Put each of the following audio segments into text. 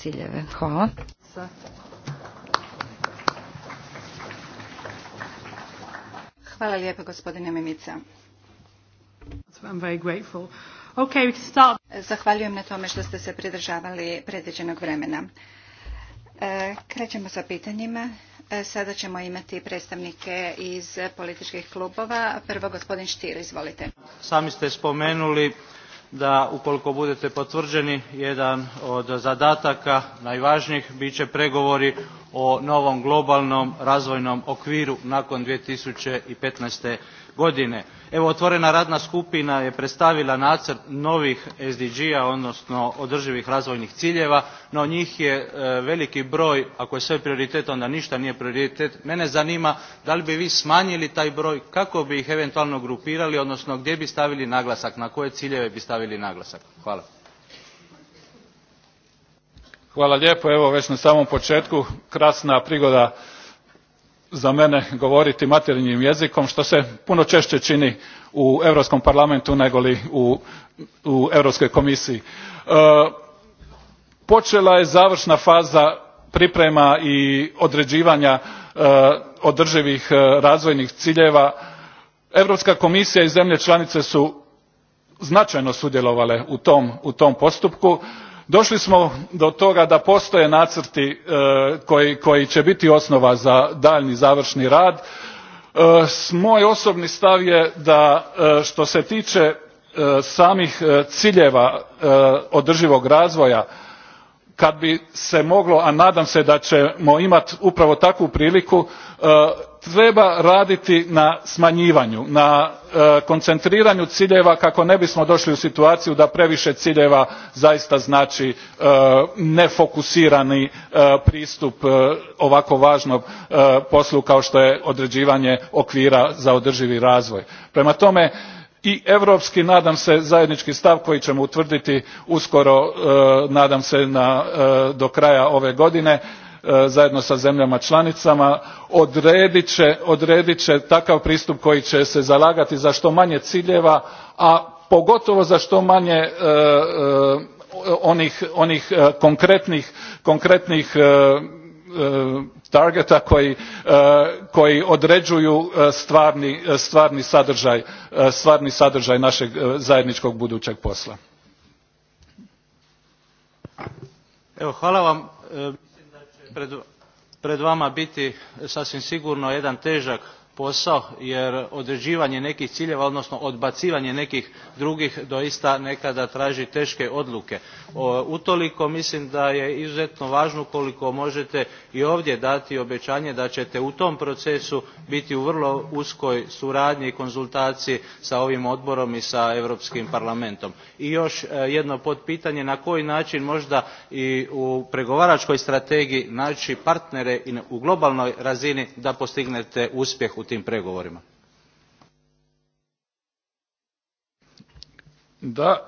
ciljeve. Hvala. Hvala lijepa gospodine Mimica. Zahvaljujem na tome što ste se pridržavali predviđenog vremena. E, krećemo sa pitanjima. E, sada ćemo imati predstavnike iz političkih klubova. Prvo gospodin Štir, izvolite. Sami ste spomenuli da ukoliko budete potvrđeni jedan od zadataka najvažnijih bit će pregovori o novom globalnom razvojnom okviru nakon 2015. godine. Evo otvorena radna skupina je predstavila nacrt novih SDG-a odnosno održivih razvojnih ciljeva, no njih je e, veliki broj, ako je sve prioritet onda ništa nije prioritet. Mene zanima da li bi vi smanjili taj broj, kako bi ih eventualno grupirali odnosno gdje bi stavili naglasak, na koje ciljeve bi stavili naglasak. Hvala. Hvala evo već na samom početku krasna prigoda za mene govoriti materinjim jezikom što se puno češće čini u europskom parlamentu nego li u europskoj komisiji. E, počela je završna faza priprema i određivanja e, održivih e, razvojnih ciljeva. europska komisija i zemlje članice su značajno sudjelovale u tom postupku došli smo do toga da postoje nacrti e, koji, će biti osnova za daljnji završni rad e, moj osobni stav je da e, što se tiče samih ciljeva održivog razvoja kad bi se moglo a nadam se da ćemo imati upravo takvu priliku treba raditi na smanjivanju na e, koncentriranju ciljeva kako ne bismo došli u situaciju da previše ciljeva zaista znači e, nefokusirani e, pristup ovako važnom poslu kao što je određivanje okvira za održivi razvoj. prema tome i europski nadam se zajednički stav koji ćemo utvrditi uskoro nadam se do kraja ove godine E, zajedno sa zemljama članicama odredit će, takav pristup koji će se zalagati za što manje ciljeva a pogotovo za što manje e, e, onih, konkretnih, konkretnih targeta koji, određuju stvarni, sadržaj, našeg zajedničkog budućeg posla. hvala vam pred vama biti sasvim sigurno jedan težak posao jer određivanje nekih ciljeva odnosno odbacivanje nekih drugih doista nekada traži teške odluke. utoliko mislim da je izuzetno važno ukoliko možete i ovdje dati obećanje da ćete u tom procesu biti u vrlo uskoj suradnji i konzultaciji sa ovim odborom i sa europskim parlamentom. i još e, jedno potpitanje na koji način možda i u pregovaračkoj strategiji naći partnere i u globalnoj razini da postignete uspjeh u tim pregovorima? Da, e,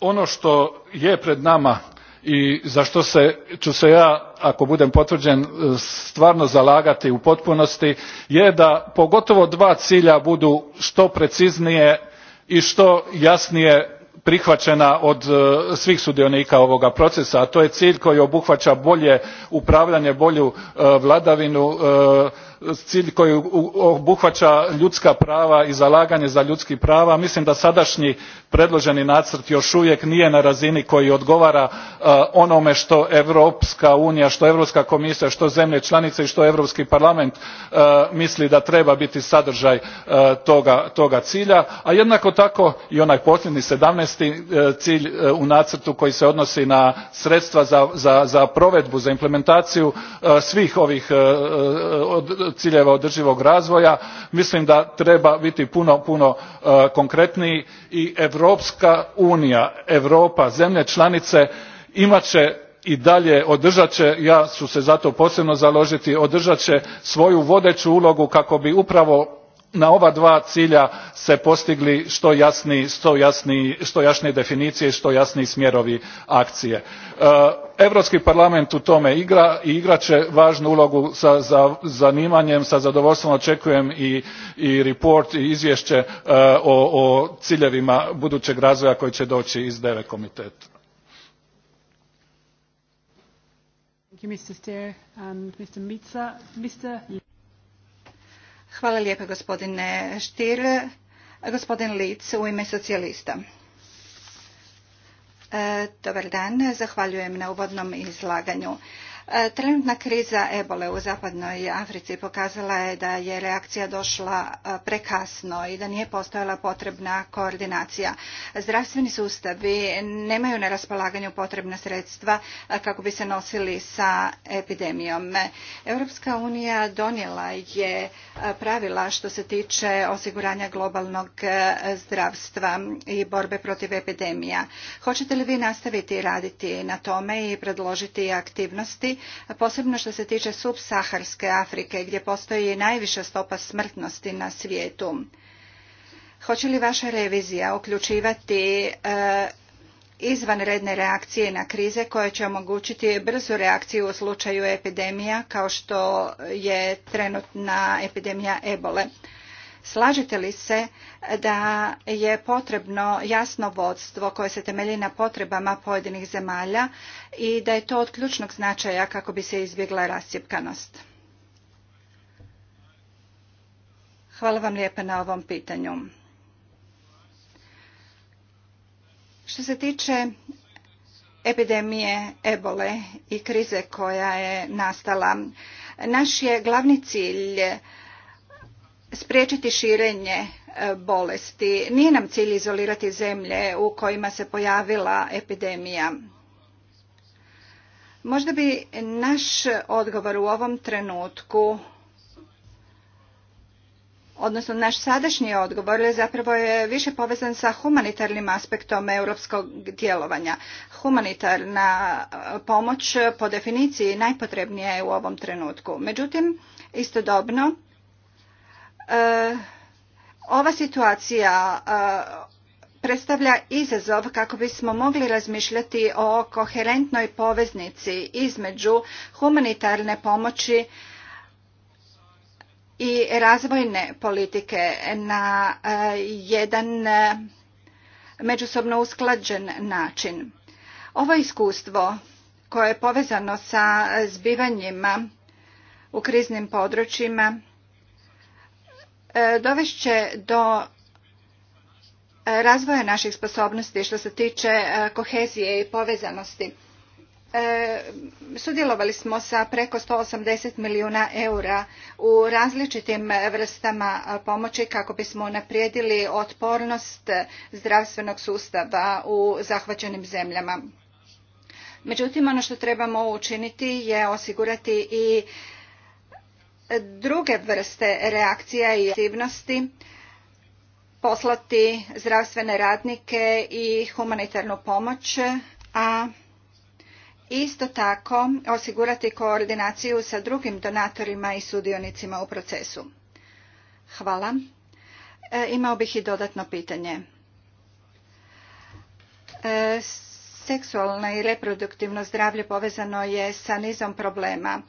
ono što je pred nama i za što se, ću se ja ako budem potvrđen e, stvarno zalagati u potpunosti je da pogotovo dva cilja budu što preciznije i što jasnije prihvaćena od e, svih sudionika ovoga procesa a to je cilj koji obuhvaća bolje upravljanje bolju vladavinu cilj koji obuhvaća ljudska prava i zalaganje za ljudska prava mislim da sadašnji predloženi nacrt još uvijek nije na razini koji odgovara e, onome što europska unija što europska komisija što zemlje članice i što europski parlament e, misli da treba biti sadržaj e, toga, cilja a jednako tako i onaj posljednji sedamnaesti cilj u nacrtu koji se odnosi na sredstva za, za provedbu za implementaciju svih ovih od ciljeva održivog razvoja mislim da treba biti puno puno e, konkretniji i europska unija europa zemlje članice imat će i dalje održat će ja ću se za to posebno založiti održat će svoju vodeću ulogu kako bi upravo na ova dva cilja se postigli što, jasnije definicije i što jasniji smjerovi akcije. E, europski parlament u tome igra i igrat će važnu ulogu sa zanimanjem sa zadovoljstvom očekujem i, report i izvješće e, o, ciljevima budućeg razvoja koji će doći iz deve komiteta. Um, Hvala lijepa gospodine Stier. Gospodin Litz u ime socijalista. E, dobar dan, zahvaljujem na uvodnom izlaganju. E, trenutna kriza ebole u zapadnoj Africi pokazala je da je reakcija došla e, prekasno i da nije postojala potrebna koordinacija. Zdravstveni sustavi nemaju na raspolaganju potrebna sredstva e, kako bi se nosili sa epidemijom. Europska unija donijela je pravila što se tiče osiguranja globalnog zdravstva i borbe protiv epidemija. Hoćete li vi nastaviti raditi na tome i predložiti aktivnosti posebno što se tiče subsaharske Afrike gdje postoji najviša stopa smrtnosti na svijetu. Hoće li vaša revizija uključivati eh, izvanredne reakcije na krize koje će omogućiti brzu reakciju u slučaju epidemija kao što je trenutna epidemija ebole? Slažete li se da je potrebno jasno vodstvo koje se temelji na potrebama pojedinih zemalja i da je to od ključnog značaja kako bi se izbjegla rascjepkanost? Hvala vam lijepa na ovom pitanju. Što se tiče epidemije ebole i krize koja je nastala, naš je glavni cilj spriječiti širenje e, bolesti. Nije nam cilj izolirati zemlje u kojima se pojavila epidemija. Možda bi naš odgovor u ovom trenutku odnosno naš sadašnji odgovor zapravo je više povezan sa humanitarnim aspektom europskog djelovanja. Humanitarna e, pomoć po definiciji najpotrebnija je u ovom trenutku. Međutim, istodobno E, ova situacija e, predstavlja izazov kako bismo mogli razmišljati o koherentnoj poveznici između humanitarne pomoći i razvojne politike na e, jedan međusobno usklađen način. Ovo iskustvo koje je povezano sa zbivanjima u kriznim područjima E, dovešće do e, razvoja naših sposobnosti što se tiče e, kohezije i povezanosti. Sudjelovali smo sa preko 180 milijuna eura u različitim vrstama pomoći kako bismo naprijedili otpornost zdravstvenog sustava u zahvaćenim zemljama. Međutim, ono što trebamo učiniti je osigurati i druge vrste reakcija i aktivnosti poslati zdravstvene radnike i humanitarnu pomoć, a isto tako osigurati koordinaciju sa drugim donatorima i sudionicima u procesu. Hvala. E, imao bih i dodatno pitanje. E, seksualno i reproduktivno zdravlje povezano je sa nizom problema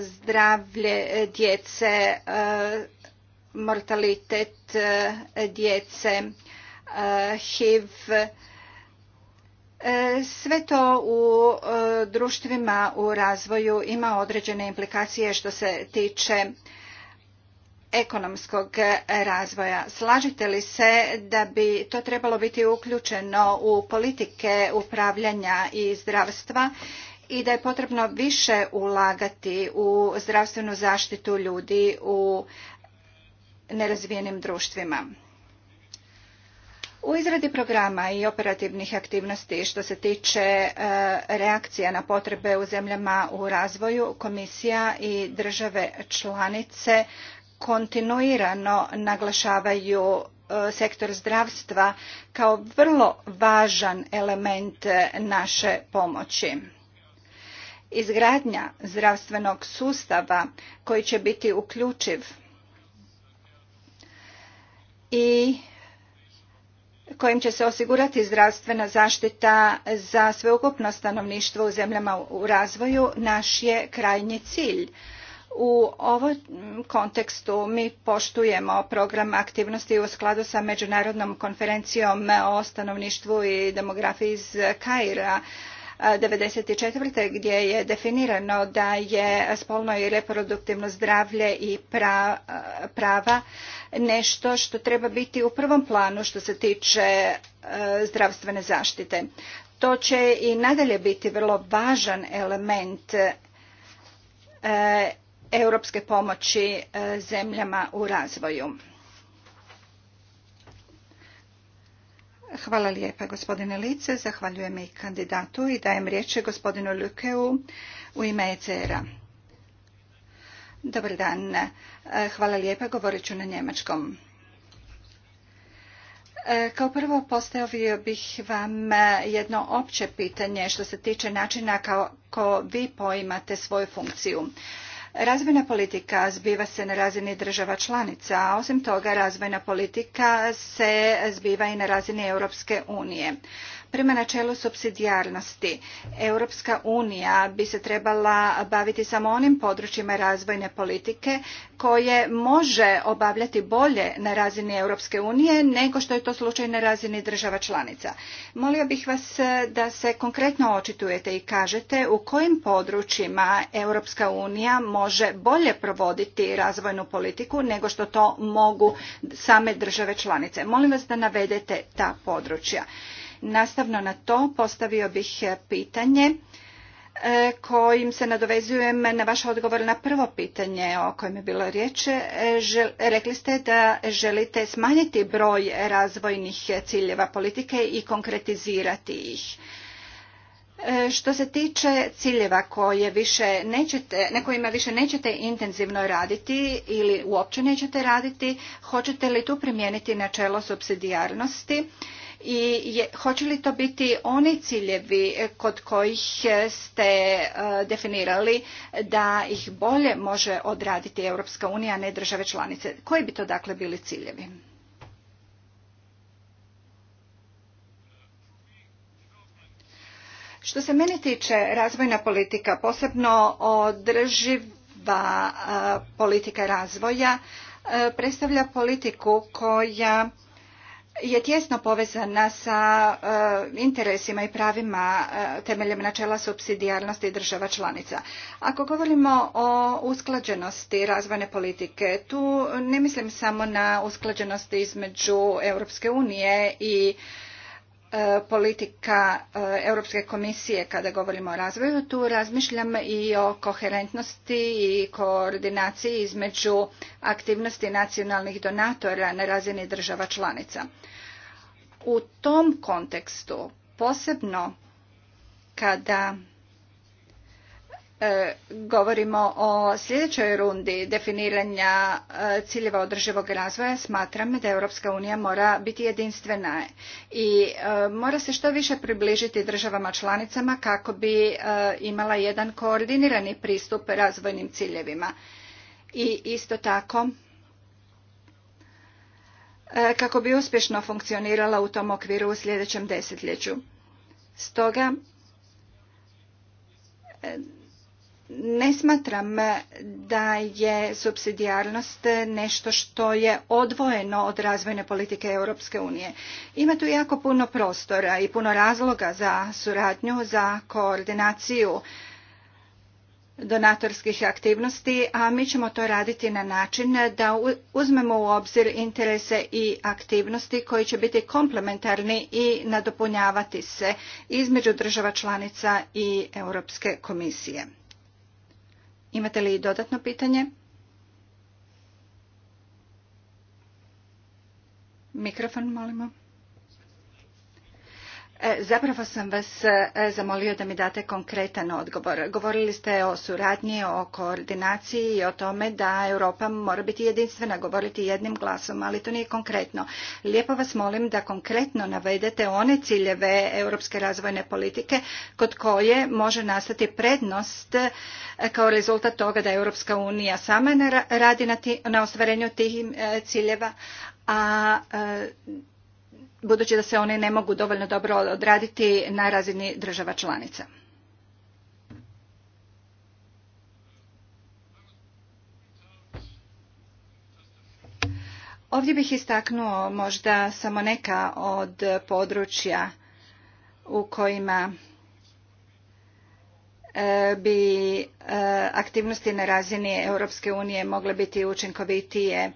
zdravlje djece, e, mortalitet e, djece, e, HIV, sve to u društvima u razvoju ima određene implikacije što se tiče ekonomskog razvoja. Slažete li se da bi to trebalo biti uključeno u politike upravljanja i zdravstva i da je potrebno više ulagati u zdravstvenu zaštitu ljudi u nerazvijenim društvima. U izradi programa i operativnih aktivnosti što se tiče e, reakcija na potrebe u zemljama u razvoju, komisija i države članice kontinuirano naglašavaju e, sektor zdravstva kao vrlo važan element naše pomoći. Izgradnja zdravstvenog sustava koji će biti uključiv i kojim će se osigurati zdravstvena zaštita za sveukupno stanovništvo u zemljama u razvoju naš je krajnji cilj. U ovom kontekstu mi poštujemo program aktivnosti u skladu sa Međunarodnom konferencijom o stanovništvu i demografiji iz Kaira 1994. gdje je definirano da je spolno i reproduktivno zdravlje i prava nešto što treba biti u prvom planu što se tiče e, zdravstvene zaštite. To će i nadalje biti vrlo važan element e, europske pomoći e, zemljama u razvoju. Hvala lijepa gospodine Lice, zahvaljujem i kandidatu i dajem riječ gospodinu Lukeu u ime ECR-a. Dobar dan, hvala lijepa, govorit ću na njemačkom. Kao prvo postavio bih vam jedno opće pitanje što se tiče načina kako vi poimate svoju funkciju. Razvojna politika zbiva se na razini država članica, a osim toga razvojna politika se zbiva i na razini Europske unije. Prema načelu subsidijarnosti, Europska unija bi se trebala baviti samo onim područjima razvojne politike koje može obavljati bolje na razini Europske unije nego što je to slučaj na razini država članica. Molio bih vas eh, da se konkretno očitujete i kažete u kojim područjima Europska unija može bolje provoditi razvojnu politiku nego što to mogu same države članice. Molim vas da navedete ta područja. Nastavno na to postavio bih e, pitanje e, kojim se nadovezujem na vaš odgovor na prvo pitanje o kojem je bilo riječ. E, rekli ste da želite smanjiti broj razvojnih ciljeva politike i konkretizirati ih. Što se tiče ciljeva koje više nećete, na kojima više nećete intenzivno raditi ili uopće nećete raditi, hoćete li tu primijeniti načelo subsidijarnosti? i hoće li to biti oni ciljevi eh, kod kojih eh, ste eh, definirali da ih bolje može odraditi Europska unija, a ne države članice? Koji bi to dakle bili ciljevi? Što se mene tiče razvojna politika, posebno održiva politika razvoja, predstavlja politiku koja je tjesno povezana sa e, interesima i pravima e, temeljem načela supsidijarnosti država članica. Ako govorimo o usklađenosti razvojne politike, tu ne mislim samo na usklađenosti između Europske unije i E, politika e, Europske komisije kada govorimo o razvoju. Tu razmišljam i o koherentnosti i koordinaciji između aktivnosti nacionalnih donatora na razini država članica. U tom kontekstu, posebno kada E, govorimo o sljedećoj rundi definiranja e, ciljeva održivog razvoja smatram da Europska unija mora biti jedinstvena i e, mora se što više približiti državama članicama kako bi imala jedan koordinirani pristup razvojnim ciljevima i isto tako kako bi uspješno funkcionirala u tom okviru u sljedećem desetljeću. Stoga ne smatram da je subsidijarnost nešto što je odvojeno od razvojne politike Europske unije. Ima tu jako puno prostora i puno razloga za suradnju, za koordinaciju donatorskih aktivnosti, a mi ćemo to raditi na način da uzmemo u obzir interese i aktivnosti koji će biti komplementarni i nadopunjavati se između država članica i Europske komisije. Imate li dodatno pitanje? Mikrofon molimo. E, zapravo sam vas e, zamolio da mi date konkretan odgovor. Govorili ste o suradnji, o koordinaciji i o tome da Europa mora biti jedinstvena, govoriti jednim glasom, ali to nije konkretno. Lijepo vas molim da konkretno navedete one ciljeve europske razvojne politike kod koje može nastati prednost e, kao rezultat toga da Europska unija sama radi na ostvarenju tih ciljeva, a budući da se one ne mogu dovoljno dobro odraditi na razini država članica. Ovdje bih istaknuo možda samo neka od područja u kojima e, bi e, aktivnosti na razini Europske unije mogle biti učinkovitije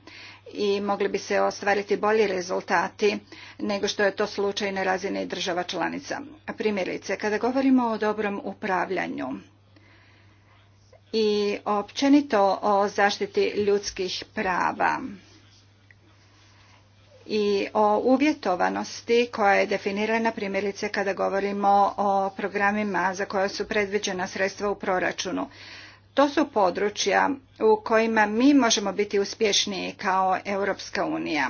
i mogli bi se ostvariti bolji rezultati nego što je to slučaj na razini država članica. Primjerice, kada govorimo o dobrom upravljanju i općenito o zaštiti ljudskih prava i o uvjetovanosti koja je definirana primjerice kada govorimo o programima za koja su predviđena sredstva u proračunu. To su područja u kojima mi možemo biti uspješniji kao Europska unija.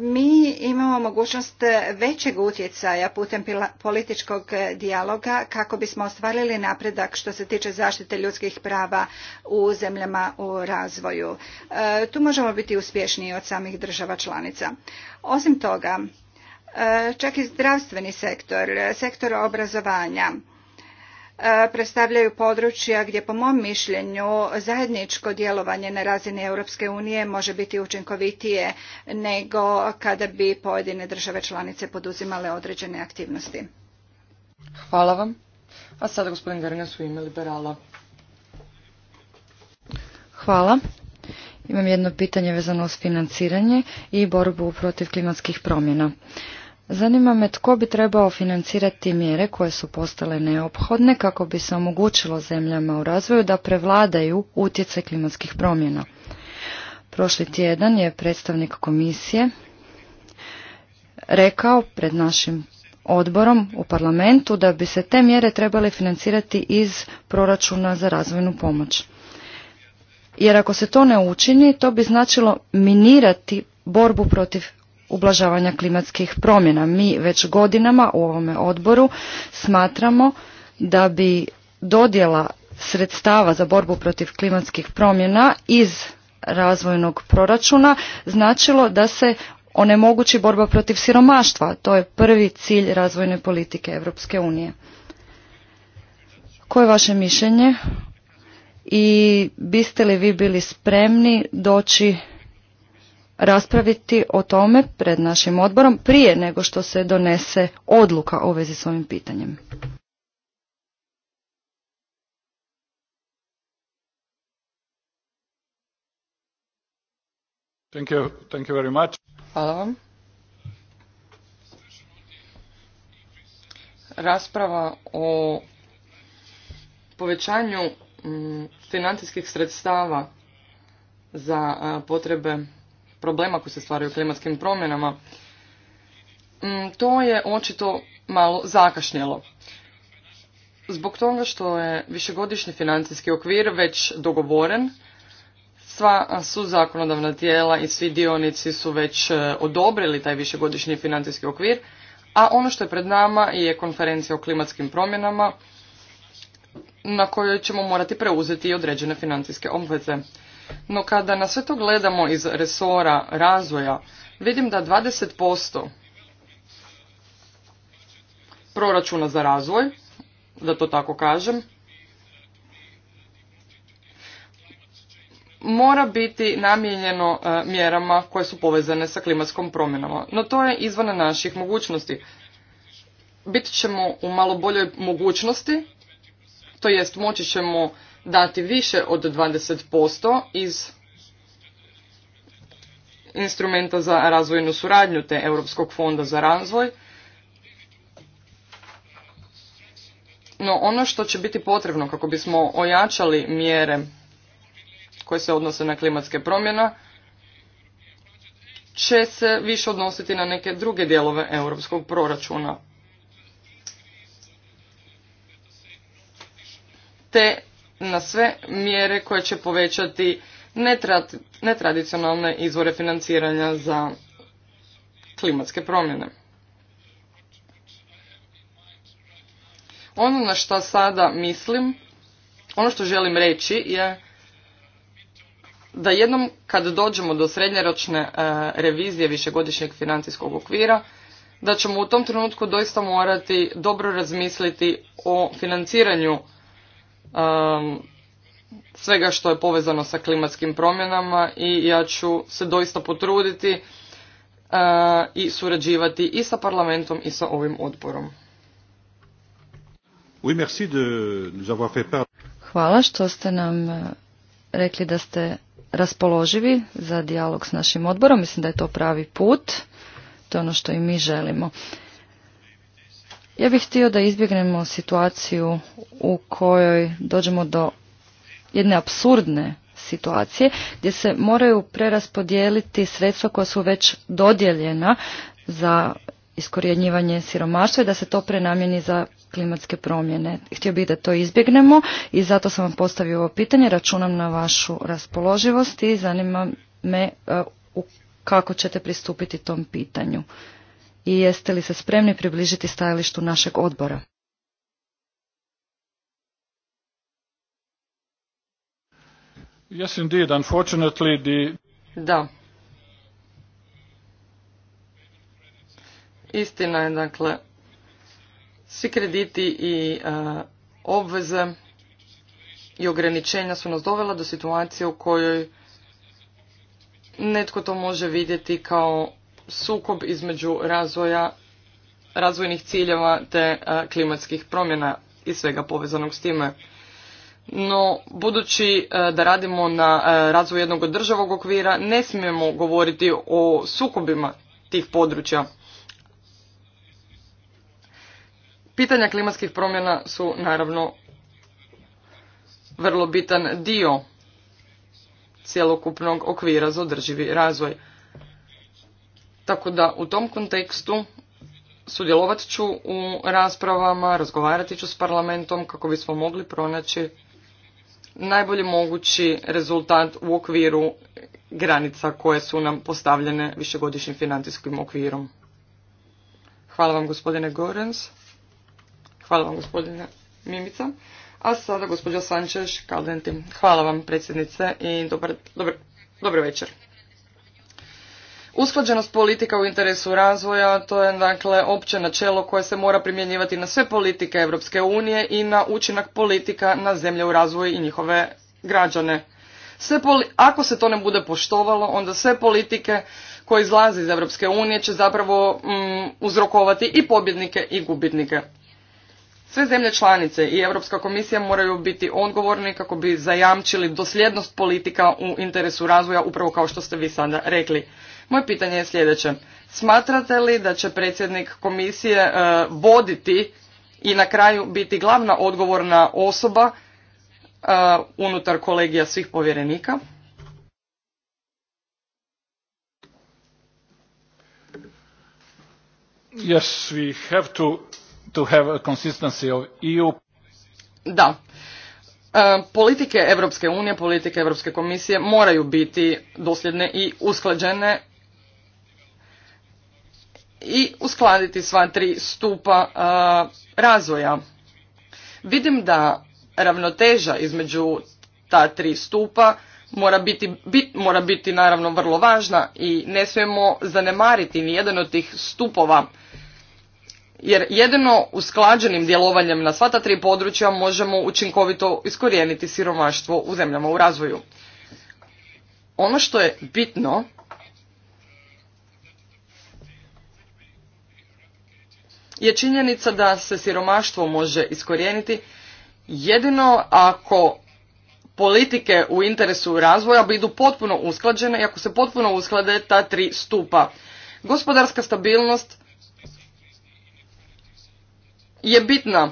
Mi imamo mogućnost većeg utjecaja putem političkog dijaloga kako bismo ostvarili napredak što se tiče zaštite ljudskih prava u zemljama u razvoju. E, tu možemo biti uspješniji od samih država članica. Osim toga, Eh, čak i zdravstveni sektor, sektor obrazovanja eh, predstavljaju područja gdje po mom mišljenju zajedničko djelovanje na razini Europske unije može biti učinkovitije nego kada bi pojedine države članice poduzimale određene aktivnosti. Hvala vam. A sada gospodin u ime liberala. Hvala. Imam jedno pitanje vezano uz financiranje i borbu protiv klimatskih promjena. Zanima me tko bi trebao financirati mjere koje su postale neophodne kako bi se omogućilo zemljama u razvoju da prevladaju utjecaj klimatskih promjena. Prošli tjedan je predstavnik komisije rekao pred našim odborom u parlamentu da bi se te mjere trebale financirati iz proračuna za razvojnu pomoć. Jer ako se to ne učini, to bi značilo minirati borbu protiv ublažavanja klimatskih promjena. Mi već godinama u ovome odboru smatramo da bi dodjela sredstava za borbu protiv klimatskih promjena iz razvojnog proračuna značilo da se onemogući borba protiv siromaštva. To je prvi cilj razvojne politike Europske unije. Koje je vaše mišljenje i biste li vi bili spremni doći raspraviti o tome pred našim odborom prije nego što se donese odluka o vezi s ovim pitanjem. Thank Thank you very much. Hvala vam. Rasprava o povećanju mm, financijskih sredstava za potrebe problema koji se stvaraju klimatskim promjenama, mm, to je očito malo zakašnjelo. Zbog toga što je višegodišnji financijski okvir već dogovoren, sva su zakonodavna tijela i svi dionici su već e, odobrili taj višegodišnji financijski okvir, a ono što je pred nama je konferencija o klimatskim promjenama na kojoj ćemo morati preuzeti i određene financijske obveze. No kada na sve to gledamo iz resora razvoja, vidim da 20% proračuna za razvoj, da to tako kažem, mora biti namijenjeno e, mjerama koje su povezane sa klimatskom promjenama. No to je izvan naših mogućnosti. Bit ćemo u malo boljoj mogućnosti, to jest moći ćemo dati više od 20% iz instrumenta za razvojnu suradnju te Europskog fonda za razvoj. No ono što će biti potrebno kako bismo ojačali mjere koje se odnose na klimatske promjene će se više odnositi na neke druge dijelove europskog proračuna. Te na sve mjere koje će povećati netradicionalne izvore financiranja za klimatske promjene. Ono na što sada mislim, ono što želim reći je da jednom kad dođemo do srednjeročne e, revizije višegodišnjeg financijskog okvira, da ćemo u tom trenutku doista morati dobro razmisliti o financiranju um, svega što je povezano sa klimatskim promjenama i ja ću se doista potruditi uh, i surađivati i sa parlamentom i sa ovim odborom. Hvala što ste nam e, rekli da ste raspoloživi za dijalog s našim odborom. Mislim da je to pravi put. To je ono što i mi želimo. Ja bih htio da izbjegnemo situaciju u kojoj dođemo do jedne apsurdne situacije gdje se moraju preraspodijeliti sredstva koja su već dodijeljena za iskorjenjivanje siromaštva i da se to prenamjeni za klimatske promjene. Htio bih da to izbjegnemo i zato sam vam postavio ovo pitanje. Računam na vašu raspoloživost i zanima me e, kako ćete pristupiti tom pitanju i jeste li se spremni približiti stajalištu našeg odbora? Da. Istina je, dakle, svi krediti i e, obveze i ograničenja su nas dovela do situacije u kojoj netko to može vidjeti kao sukob između razvoja, razvojnih ciljeva te e, klimatskih promjena i svega povezanog s time. No, budući e, da radimo na e, razvoju jednog državog okvira, ne smijemo govoriti o sukobima tih područja. Pitanja klimatskih promjena su naravno vrlo bitan dio cjelokupnog okvira za održivi razvoj. Tako da u tom kontekstu sudjelovat ću u raspravama, razgovarati ću s parlamentom kako bismo mogli pronaći najbolji mogući rezultat u okviru granica koje su nam postavljene višegodišnjim financijskim okvirom. Hvala vam gospodine Gorens. Hvala vam gospodine Mimica. A sada gospođa Sančeš Kaldenti. Hvala vam predsjednice i dobar, dobar, dobar večer. Usklađenost politika u interesu razvoja to je dakle opće načelo koje se mora primjenjivati na sve politike Europske unije i na učinak politika na zemlje u razvoju i njihove građane. Sve ako se to ne bude poštovalo, onda sve politike koje izlaze iz Europske unije će zapravo mm, uzrokovati i pobjednike i gubitnike. Sve zemlje članice i Europska komisija moraju biti odgovorni kako bi zajamčili dosljednost politika u interesu razvoja, upravo kao što ste vi sada rekli. Moje pitanje je sljedeće. Smatrate li da će predsjednik komisije e, voditi i na kraju biti glavna odgovorna osoba e, unutar kolegija svih povjerenika? Da. E, politike Europske unije, politike Europske komisije moraju biti dosljedne i usklađene i uskladiti sva tri stupa e, razvoja. Vidim da ravnoteža između ta tri stupa mora biti, mora biti naravno vrlo važna i ne smijemo zanemariti ni jedan od tih stupova jer jedino usklađenim djelovanjem na sva ta tri područja možemo učinkovito iskorijeniti siromaštvo u zemljama u razvoju. Ono što je bitno je činjenica da se siromaštvo može iskorijeniti jedino ako politike u interesu razvoja budu potpuno usklađene i ako se potpuno usklade ta tri stupa. Gospodarska stabilnost je bitna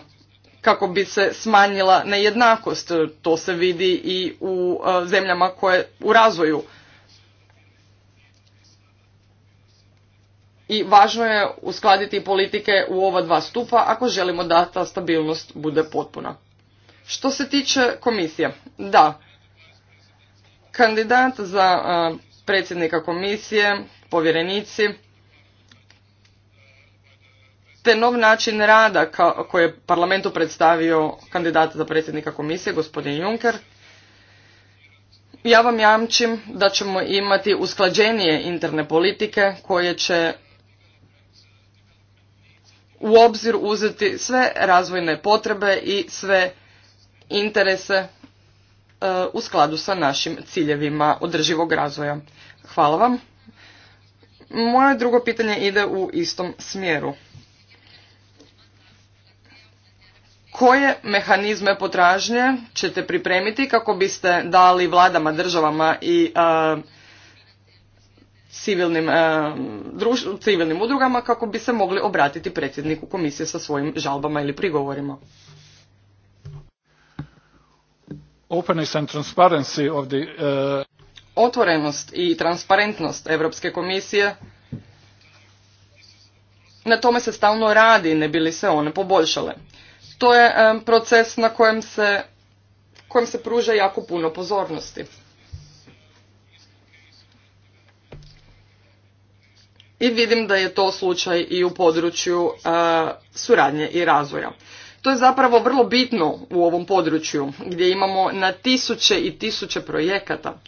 kako bi se smanjila nejednakost. To se vidi i u e, zemljama koje u razvoju. i važno je uskladiti politike u ova dva stupa ako želimo da ta stabilnost bude potpuna. Što se tiče komisije, da, kandidat za predsjednika komisije, povjerenici, te nov način rada koji je parlamentu predstavio kandidat za predsjednika komisije, gospodin Juncker, ja vam jamčim da ćemo imati usklađenije interne politike koje će u obzir uzeti sve razvojne potrebe i sve interese e, u skladu sa našim ciljevima održivog razvoja. Hvala vam. Moje drugo pitanje ide u istom smjeru. Koje mehanizme potražnje ćete pripremiti kako biste dali vladama, državama i e, civilnim, e, civilnim udrugama kako bi se mogli obratiti predsjedniku komisije sa svojim žalbama ili prigovorima. Openness and transparency of the, e, Otvorenost i transparentnost Europske komisije na tome se stalno radi ne bi li se one poboljšale. To je e, proces na kojem se, kojem se pruža jako puno pozornosti. i vidim da je to slučaj i u području e, suradnje i razvoja. To je zapravo vrlo bitno u ovom području gdje imamo na tisuće i tisuće projekata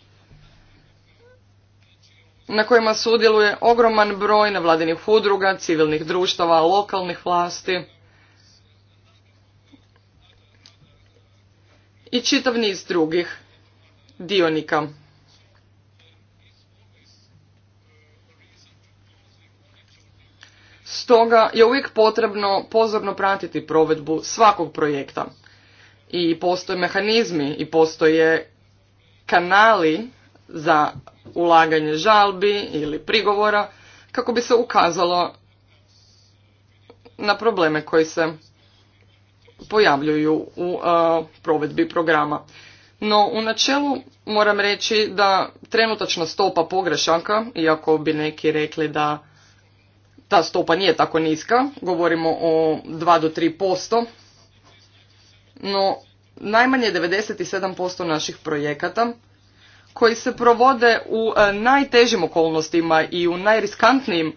na kojima sudjeluje ogroman broj nevladinih udruga, civilnih društava, lokalnih vlasti i čitav niz drugih dionika. Stoga je uvijek potrebno pozorno pratiti provedbu svakog projekta. I postoje mehanizmi i postoje kanali za ulaganje žalbi ili prigovora kako bi se ukazalo na probleme koji se pojavljuju u e, provedbi programa. No, u načelu moram reći da trenutačna stopa pogrešaka, iako bi neki rekli da ta stopa nije tako niska, govorimo o 2 do 3%, no najmanje 97% naših projekata koji se provode u e, najtežim okolnostima i u najriskantnijim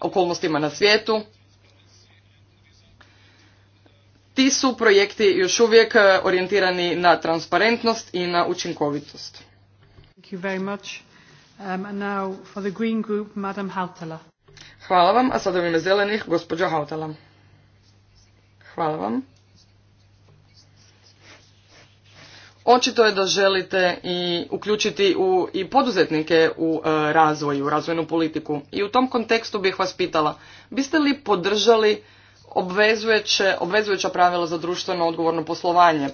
okolnostima na svijetu, ti su projekti još uvijek e, orijentirani na transparentnost i na učinkovitost. Thank you Madam Hvala vam, a sada u ime zelenih, gospođa Hautala. Hvala vam. Očito je da želite i uključiti u, i poduzetnike u e, razvoj, u razvojnu politiku. I u tom kontekstu bih vas pitala, biste li podržali obvezujuće pravila za društveno odgovorno poslovanje,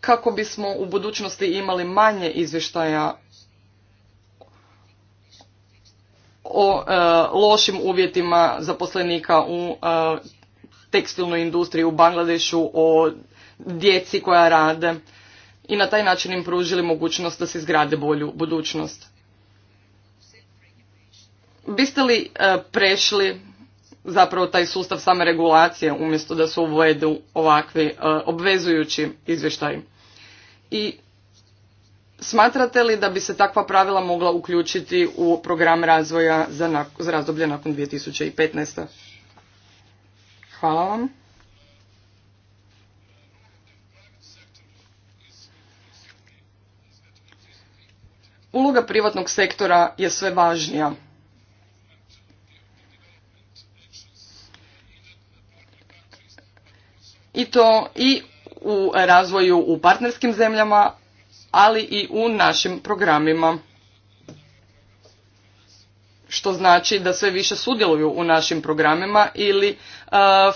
kako bismo u budućnosti imali manje izvještaja o e, lošim uvjetima zaposlenika u e, tekstilnoj industriji u Bangladešu, o djeci koja rade i na taj način im pružili mogućnost da se izgrade bolju budućnost. Biste li e, prešli zapravo taj sustav same regulacije umjesto da se uvedu ovakvi e, obvezujući izvještaji? I Smatrate li da bi se takva pravila mogla uključiti u program razvoja za, za razdoblje nakon 2015. Hvala vam. Uloga privatnog sektora je sve važnija. I to i u razvoju u partnerskim zemljama, ali i u našim programima. Što znači da sve više sudjeluju u našim programima ili e,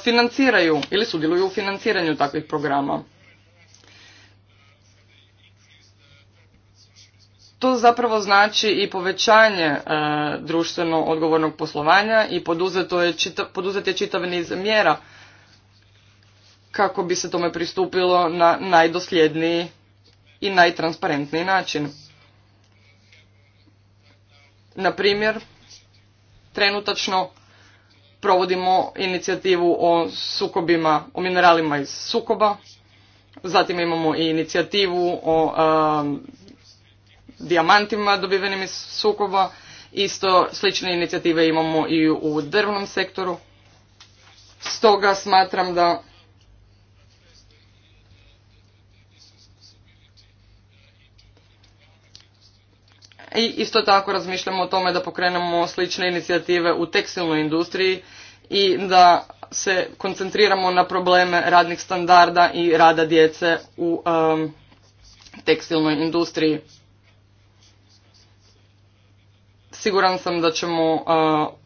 financiraju ili sudjeluju u financiranju takvih programa. To zapravo znači i povećanje e, društveno odgovornog poslovanja i poduzeto je poduzet je čitav niz mjera kako bi se tome pristupilo na najdosljedniji i najtransparentniji način. Na primjer, trenutačno provodimo inicijativu o sukobima, o mineralima iz sukoba, zatim imamo i inicijativu o diamantima um, dijamantima dobivenim iz sukoba, isto slične inicijative imamo i u drvnom sektoru. Stoga smatram da I isto tako razmišljamo o tome da pokrenemo slične inicijative u tekstilnoj industriji i da se koncentriramo na probleme radnih standarda i rada djece u um, tekstilnoj industriji. Siguran sam da ćemo uh,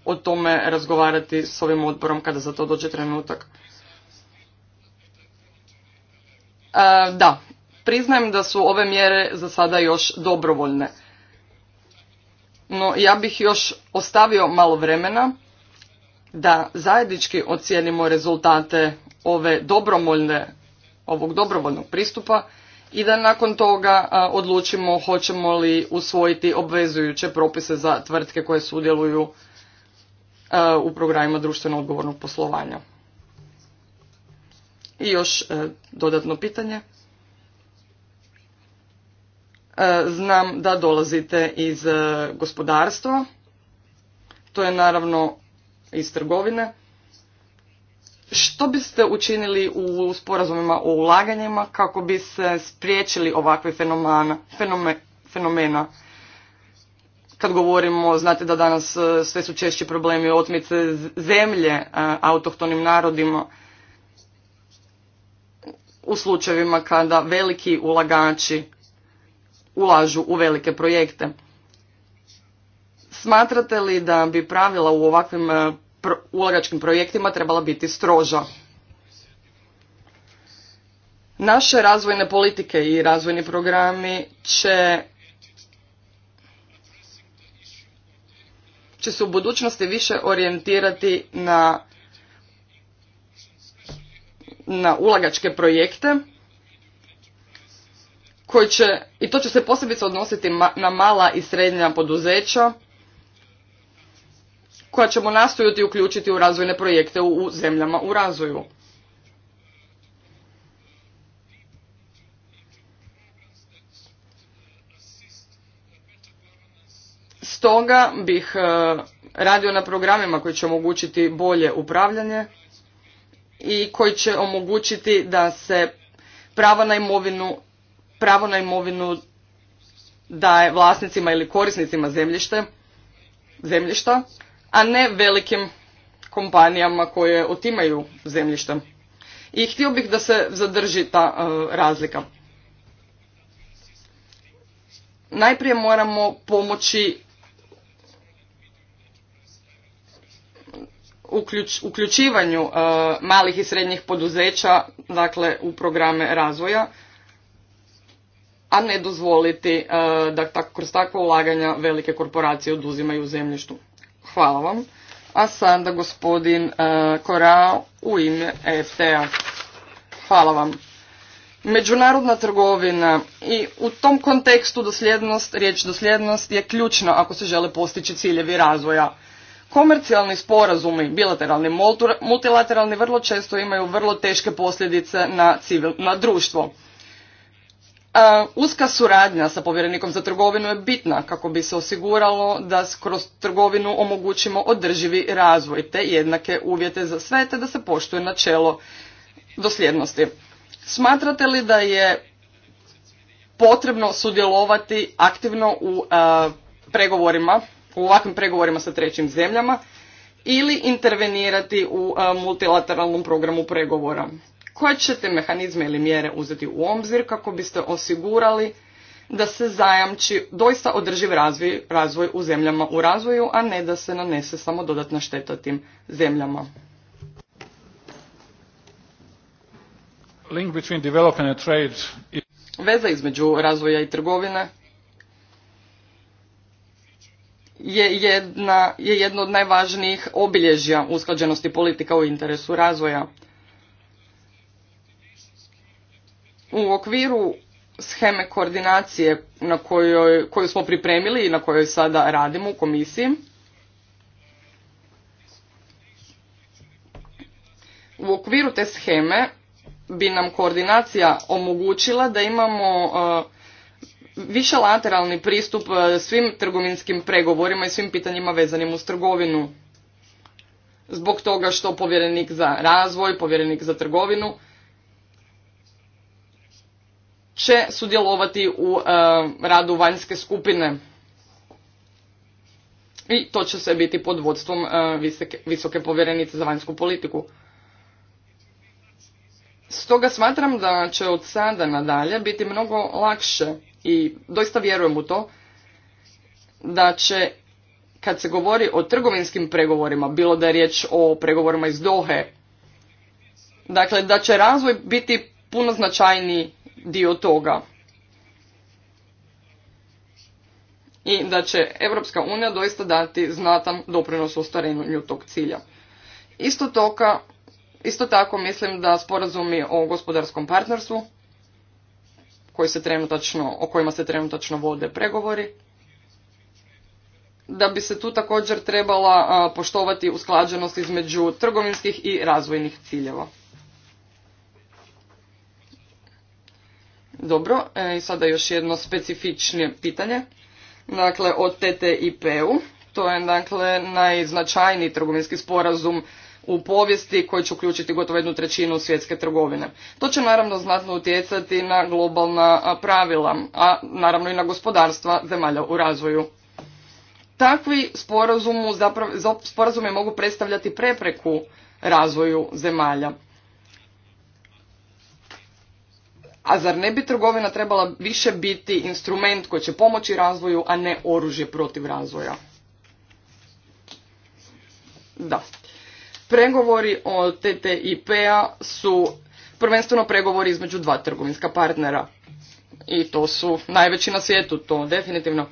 o tome razgovarati s ovim odborom kada za to dođe trenutak. Uh, da, priznajem da su ove mjere za sada još dobrovoljne no ja bih još ostavio malo vremena da zajednički ocijenimo rezultate ove dobromoljne, ovog dobrovoljnog pristupa i da nakon toga odlučimo hoćemo li usvojiti obvezujuće propise za tvrtke koje sudjeluju u programima društveno odgovornog poslovanja. I još e, dodatno pitanje. E, znam da dolazite iz e, gospodarstva, to je naravno iz trgovine. Što biste učinili u sporazumima o ulaganjima kako bi se spriječili ovakve fenomena, fenomena? Kad govorimo, znate da danas e, sve su češći problemi otmice zemlje autohtonim narodima u slučajevima kada veliki ulagači ulažu u velike projekte. Smatrate li da bi pravila u ovakvim eh, ulagačkim projektima trebala biti stroža? Naše razvojne politike i razvojni programi će će se u budućnosti više orijentirati na na ulagačke projekte koji će, i to će se posebice odnositi na mala i srednja poduzeća, koja ćemo nastojati uključiti u razvojne projekte u zemljama u razvoju. Stoga bih e, radio na programima koji će omogućiti bolje upravljanje i koji će omogućiti da se prava na imovinu pravo na imovinu daje vlasnicima ili korisnicima zemljište, zemljišta, a ne velikim kompanijama koje otimaju zemljište. I htio bih da se zadrži ta e, razlika. Najprije moramo pomoći uključivanju e, malih i srednjih poduzeća dakle u programe razvoja a ne dozvoliti e, da kroz takva ulaganja velike korporacije oduzimaju zemljištu. Hvala vam. A sada gospodin e, Korao u ime EFTA. Hvala vam. Međunarodna trgovina i u tom kontekstu dosljednost, riječ dosljednost je ključna ako se žele postići ciljevi razvoja. Komercijalni sporazumi, bilateralni, multilateralni vrlo često imaju vrlo teške posljedice na, civil, na društvo. Uska suradnja sa povjerenikom za trgovinu je bitna kako bi se osiguralo da kroz trgovinu omogućimo održivi razvoj te jednake uvjete za sve te da se poštuje načelo dosljednosti. Smatrate li da je potrebno sudjelovati aktivno u pregovorima, u ovakvim pregovorima sa trećim zemljama ili intervenirati u multilateralnom programu pregovora? koje ćete mehanizme ili mjere uzeti u obzir kako biste osigurali da se zajamči doista održiv razvoj, u zemljama u razvoju, a ne da se nanese samo dodatna šteta tim zemljama. Link and trade Veza između razvoja i trgovine je, jedna, je jedno od najvažnijih obilježja usklađenosti politika u interesu razvoja. U okviru sheme koordinacije na kojoj, koju smo pripremili i na kojoj sada radimo u komisiji, u okviru te sheme bi nam koordinacija omogućila da imamo uh, više lateralni pristup uh, svim trgovinskim pregovorima i svim pitanjima vezanim uz trgovinu. Zbog toga što povjerenik za razvoj, povjerenik za trgovinu će sudjelovati u e, radu vanjske skupine. I to će se biti pod vodstvom e, visoke, povjerenice za vanjsku politiku. Stoga smatram da će od sada nadalje biti mnogo lakše i doista vjerujem u to da će kad se govori o trgovinskim pregovorima, bilo da je riječ o pregovorima iz Dohe, dakle da će razvoj biti puno značajniji dio toga. I da će Europska unija doista dati znatan doprinos ostvarenju tog cilja. Isto, isto tako mislim da sporazumi o gospodarskom partnerstvu koji se trenutačno, o kojima se trenutačno vode pregovori, da bi se tu također trebala poštovati usklađenost između trgovinskih i razvojnih ciljeva. Dobro, e, i sada još jedno specifičnije pitanje. Dakle, o TTIP-u. To je dakle najznačajniji trgovinski sporazum u povijesti koji će uključiti gotovo jednu trećinu svjetske trgovine. To će naravno znatno utjecati na globalna pravila, a naravno i na gospodarstva zemalja u razvoju. Takvi sporazumi zapravo, sporazumi mogu predstavljati prepreku razvoju zemalja. A zar ne bi trgovina trebala više biti instrument koji će pomoći razvoju, a ne oružje protiv razvoja? Da. Pregovori o TTIP-a su prvenstveno pregovori između dva trgovinska partnera. I to su najveći na svijetu, to definitivno.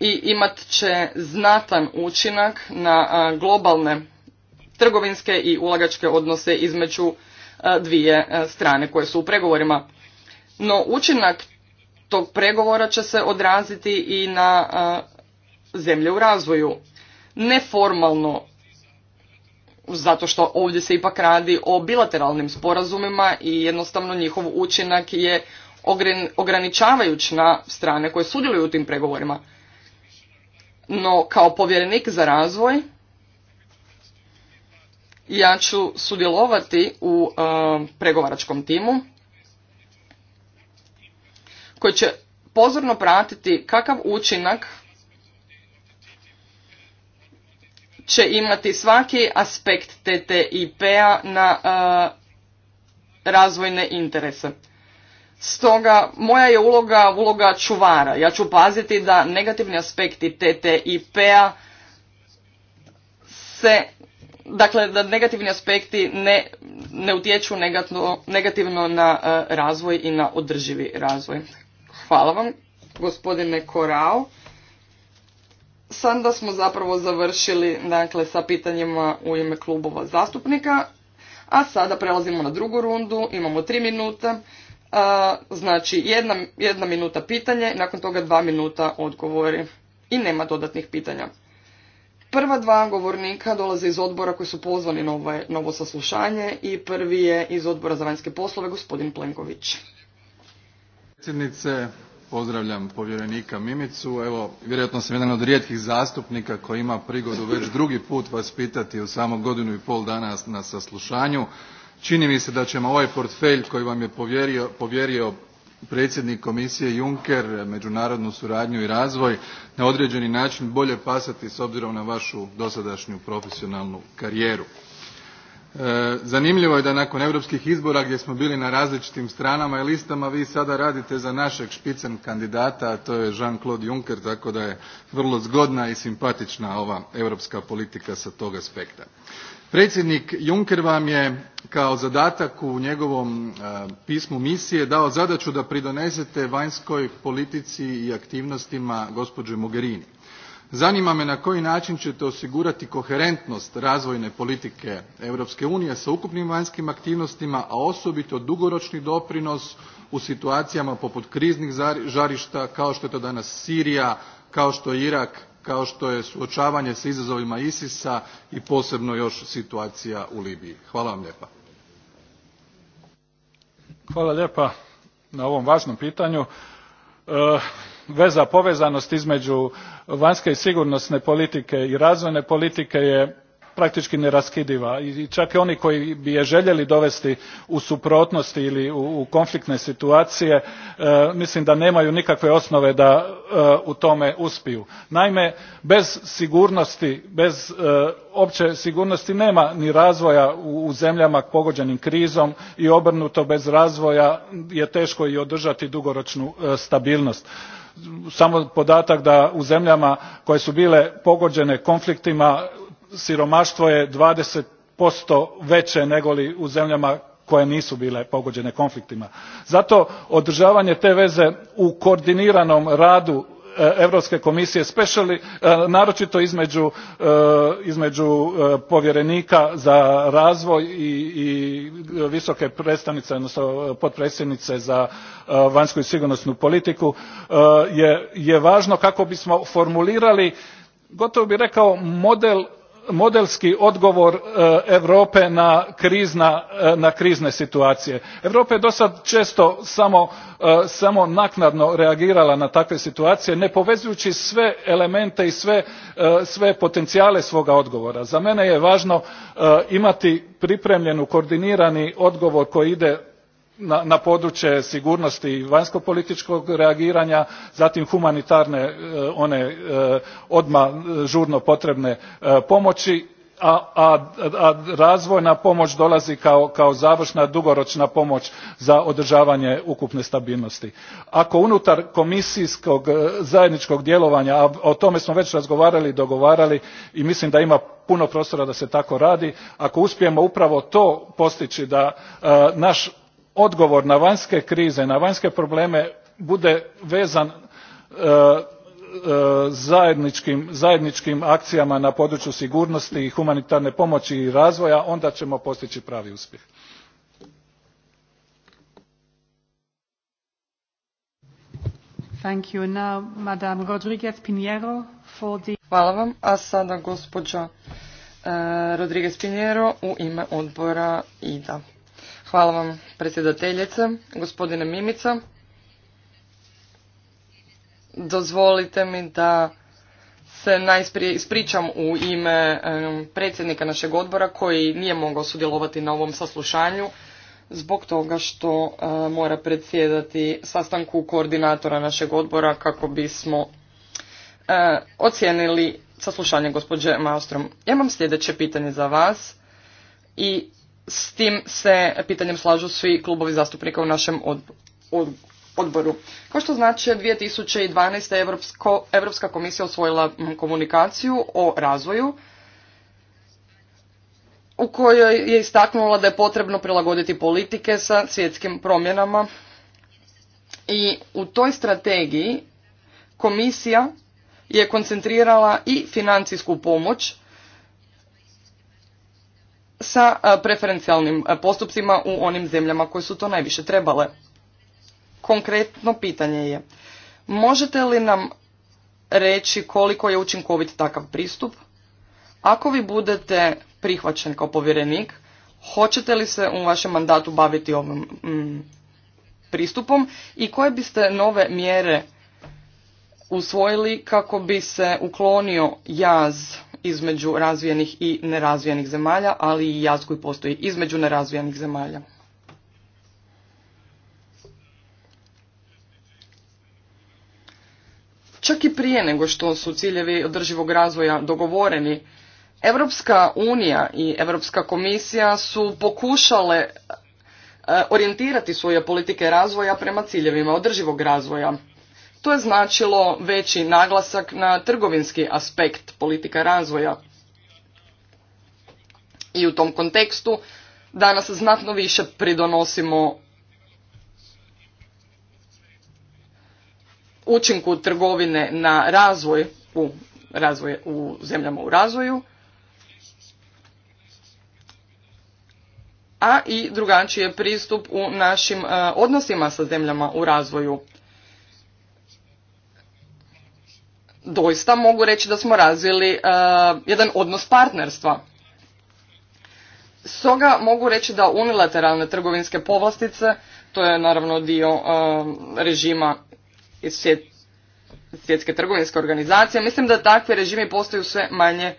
I imat će znatan učinak na globalne trgovinske i ulagačke odnose između e, dvije e, strane koje su u pregovorima. No učinak tog pregovora će se odraziti i na e, zemlje u razvoju. Neformalno, zato što ovdje se ipak radi o bilateralnim sporazumima i jednostavno njihov učinak je ograničavajuć na strane koje sudjeluju u tim pregovorima. No, kao povjerenik za razvoj, ja ću sudjelovati u e, pregovaračkom timu koji će pozorno pratiti kakav učinak će imati svaki aspekt TTIP-a na e, razvojne interese. Stoga moja je uloga uloga čuvara. Ja ću paziti da negativni aspekti TTIP-a se dakle da negativni aspekti ne, ne utječu negatno, negativno na e, razvoj i na održivi razvoj. Hvala vam, gospodine Korao. Sada smo zapravo završili dakle, sa pitanjima u ime klubova zastupnika, a sada prelazimo na drugu rundu, imamo tri minuta, uh, znači jedna, jedna minuta pitanje, nakon toga dva minuta odgovori i nema dodatnih pitanja. Prva dva govornika dolaze iz odbora koji su pozvani na ovaj, ovo, novo saslušanje i prvi je iz odbora za vanjske poslove gospodin Plenković. Predsjednice, pozdravljam povjerenika Mimicu. Evo, vjerojatno sam jedan od rijetkih zastupnika koji ima prigodu već drugi put vas pitati u samo godinu i pol dana na saslušanju. Čini mi se da ćemo ovaj portfelj koji vam je povjerio predsjednik komisije juncker međunarodnu suradnju i razvoj na određeni način bolje pasati s obzirom na vašu dosadašnju profesionalnu karijeru. E, zanimljivo je da nakon europskih izbora gdje smo bili na različitim stranama i listama vi sada radite za našeg špicen kandidata a to je jean claude juncker tako da je vrlo zgodna i simpatična ova europska politika sa tog aspekta predsjednik juncker vam je kao zadatak u njegovom e, pismu misije dao zadaću da pridonesete vanjskoj politici i aktivnostima gospođe mogherini. zanima me na koji način ćete osigurati koherentnost razvojne politike europske unije s ukupnim vanjskim aktivnostima a osobito dugoročni doprinos u situacijama poput kriznih žarišta kao što je to danas sirija kao što je irak kao što je suočavanje s izazovima isis a i posebno još situacija u libiji. hvala vam lijepa. hvala lijepa na ovom važnom pitanju. E, veza povezanost između vanjske i sigurnosne politike i razvojne politike je praktički neraskidiva i čak i oni koji bi je željeli dovesti u suprotnosti ili u konfliktne situacije e, mislim da nemaju nikakve osnove da e, u tome uspiju. naime bez sigurnosti bez e, opće sigurnosti nema ni razvoja u zemljama pogođenim krizom i obrnuto bez razvoja je teško i održati dugoročnu stabilnost samo podatak da u zemljama koje su bile pogođene konfliktima siromaštvo je twenty veće nego li u zemljama koje nisu bile pogođene konfliktima. zato održavanje te veze u koordiniranom radu europske komisije e, naročito između, e, e, povjerenika za razvoj i visoke predstavnice odnosno potpredsjednice za vanjsku i sigurnosnu politiku je, je važno kako bismo formulirali gotovo bih rekao model modelski odgovor e, europe e, na, krizne situacije. europa je dosad često e, samo, naknadno reagirala na takve situacije ne povezujući sve elemente i sve, sve potencijale svoga odgovora. za mene je važno imati pripremljen koordinirani odgovor koji ide na, područje sigurnosti i vanjskopolitičkog reagiranja zatim humanitarne e, one e, odmah e, žurno potrebne pomoći a, razvojna pomoć dolazi kao, kao završna dugoročna pomoć za održavanje ukupne stabilnosti. ako unutar komisijskog zajedničkog djelovanja a o tome smo već razgovarali i dogovarali i mislim da ima puno prostora da se tako radi ako uspijemo upravo to postići da naš odgovor na vanjske krize na vanjske probleme bude vezan e, e, zajedničkim, akcijama na području sigurnosti i humanitarne pomoći i razvoja onda ćemo postići pravi uspjeh Hvala vam. A sada gospođa e, Rodriguez Pinjero u ime odbora IDA. Hvala vam predsjedateljice, gospodine Mimica. Dozvolite mi da se najsprije ispričam u ime predsjednika našeg odbora koji nije mogao sudjelovati na ovom saslušanju zbog toga što mora predsjedati sastanku koordinatora našeg odbora kako bismo ocijenili saslušanje gospođe Maostrom. Ja imam sljedeće pitanje za vas i s tim se pitanjem slažu svi klubovi zastupnika u našem odboru. Kao što znači, 2012. Evropska komisija osvojila komunikaciju o razvoju u kojoj je istaknula da je potrebno prilagoditi politike sa svjetskim promjenama i u toj strategiji komisija je koncentrirala i financijsku pomoć sa preferencijalnim postupcima u onim zemljama koje su to najviše trebale. Konkretno pitanje je, možete li nam reći koliko je učinkovit takav pristup? Ako vi budete prihvaćen kao povjerenik, hoćete li se u vašem mandatu baviti ovim mm, pristupom i koje biste nove mjere usvojili kako bi se uklonio jaz između razvijenih i nerazvijenih zemalja, ali i jaz koji postoji između nerazvijenih zemalja. Čak i prije nego što su ciljevi održivog razvoja dogovoreni, Europska unija i Europska komisija su pokušale eh, orijentirati svoje politike razvoja prema ciljevima održivog razvoja to je značilo veći naglasak na trgovinski aspekt politika razvoja. I u tom kontekstu danas znatno više pridonosimo učinku trgovine na razvoj u, razvoj, u zemljama u razvoju, a i drugačiji je pristup u našim e, odnosima sa zemljama u razvoju. doista mogu reći da smo razvili e, jedan odnos partnerstva. Stoga mogu reći da unilateralne trgovinske povlastice, to je naravno dio e, režima svjetske trgovinske organizacije, mislim da takvi režimi postaju sve manje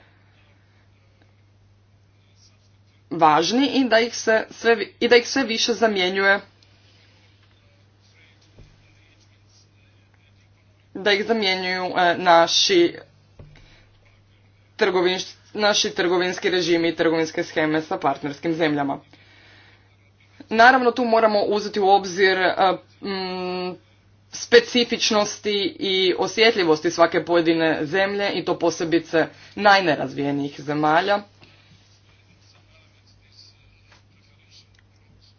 važni i da ih se sve, i da ih sve više zamjenjuje da ih zamjenjuju e, naši trgovinski naši trgovinski režimi i trgovinske scheme sa partnerskim zemljama. Naravno tu moramo uzeti u obzir e, specifičnosti i osjetljivosti svake pojedine zemlje i to posebice najnerazvijenijih zemalja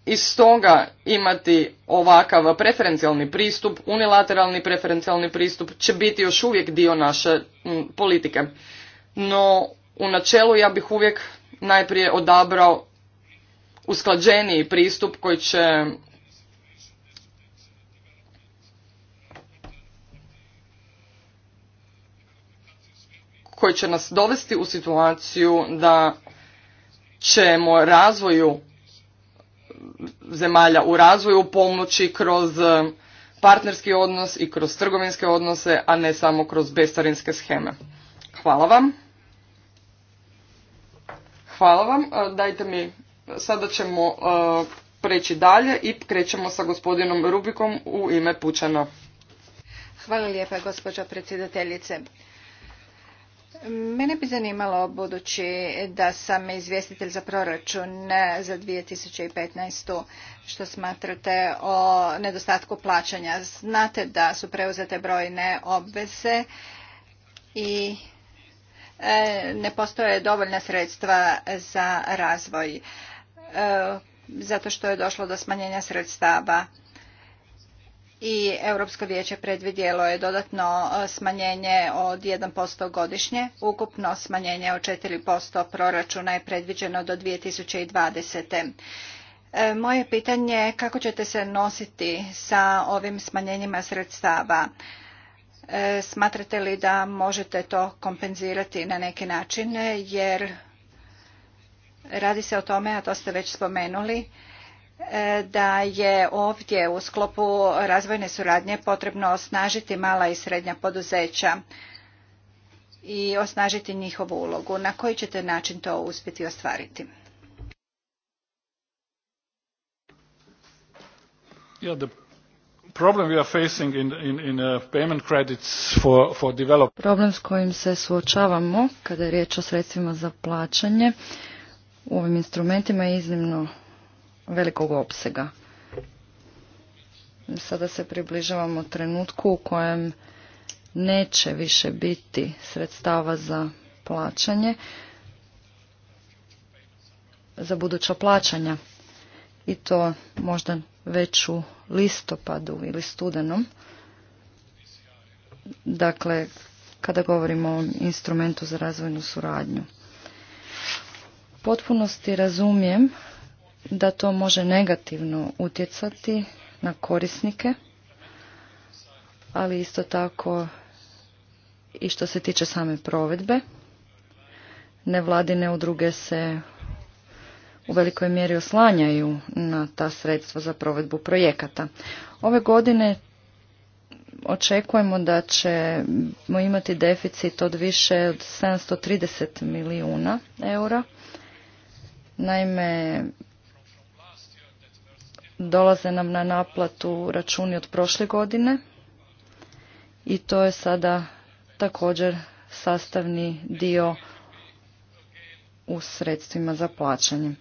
i stoga imati ovakav preferencijalni pristup, unilateralni preferencijalni pristup će biti još uvijek dio naše politike. No u načelu ja bih uvijek najprije odabrao usklađeniji pristup koji će koji će nas dovesti u situaciju da ćemo razvoju zemalja u razvoju pomoći kroz e, partnerski odnos i kroz trgovinske odnose, a ne samo kroz bestarinske scheme. Hvala vam. Hvala vam. E, dajte mi, sada ćemo e, preći dalje i krećemo sa gospodinom Rubikom u ime Pučana. Hvala lijepa gospođo predsjedateljice. Mene bi zanimalo, budući da sam izvjestitelj za proračun za 2015. što smatrate o nedostatku plaćanja. Znate da su preuzete brojne obveze i e, ne postoje dovoljna sredstva za razvoj e, zato što je došlo do smanjenja sredstava i Europsko vijeće predvidjelo je dodatno e, smanjenje od 1% godišnje. Ukupno smanjenje od 4% proračuna je predviđeno do 2020. E, moje pitanje je kako ćete se nositi sa ovim smanjenjima sredstava? E, smatrate li da možete to kompenzirati na neki način? Jer radi se o tome, a to ste već spomenuli, E, da je ovdje u sklopu razvojne suradnje potrebno osnažiti mala i srednja poduzeća i osnažiti njihovu ulogu. Na koji ćete način to uspjeti ostvariti? problem uh, Problem s kojim se suočavamo kada je riječ o sredstvima za plaćanje u ovim instrumentima je iznimno velikog opsega. Sada se približavamo trenutku u kojem neće više biti sredstava za plaćanje, za buduća plaćanja. I to možda već u listopadu ili studenom. Dakle, kada govorimo o instrumentu za razvojnu suradnju. Potpunosti razumijem da to može negativno utjecati na korisnike, ali isto tako i što se tiče same provedbe. Nevladine udruge se u velikoj mjeri oslanjaju na ta sredstva za provedbu projekata. Ove godine očekujemo da ćemo imati deficit od više od 730 milijuna eura. Naime, dolaze nam na naplatu računi od prošle godine i to je sada također sastavni dio u sredstvima za plaćanje.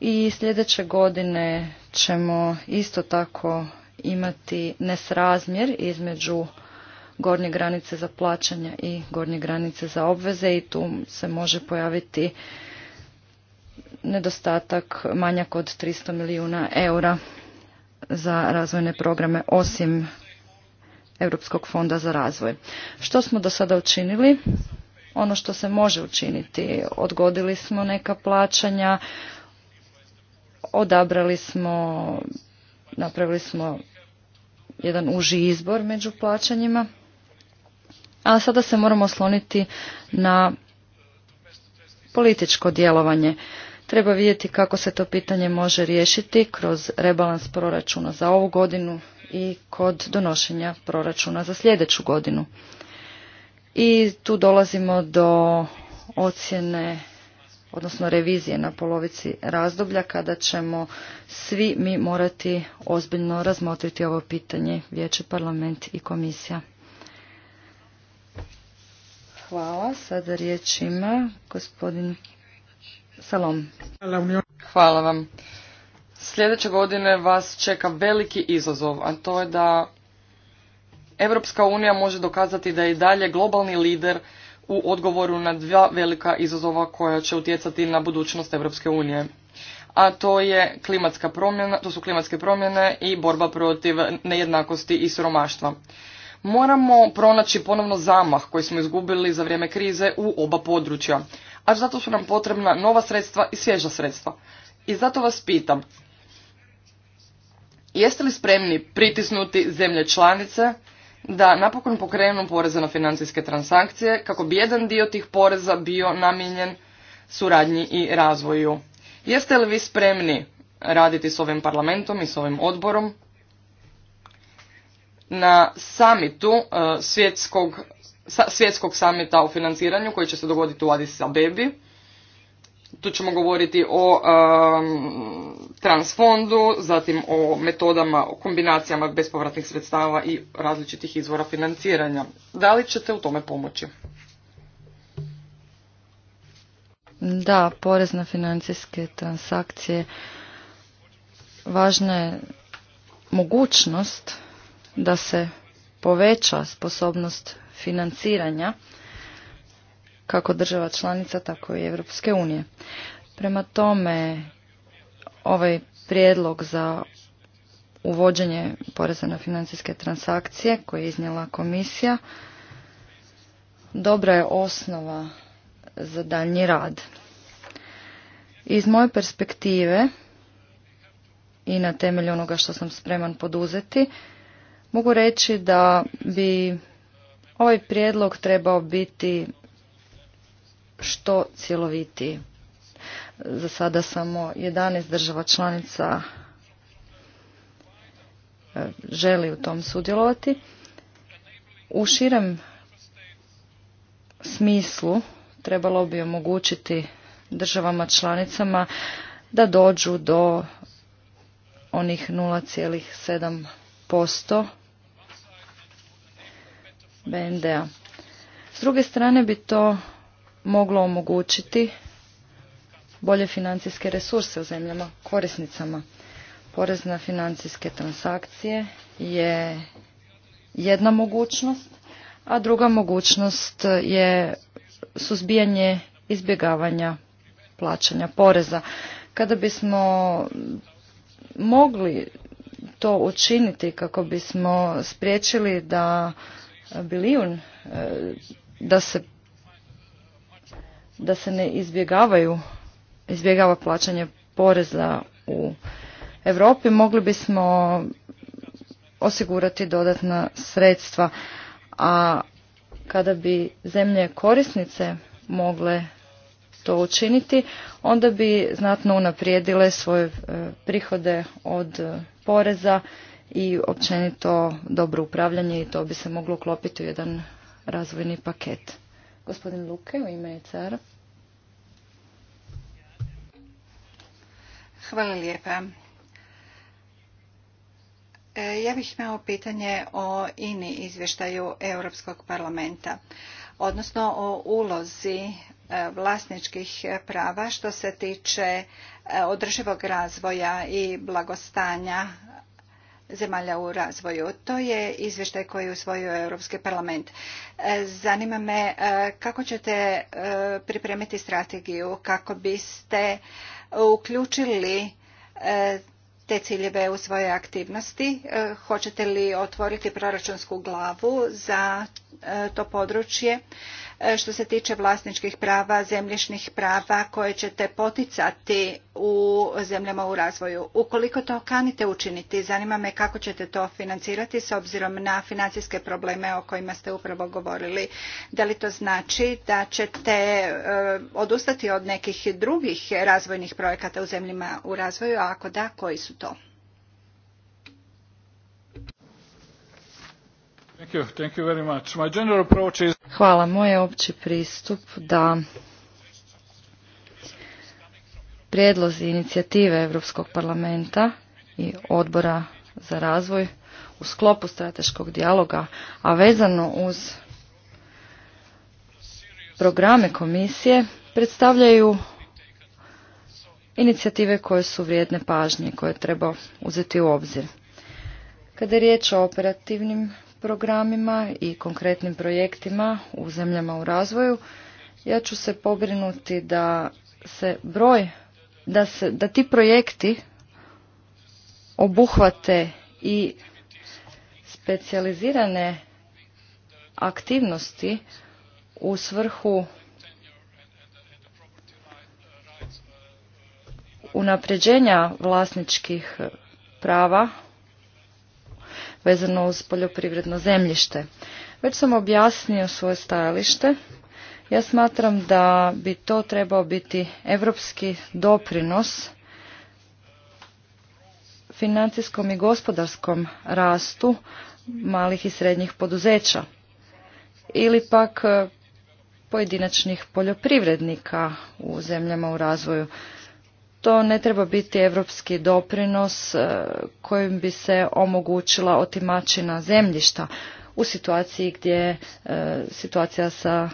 I sljedeće godine ćemo isto tako imati nesrazmjer između gornje granice za plaćanja i gornje granice za obveze i tu se može pojaviti nedostatak manjak od 300 milijuna eura za razvojne programe osim Europskog fonda za razvoj. Što smo do sada učinili? Ono što se može učiniti. Odgodili smo neka plaćanja, odabrali smo, napravili smo jedan uži izbor među plaćanjima. A sada se moramo osloniti na političko djelovanje. Treba vidjeti kako se to pitanje može riješiti kroz rebalans proračuna za ovu godinu i kod donošenja proračuna za sljedeću godinu. I tu dolazimo do ocjene, odnosno revizije na polovici razdoblja kada ćemo svi mi morati ozbiljno razmotriti ovo pitanje, Vijeće, Parlament i Komisija. Hvala. Sada riječ ima gospodin Salom. Hvala vam. Sljedeće godine vas čeka veliki izazov, a to je da Evropska unija može dokazati da je i dalje globalni lider u odgovoru na dva velika izazova koja će utjecati na budućnost Evropske unije. A to je klimatska promjena, to su klimatske promjene i borba protiv nejednakosti i siromaštva moramo pronaći ponovno zamah koji smo izgubili za vrijeme krize u oba područja, a zato su nam potrebna nova sredstva i svježa sredstva. I zato vas pitam, jeste li spremni pritisnuti zemlje članice da napokon pokrenu poreze na financijske transakcije kako bi jedan dio tih poreza bio namijenjen suradnji i razvoju? Jeste li vi spremni raditi s ovim parlamentom i s ovim odborom na samitu e, svjetskog, svjetskog samita o financiranju koji će se dogoditi u Addis Abebi. Tu ćemo govoriti o transfondu, zatim o metodama, o kombinacijama bespovratnih sredstava i različitih izvora financiranja. Da li ćete u tome pomoći? Da, porez na financijske transakcije. Važna je mogućnost da se poveća sposobnost financiranja kako država članica, tako i Europske unije. Prema tome, ovaj prijedlog za uvođenje poreza na financijske transakcije koje je iznijela komisija dobra je osnova za daljnji rad. Iz moje perspektive i na temelju onoga što sam spreman poduzeti, Mogu reći da bi ovaj prijedlog trebao biti što cjelovitiji. Za sada samo 11 država članica e, želi u tom sudjelovati. U širem smislu trebalo bi omogućiti državama članicama da dođu do onih 0,7% BND-a. S druge strane bi to moglo omogućiti bolje financijske resurse u zemljama korisnicama. Porez na financijske transakcije je jedna mogućnost, a druga mogućnost je suzbijanje izbjegavanja plaćanja poreza. Kada bismo mogli to učiniti kako bismo spriječili da bilijun e, da se da se ne izbjegavaju izbjegava plaćanje poreza u Europi mogli bismo osigurati dodatna sredstva a kada bi zemlje korisnice mogle to učiniti onda bi znatno unaprijedile svoje e, prihode od e, poreza i općenito dobro upravljanje i to bi se moglo uklopiti u jedan razvojni paket. Gospodin Luke u ime ECR. Hvala lijepa. E, ja bih imao pitanje o INI izvještaju Europskog parlamenta, odnosno o ulozi e, vlasničkih prava što se tiče e, održivog razvoja i blagostanja zemalja u razvoju. To je izvještaj koji je usvojio Europski parlament. E, zanima me e, kako ćete e, pripremiti strategiju kako biste uključili te ciljeve u svoje aktivnosti. Hoćete li otvoriti proračunsku glavu za to područje? E, što se tiče vlasničkih prava, zemljišnih prava koje ćete poticati u zemljama u razvoju. Ukoliko to kanite učiniti, zanima me kako ćete to financirati s obzirom na financijske probleme o kojima ste upravo govorili. Da li to znači da ćete e, odustati od nekih drugih razvojnih projekata u zemljama u razvoju, a ako da, koji su to? Thank you. Thank you very much. My general approach Hvala. Moj je opći pristup da prijedlozi inicijative Europskog parlamenta i odbora za razvoj u sklopu strateškog dijaloga, a vezano uz programe komisije predstavljaju inicijative koje su vrijedne pažnje koje treba uzeti u obzir. Kada je riječ o operativnim programima i konkretnim projektima u zemljama u razvoju, ja ću se pobrinuti da se broj, da, se, da ti projekti obuhvate i specijalizirane aktivnosti u svrhu unapređenja vlasničkih prava vezano uz poljoprivredno zemljište. Već sam objasnio svoje stajalište. Ja smatram da bi to trebao biti europski doprinos financijskom i gospodarskom rastu malih i srednjih poduzeća ili pak pojedinačnih poljoprivrednika u zemljama u razvoju to ne treba biti europski doprinos e, kojim bi se omogućila otimačina zemljišta u situaciji gdje e, situacija sa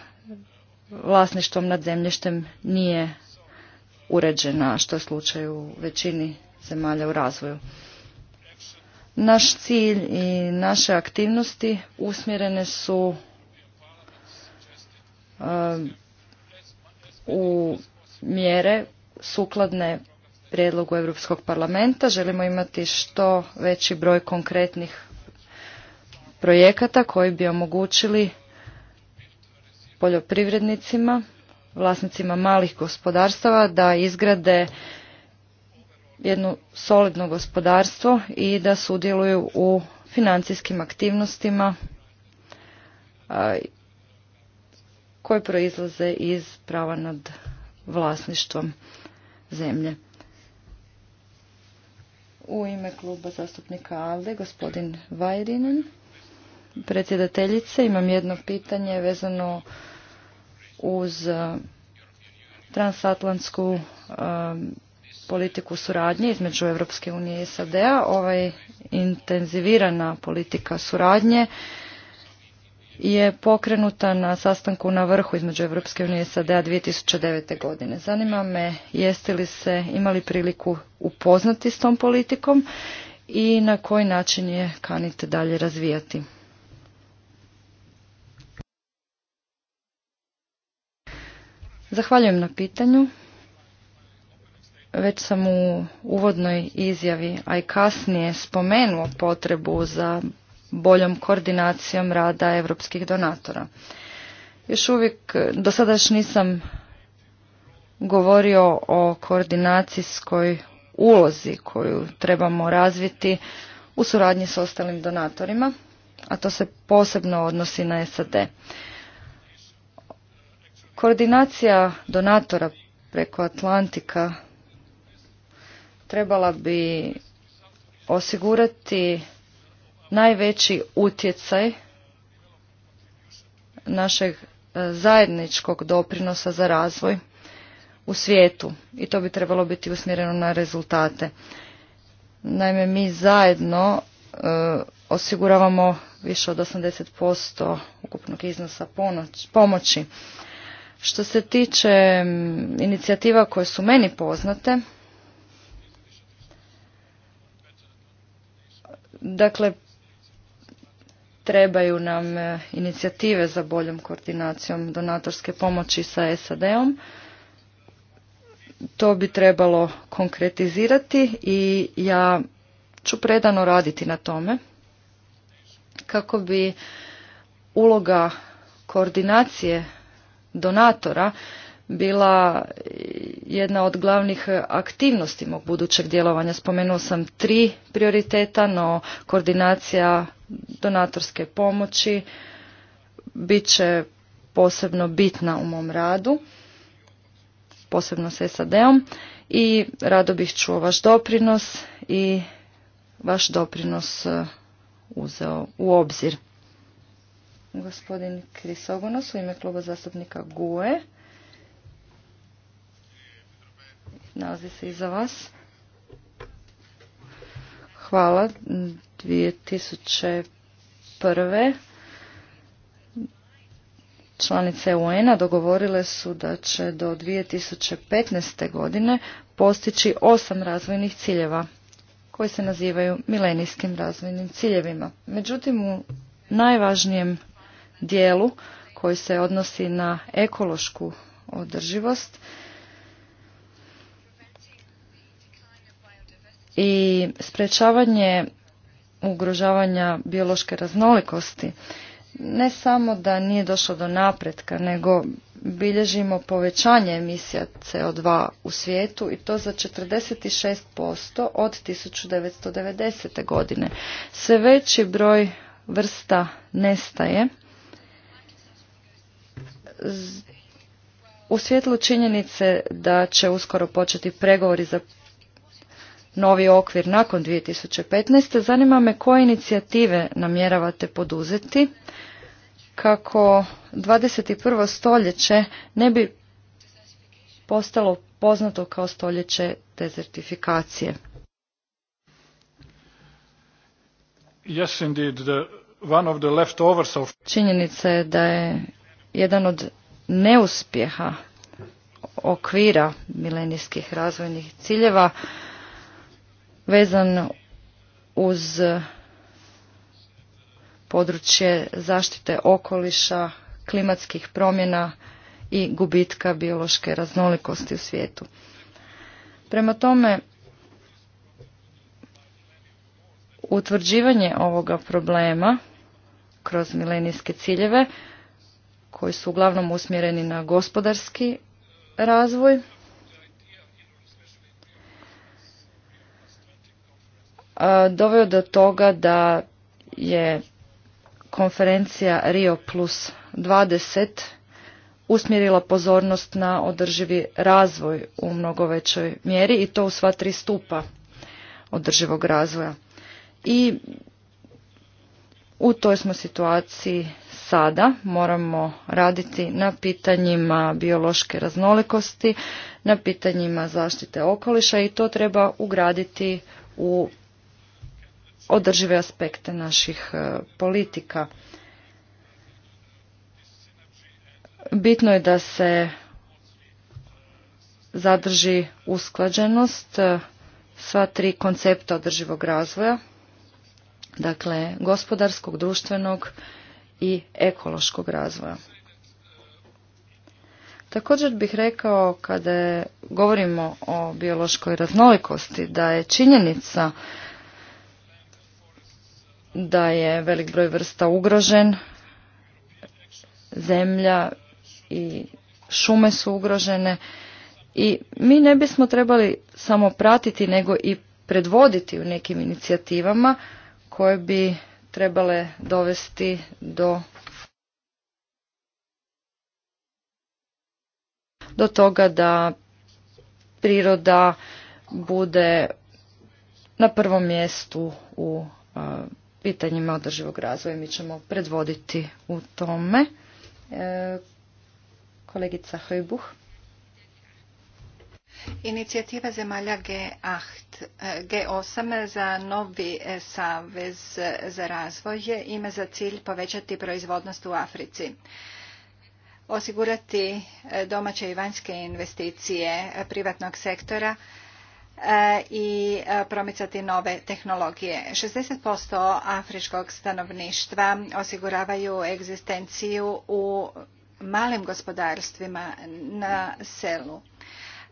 vlasništvom nad zemljištem nije uređena, što je slučaj u većini zemalja u razvoju. Naš cilj i naše aktivnosti usmjerene su e, u mjere sukladne prijedlogu Europskog parlamenta. Želimo imati što veći broj konkretnih projekata koji bi omogućili poljoprivrednicima, vlasnicima malih gospodarstava da izgrade jedno solidno gospodarstvo i da sudjeluju u financijskim aktivnostima koje proizlaze iz prava nad vlasništvom zemlje. U ime kluba zastupnika ALDE, gospodin Vajrinen, predsjedateljice, imam jedno pitanje vezano uz e, transatlantsku e, politiku suradnje između Europske unije i SAD-a. Ovaj intenzivirana politika suradnje je pokrenuta na sastanku na vrhu između Europske unije i SAD-a 2009. godine. Zanima me jeste li se imali priliku upoznati s tom politikom i na koji način je kanite dalje razvijati. Zahvaljujem na pitanju. Već sam u uvodnoj izjavi, a i kasnije spomenuo potrebu za boljom koordinacijom rada europskih donatora. Još uvijek, do sada još nisam govorio o koordinacijskoj ulozi koju trebamo razviti u suradnji s ostalim donatorima, a to se posebno odnosi na SAD. Koordinacija donatora preko Atlantika trebala bi osigurati najveći utjecaj našeg e, zajedničkog doprinosa za razvoj u svijetu i to bi trebalo biti usmjereno na rezultate. Naime, mi zajedno e, osiguravamo više od 80% ukupnog iznosa pomoći. Što se tiče inicijativa koje su meni poznate, dakle, trebaju nam e, inicijative za boljom koordinacijom donatorske pomoći sa SAD-om. To bi trebalo konkretizirati i ja ću predano raditi na tome kako bi uloga koordinacije donatora bila jedna od glavnih aktivnosti mog budućeg djelovanja. Spomenuo sam tri prioriteta, no koordinacija donatorske pomoći bit će posebno bitna u mom radu, posebno s SAD-om i rado bih čuo vaš doprinos i vaš doprinos e, uzeo u obzir. Gospodin Krisogonos u ime kluba zastupnika GUE. nalazi se iza vas. Hvala. 2001. Članice UN-a dogovorile su da će do 2015. godine postići osam razvojnih ciljeva koji se nazivaju milenijskim razvojnim ciljevima. Međutim, u najvažnijem dijelu koji se odnosi na ekološku održivost, i sprečavanje ugrožavanja biološke raznolikosti ne samo da nije došlo do napretka, nego bilježimo povećanje emisija CO2 u svijetu i to za 46% od 1990. godine. Sve veći broj vrsta nestaje. U svjetlu činjenice da će uskoro početi pregovori za novi okvir nakon 2015. Zanima me koje inicijative namjeravate poduzeti kako 21. stoljeće ne bi postalo poznato kao stoljeće dezertifikacije. Činjenica je da je jedan od neuspjeha okvira milenijskih razvojnih ciljeva vezan uz područje zaštite okoliša, klimatskih promjena i gubitka biološke raznolikosti u svijetu. Prema tome, utvrđivanje ovoga problema kroz milenijske ciljeve koji su uglavnom usmjereni na gospodarski razvoj doveo do toga da je konferencija Rio plus 20 usmjerila pozornost na održivi razvoj u mnogo većoj mjeri i to u sva tri stupa održivog razvoja. I u toj smo situaciji sada, moramo raditi na pitanjima biološke raznolikosti, na pitanjima zaštite okoliša i to treba ugraditi u održive aspekte naših e, politika. Bitno je da se zadrži usklađenost e, sva tri koncepta održivog razvoja, dakle gospodarskog, društvenog i ekološkog razvoja. Također bih rekao kada govorimo o biološkoj raznolikosti da je činjenica da je velik broj vrsta ugrožen, zemlja i šume su ugrožene i mi ne bismo trebali samo pratiti nego i predvoditi u nekim inicijativama koje bi trebale dovesti do do toga da priroda bude na prvom mjestu u pitanjima održivog razvoja. Mi ćemo predvoditi u tome. E, kolegica Hojbuh. Inicijativa zemalja G8 za novi savez za razvoj ima za cilj povećati proizvodnost u Africi osigurati domaće i vanjske investicije privatnog sektora Eh, i eh, promicati nove tehnologije. 60% afričkog stanovništva osiguravaju egzistenciju u malim gospodarstvima na selu.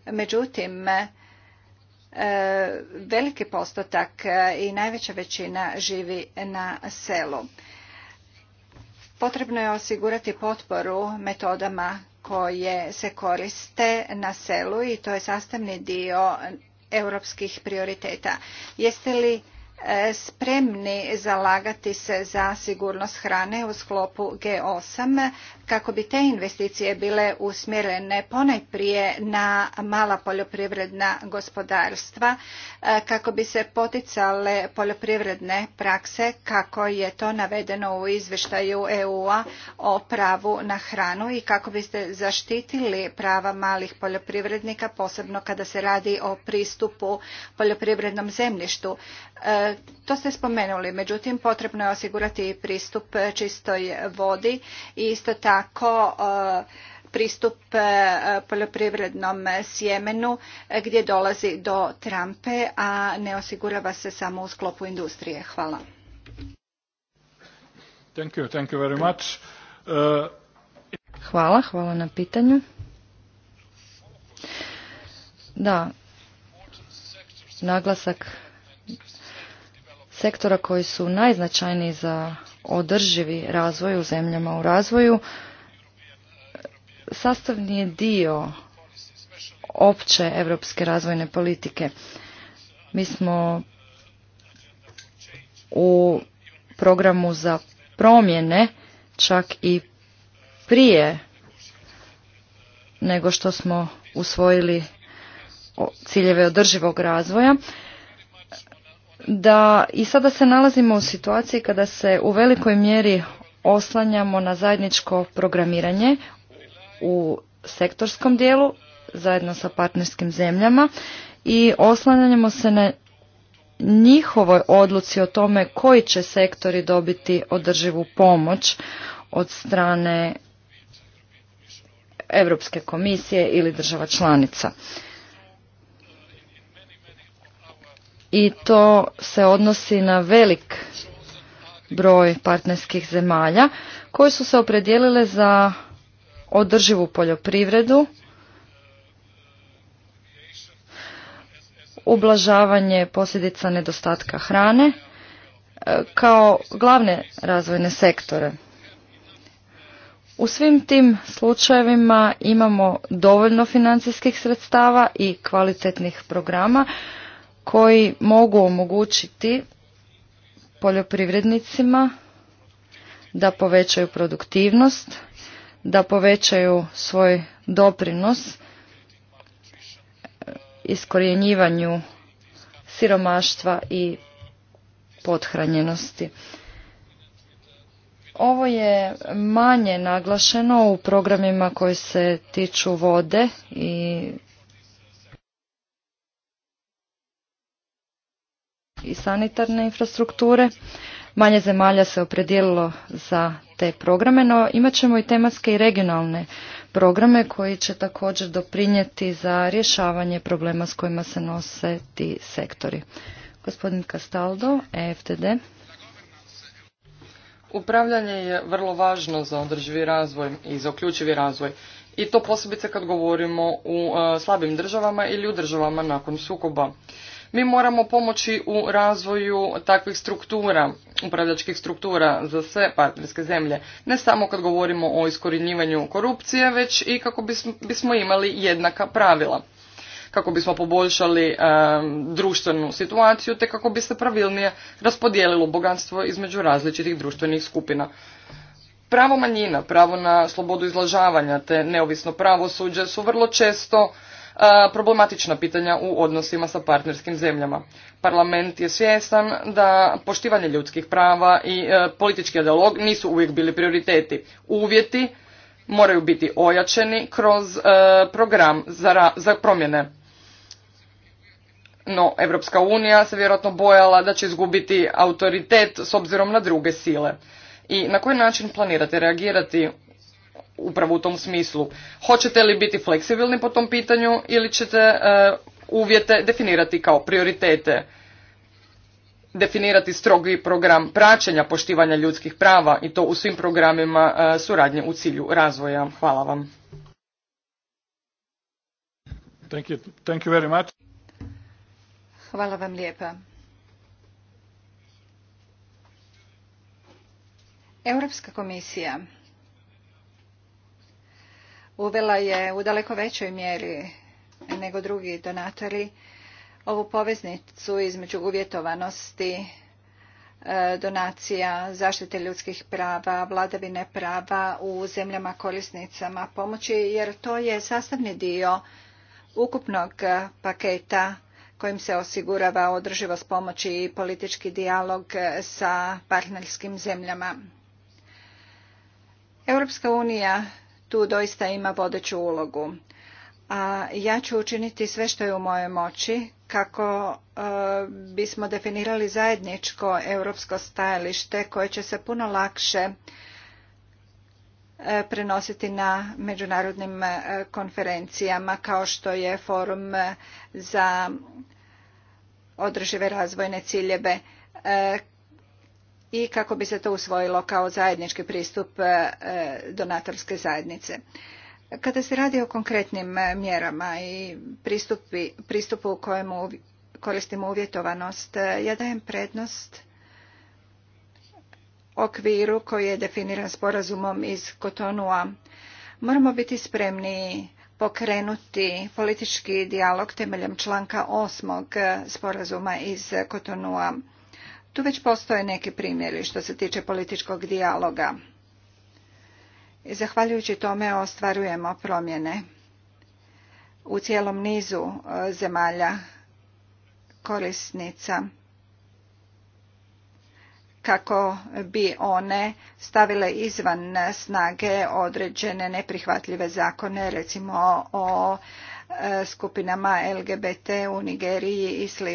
Međutim, eh, veliki postotak i najveća većina živi na selu. Potrebno je osigurati potporu metodama koje se koriste na selu i to je sastavni dio europskih prioriteta. Jeste li E, spremni zalagati se za sigurnost hrane u sklopu G8 kako bi te investicije bile usmjerene ponajprije na mala poljoprivredna gospodarstva e, kako bi se poticale poljoprivredne prakse kako je to navedeno u izvještaju EU-a o pravu na hranu i kako biste zaštitili prava malih poljoprivrednika posebno kada se radi o pristupu poljoprivrednom zemljištu E, to ste spomenuli, međutim potrebno je osigurati pristup čistoj vodi i isto tako e, pristup e, poljoprivrednom sjemenu gdje dolazi do trampe, a ne osigurava se samo u sklopu industrije. Hvala. Hvala, hvala na pitanju. Da, naglasak sektora koji su najznačajniji za održivi razvoj u zemljama u razvoju sastavni je dio opće europske razvojne politike. Mi smo u programu za promjene čak i prije nego što smo usvojili ciljeve održivog razvoja da i sada se nalazimo u situaciji kada se u velikoj mjeri oslanjamo na zajedničko programiranje u sektorskom dijelu zajedno sa partnerskim zemljama i oslanjamo se na njihovoj odluci o tome koji će sektori dobiti održivu pomoć od strane Europske komisije ili država članica. i to se odnosi na velik broj partnerskih zemalja koje su se opredijelile za održivu poljoprivredu, ublažavanje posljedica nedostatka hrane e, kao glavne razvojne sektore. U svim tim slučajevima imamo dovoljno financijskih sredstava i kvalitetnih programa koji mogu omogućiti poljoprivrednicima da povećaju produktivnost, da povećaju svoj doprinos eh, iskorjenjivanju siromaštva i podhranjenosti. Ovo je manje naglašeno u programima koji se tiču vode i i sanitarne infrastrukture. Manje zemalja se opredijelilo za te programe, no imat ćemo i tematske i regionalne programe koji će također doprinijeti za rješavanje problema s kojima se nose ti sektori. Gospodin Castaldo, EFTD. Upravljanje je vrlo važno za održivi razvoj i za uključivi razvoj. I to posebice kad govorimo u e, slabim državama ili u državama nakon sukoba. Mi moramo pomoći u razvoju takvih struktura, upravljačkih struktura za sve partnerske zemlje. Ne samo kad govorimo o iskorjenjivanju korupcije, već i kako bismo imali jednaka pravila kako bismo poboljšali e, društvenu situaciju te kako bi se pravilnije raspodijelilo bogatstvo između različitih društvenih skupina. Pravo manjina, pravo na slobodu izlažavanja te neovisno pravosuđe su vrlo često problematična pitanja u odnosima sa partnerskim zemljama. Parlament je svjestan da poštivanje ljudskih prava i e, politički dialog nisu uvijek bili prioriteti. Uvjeti moraju biti ojačeni kroz e, program za, promjene. No, Evropska unija se vjerojatno bojala da će izgubiti autoritet s obzirom na druge sile. I na koji način planirate reagirati upravo u tom smislu. Hoćete li biti fleksibilni po tom pitanju ili ćete e, uvjete definirati kao prioritete? Definirati strogi program praćenja poštivanja ljudskih prava i to u svim programima e, suradnje u cilju razvoja. Hvala vam. Thank you. Thank you very much. Hvala vam lijepa. Europska komisija uvela je u daleko većoj mjeri nego drugi donatori ovu poveznicu između uvjetovanosti e, donacija, zaštite ljudskih prava, vladavine prava u zemljama korisnicama pomoći, jer to je sastavni dio ukupnog paketa kojim se osigurava održivost pomoći i politički dijalog sa partnerskim zemljama. Europska unija tu doista ima vodeću ulogu. A ja ću učiniti sve što je u mojoj moći kako e, bismo definirali zajedničko europsko stajalište koje će se puno lakše e, prenositi na međunarodnim e, konferencijama kao što je forum za održive razvojne ciljeve i kako bi se to usvojilo kao zajednički pristup e, donatorske zajednice. Kada se radi o konkretnim e, mjerama i pristupi, pristupu u kojemu koristimo uvjetovanost, e, ja dajem prednost okviru koji je definiran sporazumom iz Kotonua. Moramo biti spremni pokrenuti politički dijalog temeljem članka 8. sporazuma iz Kotonua tu već postoje neki primjeri što se tiče političkog dijaloga. zahvaljujući tome ostvarujemo promjene u cijelom nizu e, zemalja korisnica kako bi one stavile izvan snage određene neprihvatljive zakone, recimo o e, skupinama LGBT u Nigeriji i sl.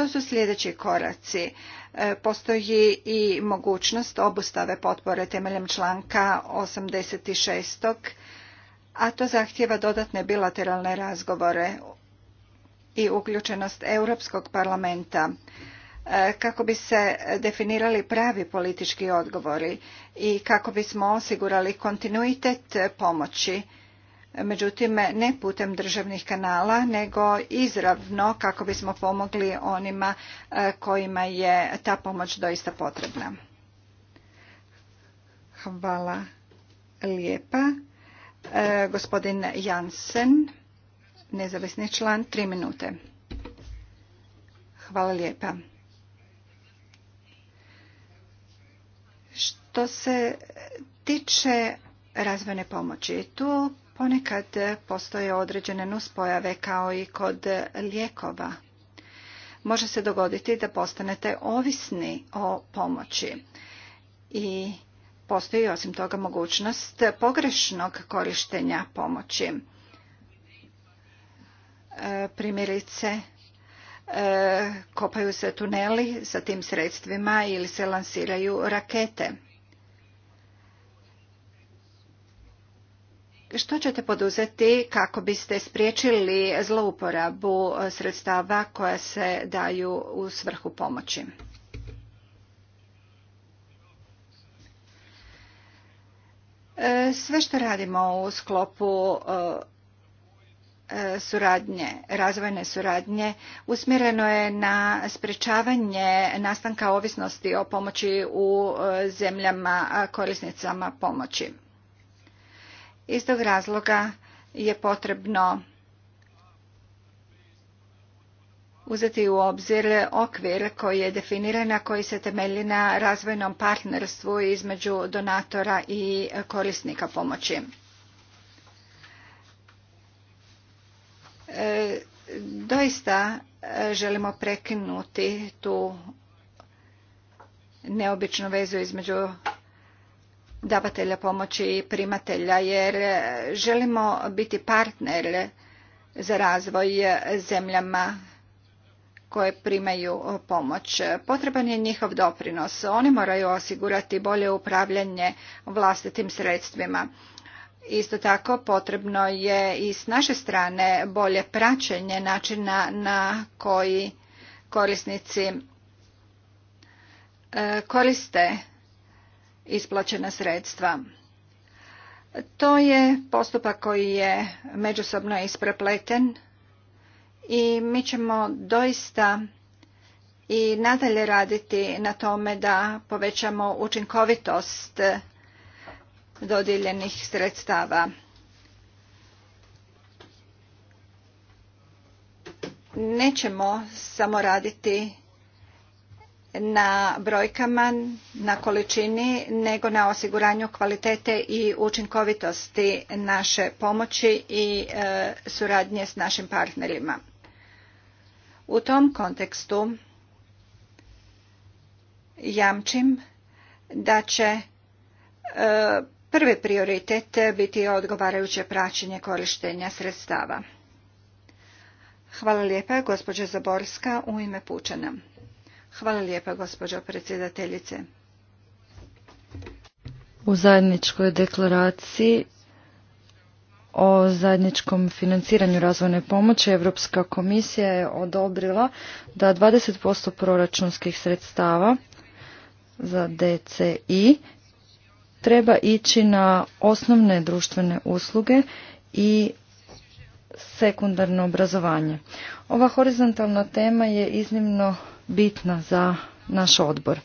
To su sljedeći koraci. E, postoji i mogućnost obustave potpore temeljem članka 86. a to zahtjeva dodatne bilateralne razgovore i uključenost Europskog parlamenta e, kako bi se definirali pravi politički odgovori i kako bismo osigurali kontinuitet pomoći međutim ne putem državnih kanala nego izravno kako bismo pomogli onima e, kojima je ta pomoć doista potrebna. Hvala lijepa. E, gospodin Jansen, nezavisni član, tri minute. Hvala lijepa. Što se tiče razvojne pomoći, tu Ponekad postoje određene nuspojave kao i kod lijekova. Može se dogoditi da postanete ovisni o pomoći i postoji osim toga mogućnost pogrešnog korištenja pomoći. E, primjerice, e, kopaju se tuneli sa tim sredstvima ili se lansiraju rakete. Što ćete poduzeti kako biste spriječili zlouporabu e, sredstava koja se daju u svrhu pomoći? E, sve što radimo u sklopu e, suradnje, razvojne suradnje usmjereno je na sprečavanje nastanka ovisnosti o pomoći u zemljama korisnicama pomoći. Iz tog razloga je potrebno uzeti u obzir okvir koji je definiran, koji se temelji na razvojnom partnerstvu između donatora i korisnika pomoći. E, doista e, želimo prekinuti tu neobičnu vezu između davatelja pomoći i primatelja jer e, želimo biti partner za razvoj zemljama koje primaju pomoć. Potreban je njihov doprinos. Oni moraju osigurati bolje upravljanje vlastitim sredstvima. Isto tako potrebno je i s naše strane bolje praćenje načina na koji korisnici e, koriste isplaćena sredstva. To je postupak koji je međusobno isprepleten i mi ćemo doista i nadalje raditi na tome da povećamo učinkovitost dodijeljenih sredstava. Nećemo samo raditi na brojkama, na količini, nego na osiguranju kvalitete i učinkovitosti naše pomoći i e, suradnje s našim partnerima. U tom kontekstu jamčim da će e, prvi prioritet biti odgovarajuće praćenje korištenja sredstava. Hvala lijepa, gospođa Zaborska, u ime Pučana. Hvala lijepa, gospođo predsjedateljice. U zajedničkoj deklaraciji o zajedničkom financiranju razvojne pomoći Europska komisija je odobrila da 20% proračunskih sredstava za DCI treba ići na osnovne društvene usluge i sekundarno obrazovanje. Ova horizontalna tema je iznimno bitna za naš odbor.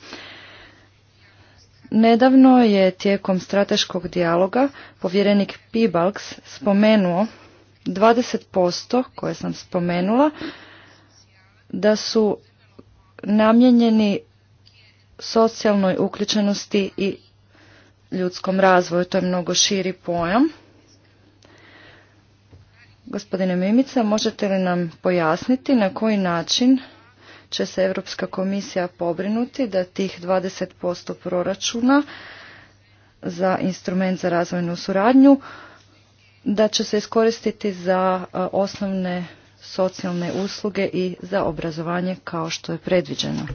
Nedavno je tijekom strateškog dijaloga povjerenik Pibalks spomenuo 20% koje sam spomenula da su namjenjeni socijalnoj uključenosti i ljudskom razvoju. To je mnogo širi pojam. Gospodine Mimica, možete li nam pojasniti na koji način će se Europska komisija pobrinuti da tih 20% proračuna za instrument za razvojnu suradnju da će se iskoristiti za osnovne socijalne usluge i za obrazovanje kao što je predviđeno.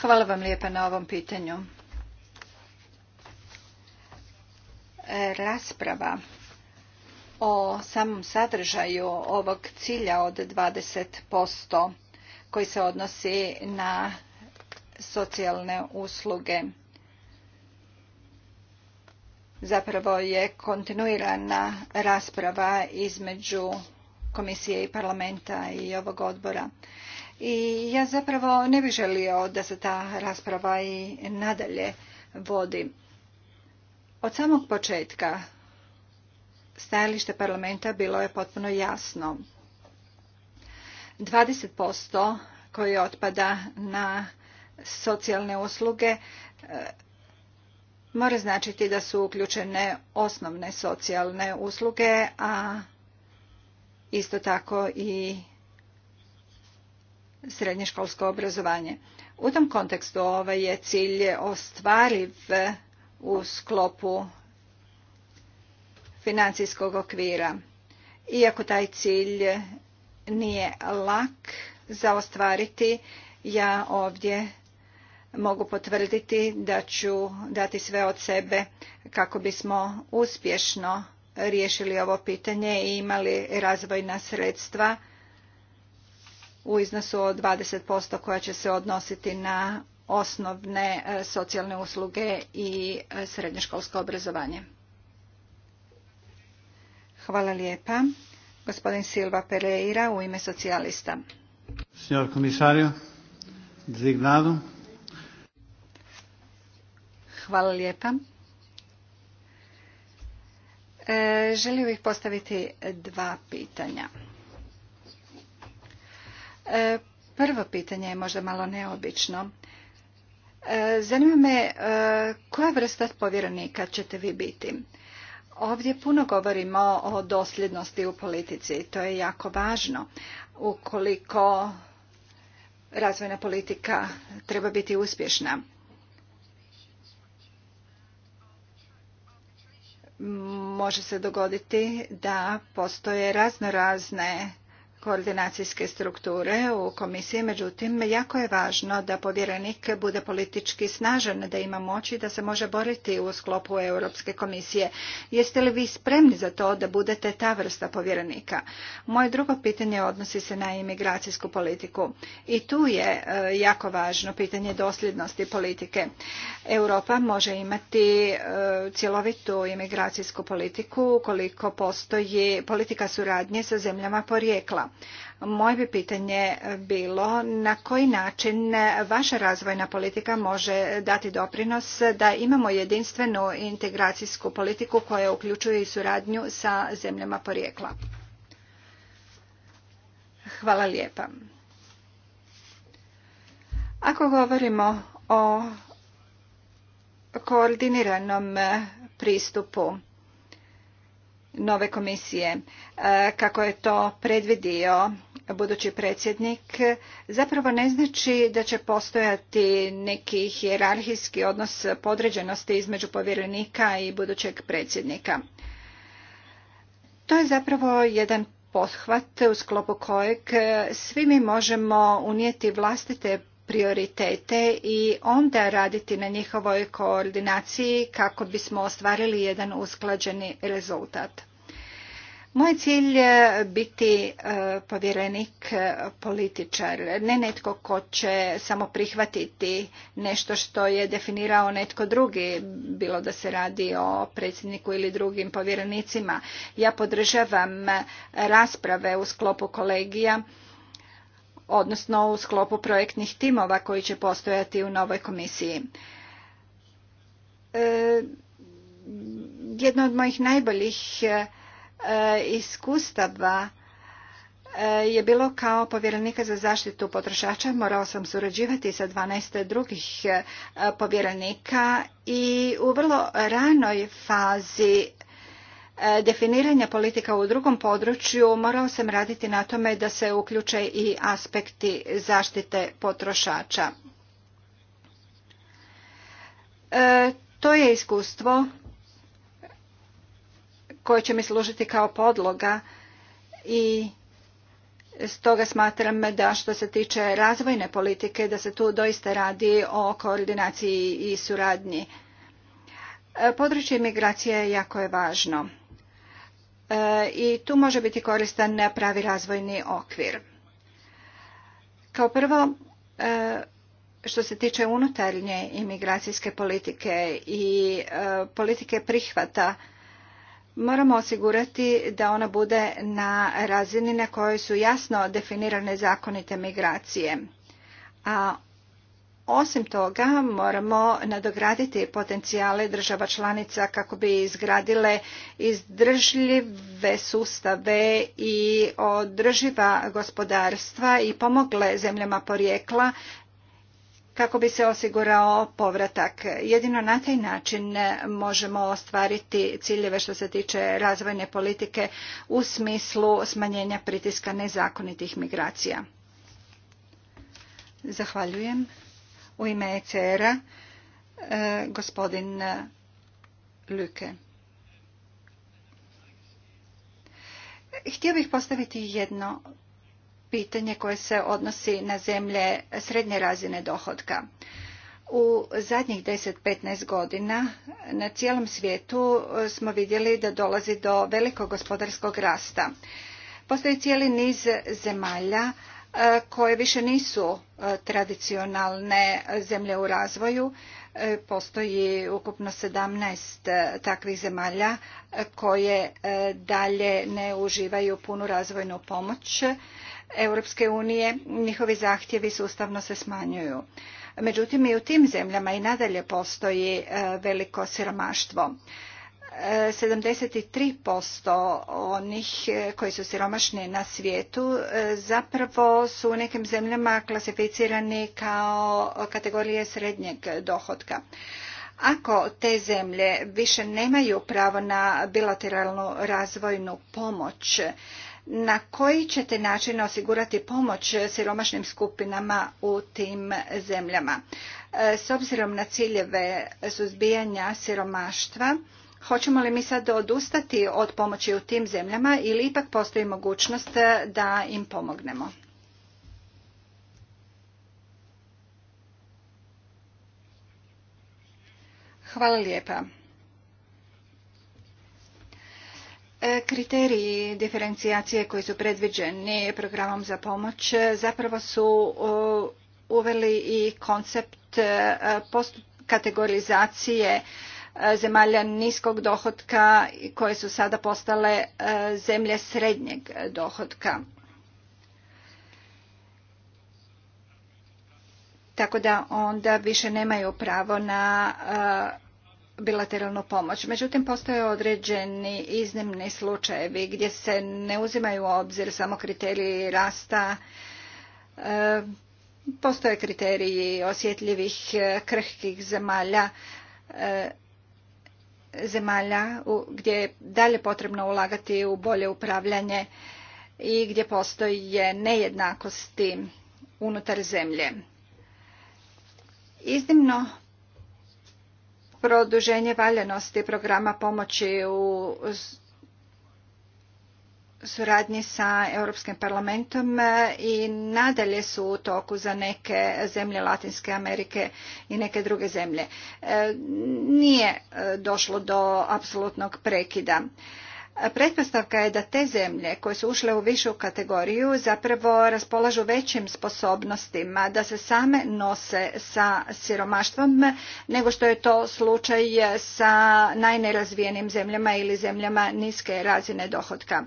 Hvala vam lijepa na ovom pitanju. E, rasprava o samom sadržaju ovog cilja od 20% koji se odnosi na socijalne usluge. Zapravo je kontinuirana rasprava između komisije i parlamenta i ovog odbora. I ja zapravo ne bih želio da se ta rasprava i nadalje vodi. Od samog početka stajalište parlamenta bilo je potpuno jasno. 20% koji otpada na socijalne usluge e, mora značiti da su uključene osnovne socijalne usluge, a isto tako i srednjoškolsko obrazovanje. U tom kontekstu ovaj je cilj ostvariv u sklopu financijskog okvira. Iako taj cilj nije lak za ostvariti, ja ovdje mogu potvrditi da ću dati sve od sebe kako bismo uspješno riješili ovo pitanje i imali razvojna sredstva u iznosu od 20% koja će se odnositi na osnovne e, socijalne usluge i e, srednjoškolsko obrazovanje. Hvala lijepa. Gospodin Silva Pereira u ime socijalista. Senjor komisario, designado. Hvala lijepa. E, želio bih postaviti dva pitanja. E, prvo pitanje je možda malo neobično. E, zanima me e, koja vrsta povjerenika ćete vi biti? Ovdje puno govorimo o dosljednosti u politici. To je jako važno. Ukoliko razvojna politika treba biti uspješna. Može se dogoditi da postoje razno razne koordinacijske strukture u komisiji, međutim jako je važno da povjerenik bude politički snažan, da ima moć i da se može boriti u sklopu Europske komisije. Jeste li vi spremni za to da budete ta vrsta povjerenika? Moje drugo pitanje odnosi se na imigracijsku politiku i tu je e, jako važno pitanje dosljednosti politike. Europa može imati e, cjelovitu imigracijsku politiku ukoliko postoji politika suradnje sa zemljama porijekla moje bi pitanje bilo na koji način vaša razvojna politika može dati doprinos da imamo jedinstvenu integracijsku politiku koja uključuje i suradnju sa zemljama porijekla. Hvala lijepa. Ako govorimo o koordiniranom pristupu nove komisije e, kako je to predvidio budući predsjednik zapravo ne znači da će postojati neki hijerarhijski odnos podređenosti između povjerenika i budućeg predsjednika. To je zapravo jedan pothvat u sklopu kojeg svi mi možemo unijeti vlastite prioritete i onda raditi na njihovoj koordinaciji kako bismo ostvarili jedan usklađeni rezultat. Moj cilj je biti e, povjerenik e, političar, ne netko ko će samo prihvatiti nešto što je definirao netko drugi, bilo da se radi o predsjedniku ili drugim povjerenicima. Ja podržavam rasprave u sklopu kolegija, odnosno u sklopu projektnih timova koji će postojati u novoj komisiji. E, jedno od mojih najboljih E, iskustava e, je bilo kao povjerenika za zaštitu potrošača. Morao sam surađivati sa 12 drugih e, povjerenika i u vrlo ranoj fazi definiranja politika u drugom području morao sam raditi na tome da se uključe i aspekti zaštite potrošača. to je iskustvo koje će mi služiti kao podloga i stoga smatram da što se tiče razvojne politike da se tu doista radi o koordinaciji i suradnji. E, područje migracije jako je važno e, i tu može biti koristan pravi razvojni okvir. Kao prvo, e, što se tiče unutarnje imigracijske politike i politike prihvata Moramo osigurati da ona bude na razini na kojoj su jasno definirane zakonite migracije. A osim toga moramo nadograditi potencijale država članica kako bi izgradile izdržljive sustave i održiva gospodarstva i pomogle zemljama porijekla kako bi se osigurao povratak. Jedino na taj način možemo ostvariti ciljeve što se tiče razvojne politike u smislu smanjenja pritiska nezakonitih migracija. Zahvaljujem. U ime ECR-a e, gospodin Luke. Htio bih postaviti jedno pitanje koje se odnosi na zemlje srednje razine dohotka. U zadnjih 10-15 godina na cijelom svijetu e, smo vidjeli da dolazi do velikog gospodarskog rasta. Postoji cijeli niz zemalja e, koje više nisu e, tradicionalne zemlje u razvoju. Postoji ukupno 17 takvih zemalja koje dalje ne uživaju punu razvojnu pomoć. Europske unije njihovi zahtjevi sustavno se smanjuju. Međutim, i u tim zemljama i nadalje postoji e, veliko siromaštvo. 73% e, onih e, koji su siromašni na svijetu zapravo su u nekim zemljama klasificirani kao kategorije srednjeg dohotka. Ako te zemlje više nemaju pravo na bilateralnu razvojnu pomoć, na koji ćete način osigurati pomoć siromašnim skupinama u tim zemljama? E, s obzirom na ciljeve suzbijanja siromaštva, hoćemo li mi sad odustati od pomoći u tim zemljama ili ipak postoji mogućnost da im pomognemo? Hvala lijepa. E, kriteriji diferencijacije koji su predviđeni programom za pomoć e, zapravo su uveli i koncept e, kategorizacije zemalja niskog dohotka koje su sada postale zemlje srednjeg dohotka. Tako da onda više nemaju pravo na bilateralnu pomoć. Međutim, postoje određeni iznimni slučajevi gdje se ne uzimaju u obzir samo kriteriji rasta, e, postoje kriteriji osjetljivih e, krhkih zemalja, e, zemalja gdje je dalje potrebno ulagati u bolje upravljanje i gdje postoje nejednakosti unutar zemlje. Iznimno produženje valjanosti programa pomoći u suradnji sa Europskim parlamentom e, i nadalje su u toku za neke zemlje Latinske Amerike i neke druge zemlje. E, nije e, došlo do apsolutnog prekida. Pretpostavka je da te zemlje koje su ušle u višu kategoriju zapravo raspolažu većim sposobnostima da se same nose sa siromaštvom nego što je to slučaj sa najnerazvijenim zemljama ili zemljama niske razine dohotka.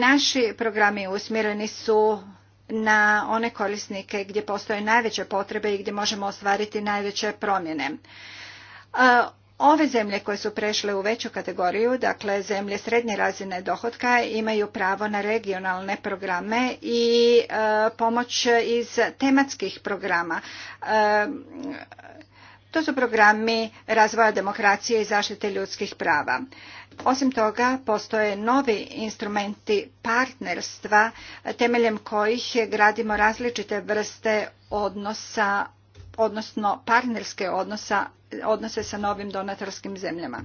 Naši programi usmjereni su na one korisnike gdje postoje najveće potrebe i gdje možemo ostvariti najveće promjene Ove zemlje koje su prešle u veću kategoriju, dakle zemlje srednje razine dohotka, imaju pravo na regionalne programe i e, pomoć iz tematskih programa. E, to su programi razvoja demokracije i zaštite ljudskih prava. Osim toga, postoje novi instrumenti partnerstva temeljem kojih gradimo različite vrste odnosa odnosno partnerske odnosa, odnose sa novim donatorskim zemljama.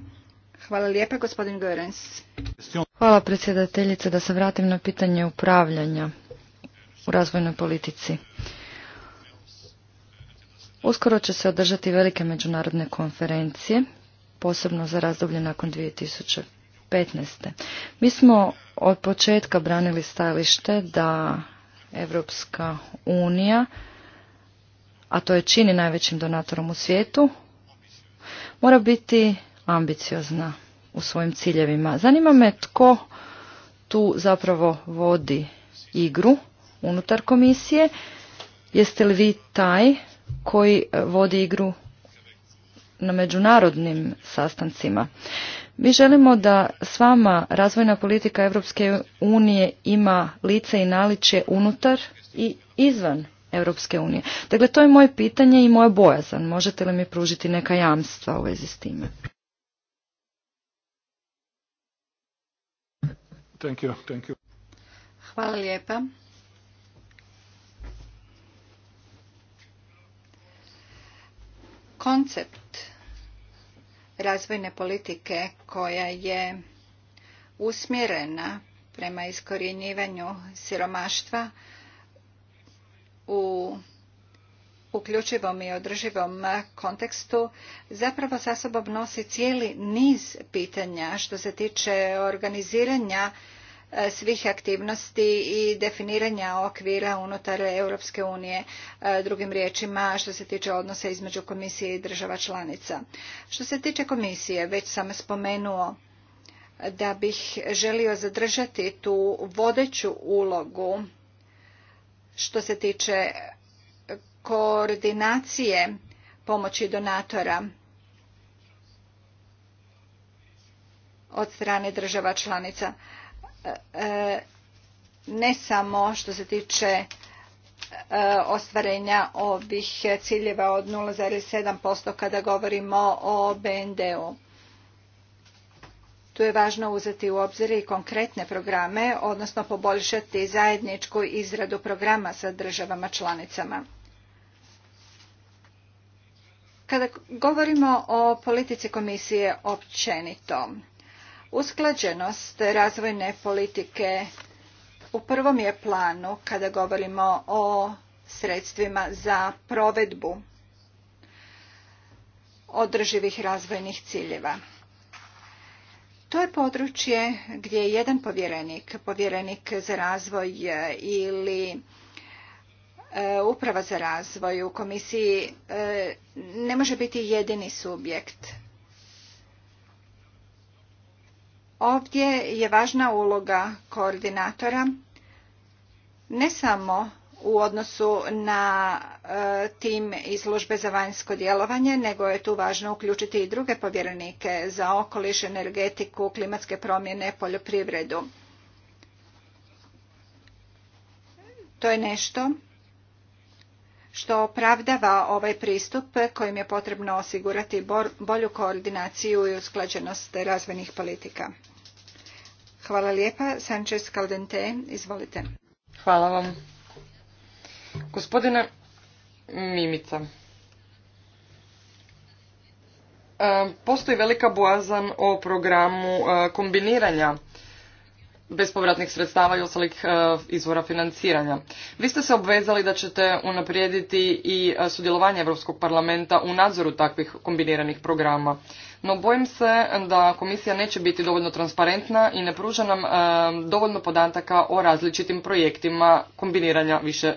Hvala lijepa, gospodin Hvala predsjedateljice da se vratim na pitanje upravljanja u razvojnoj politici. Uskoro će se održati velike međunarodne konferencije, posebno za razdoblje nakon 2015. Mi smo od početka branili stajalište da Evropska unija a to je čini najvećim donatorom u svijetu, mora biti ambiciozna u svojim ciljevima. Zanima me tko tu zapravo vodi igru unutar komisije. Jeste li vi taj koji e, vodi igru na međunarodnim sastancima? Mi želimo da s vama razvojna politika Europske unije ima lice i naličje unutar i izvan Europske unije. Dakle, to je moje pitanje i moja bojazan. Možete li mi pružiti neka jamstva u vezi s time? Thank you, thank you. Hvala lijepa. Koncept razvojne politike koja je usmjerena prema iskorjenjivanju siromaštva u uključivom i održivom kontekstu zapravo sa sobom nosi cijeli niz pitanja što se tiče organiziranja e, svih aktivnosti i definiranja okvira unutar Europske unije, e, drugim riječima što se tiče odnosa između komisije i država članica. Što se tiče komisije, već sam spomenuo da bih želio zadržati tu vodeću ulogu što se tiče koordinacije pomoći donatora od strane država članica. E, e, ne samo što se tiče e, ostvarenja ovih ciljeva od 0,7% kada govorimo o BND-u. Tu je važno uzeti u obzir i konkretne programe, odnosno poboljšati zajedničku izradu programa sa državama članicama. Kada govorimo o politici komisije općenito, usklađenost razvojne politike u prvom je planu kada govorimo o sredstvima za provedbu održivih razvojnih ciljeva. To je područje gdje jedan povjerenik, povjerenik za razvoj e, ili e, uprava za razvoj u komisiji e, ne može biti jedini subjekt. Ovdje je važna uloga koordinatora ne samo u odnosu na e, tim i službe za vanjsko djelovanje, nego je tu važno uključiti i druge povjerenike za okoliš, energetiku, klimatske promjene, poljoprivredu. To je nešto što opravdava ovaj pristup kojim je potrebno osigurati bolju koordinaciju i usklađenost razvojnih politika. Hvala lijepa. Sanchez Caldente, izvolite. Hvala vam. Gospodine Mimica, e, postoji velika boazan o programu e, kombiniranja bespovratnih sredstava i ostalih e, izvora financiranja. Vi ste se obvezali da ćete unaprijediti i sudjelovanje Europskog parlamenta u nadzoru takvih kombiniranih programa no bojim se da komisija neće biti dovoljno transparentna i ne pruža nam e, dovoljno podataka o različitim projektima kombiniranja više e,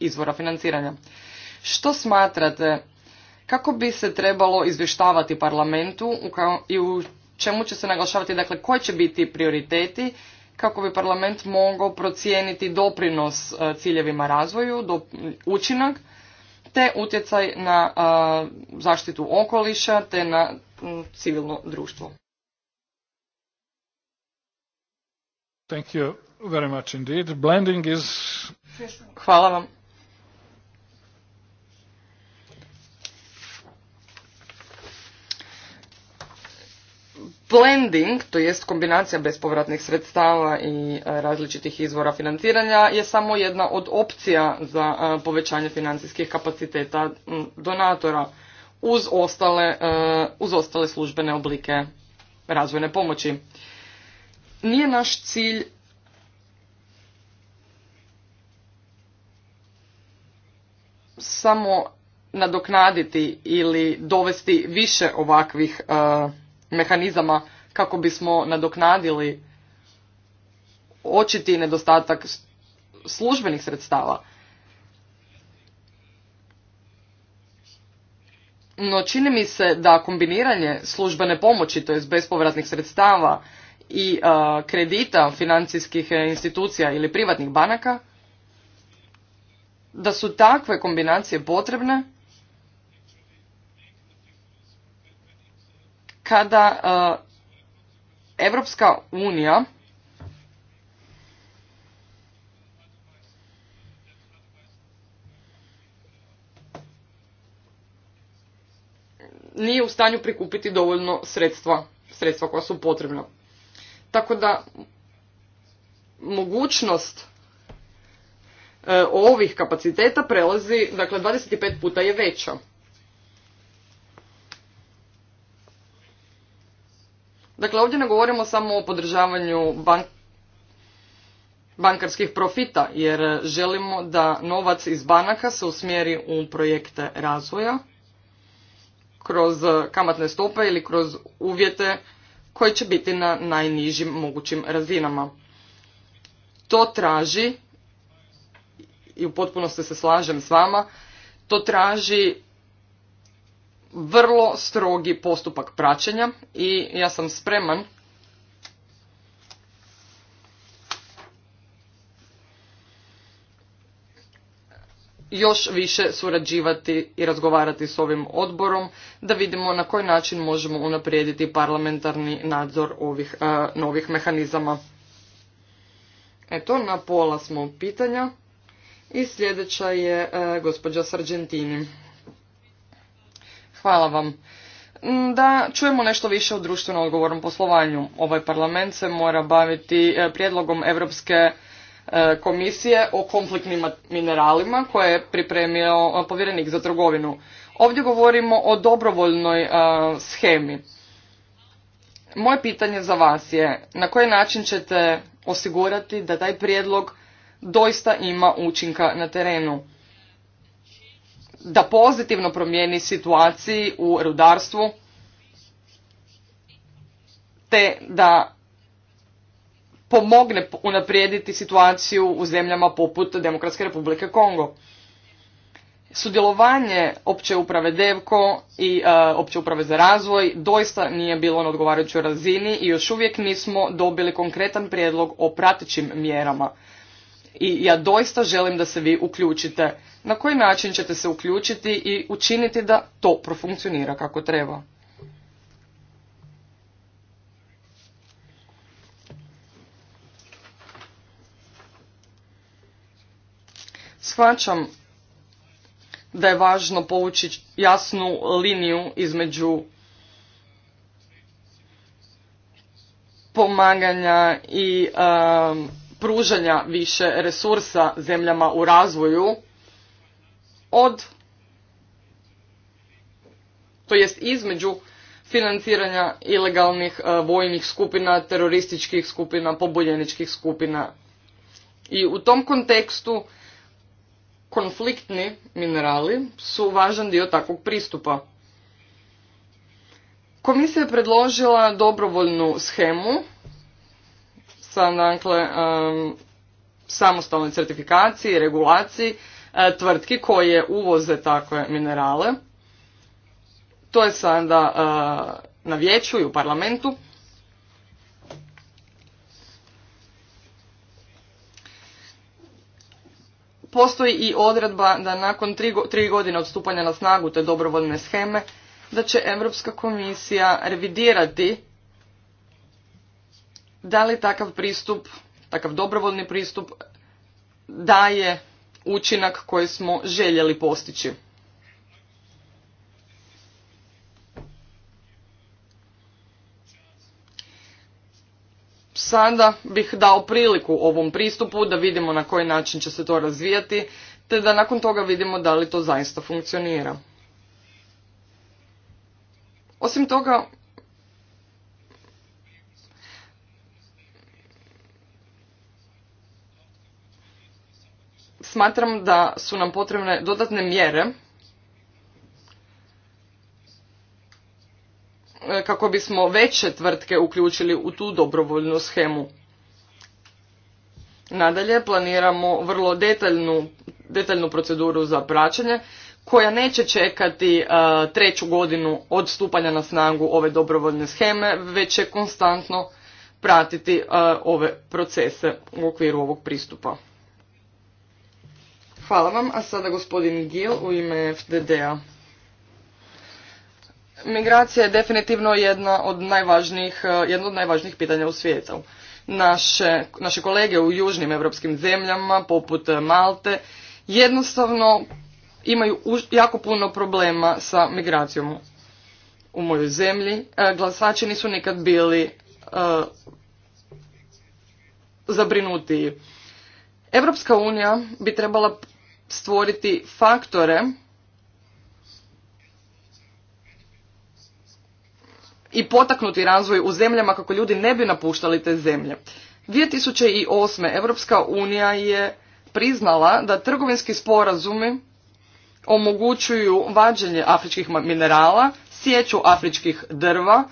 izvora financiranja. Što smatrate, kako bi se trebalo izvještavati parlamentu i u čemu će se naglašavati, dakle, koji će biti prioriteti kako bi parlament mogao procijeniti doprinos e, ciljevima razvoju, do, učinak, te utjecaj na zaštitu okoliša te na civilno društvo. Thank you very much indeed. Blending is... Hvala vam. Blending, to jest kombinacija bespovratnih sredstava i e, različitih izvora financiranja, je samo jedna od opcija za e, povećanje financijskih kapaciteta donatora uz ostale, e, uz službene oblike razvojne pomoći. Nije naš cilj samo nadoknaditi ili dovesti više ovakvih mehanizama kako bismo nadoknadili očiti nedostatak službenih sredstava. No čini mi se da kombiniranje službene pomoći, to jest bespovratnih sredstava i kredita financijskih e, institucija ili privatnih banaka, da su takve kombinacije potrebne kada Europska eh, unija nije u stanju prikupiti dovoljno sredstva, sredstva koja su potrebna. Tako da mogućnost eh, ovih kapaciteta prelazi, dakle 25 puta je veća. Dakle, ovdje ne govorimo samo o podržavanju bank bankarskih profita jer želimo da novac iz banaka se usmjeri u projekte razvoja kroz kamatne stope ili kroz uvjete koji će biti na najnižim mogućim razinama. To traži i u potpunosti se slažem s vama, to traži vrlo strogi postupak praćenja i ja sam spreman još više surađivati i razgovarati s ovim odborom da vidimo na koji način možemo unaprijediti parlamentarni nadzor ovih e, novih mehanizama. Eto, na pola smo pitanja i sljedeća je e, gospođa Sargentini. Hvala vam. Mm, da čujemo nešto više o društveno odgovornom poslovanju. Ovaj parlament se mora baviti e, prijedlogom Europske e, komisije o konfliktnim mineralima koje je pripremio e, povjerenik za trgovinu. Ovdje govorimo o dobrovoljnoj schemi. Moje pitanje za vas je na koji način ćete osigurati da taj prijedlog doista ima učinka na terenu da pozitivno promijeni situaciji u rudarstvu te da pomogne unaprijediti situaciju u zemljama poput Demokratske republike Kongo. Sudjelovanje opće uprave Devko i e, opće uprave za razvoj doista nije bilo na odgovarajućoj razini i još uvijek nismo dobili konkretan prijedlog o pratećim mjerama i ja doista želim da se vi uključite. Na koji način ćete se uključiti i učiniti da to profunkcionira kako treba? Shvaćam da je važno povući jasnu liniju između pomaganja i um, pružanja više resursa zemljama u razvoju od to jest između financiranja ilegalnih e, vojnih skupina, terorističkih skupina, pobunjeničkih skupina. I u tom kontekstu konfliktni minerali su važan dio takvog pristupa. Komisija je predložila dobrovoljnu schemu sa dakle, samostalnoj certifikaciji i regulaciji e, tvrtki koje uvoze takve minerale. To je sada e, na vijeću i u parlamentu. Postoji i odredba da nakon tri godine od stupanja na snagu te dobrovoljne scheme da će Europska komisija revidirati da li takav pristup, takav dobrovoljni pristup daje učinak koji smo željeli postići. Sada bih dao priliku ovom pristupu da vidimo na koji način će se to razvijati, te da nakon toga vidimo da li to zaista funkcionira. Osim toga, smatram da su nam potrebne dodatne mjere e, kako bismo veće tvrtke uključili u tu dobrovoljnu schemu. Nadalje planiramo vrlo detaljnu, detaljnu proceduru za praćenje koja neće čekati e, treću godinu od stupanja na snagu ove dobrovoljne scheme, već će konstantno pratiti e, ove procese u okviru ovog pristupa. Hvala vam, a sada gospodin Gil u ime FDD-a. Migracija je definitivno jedna od najvažnijih, eh, jedno od najvažnijih pitanja u svijetu. Naše, kolege u južnim europskim zemljama, poput eh, Malte, jednostavno imaju jako puno problema sa migracijom u mojoj zemlji. Eh, glasači nisu nikad bili zabrinutiji. zabrinuti. Europska unija bi trebala stvoriti faktore i potaknuti razvoj u zemljama kako ljudi ne bi napuštali te zemlje. 2008. Europska unija je priznala da trgovinski sporazumi omogućuju vađenje afričkih minerala, sjeću afričkih drva,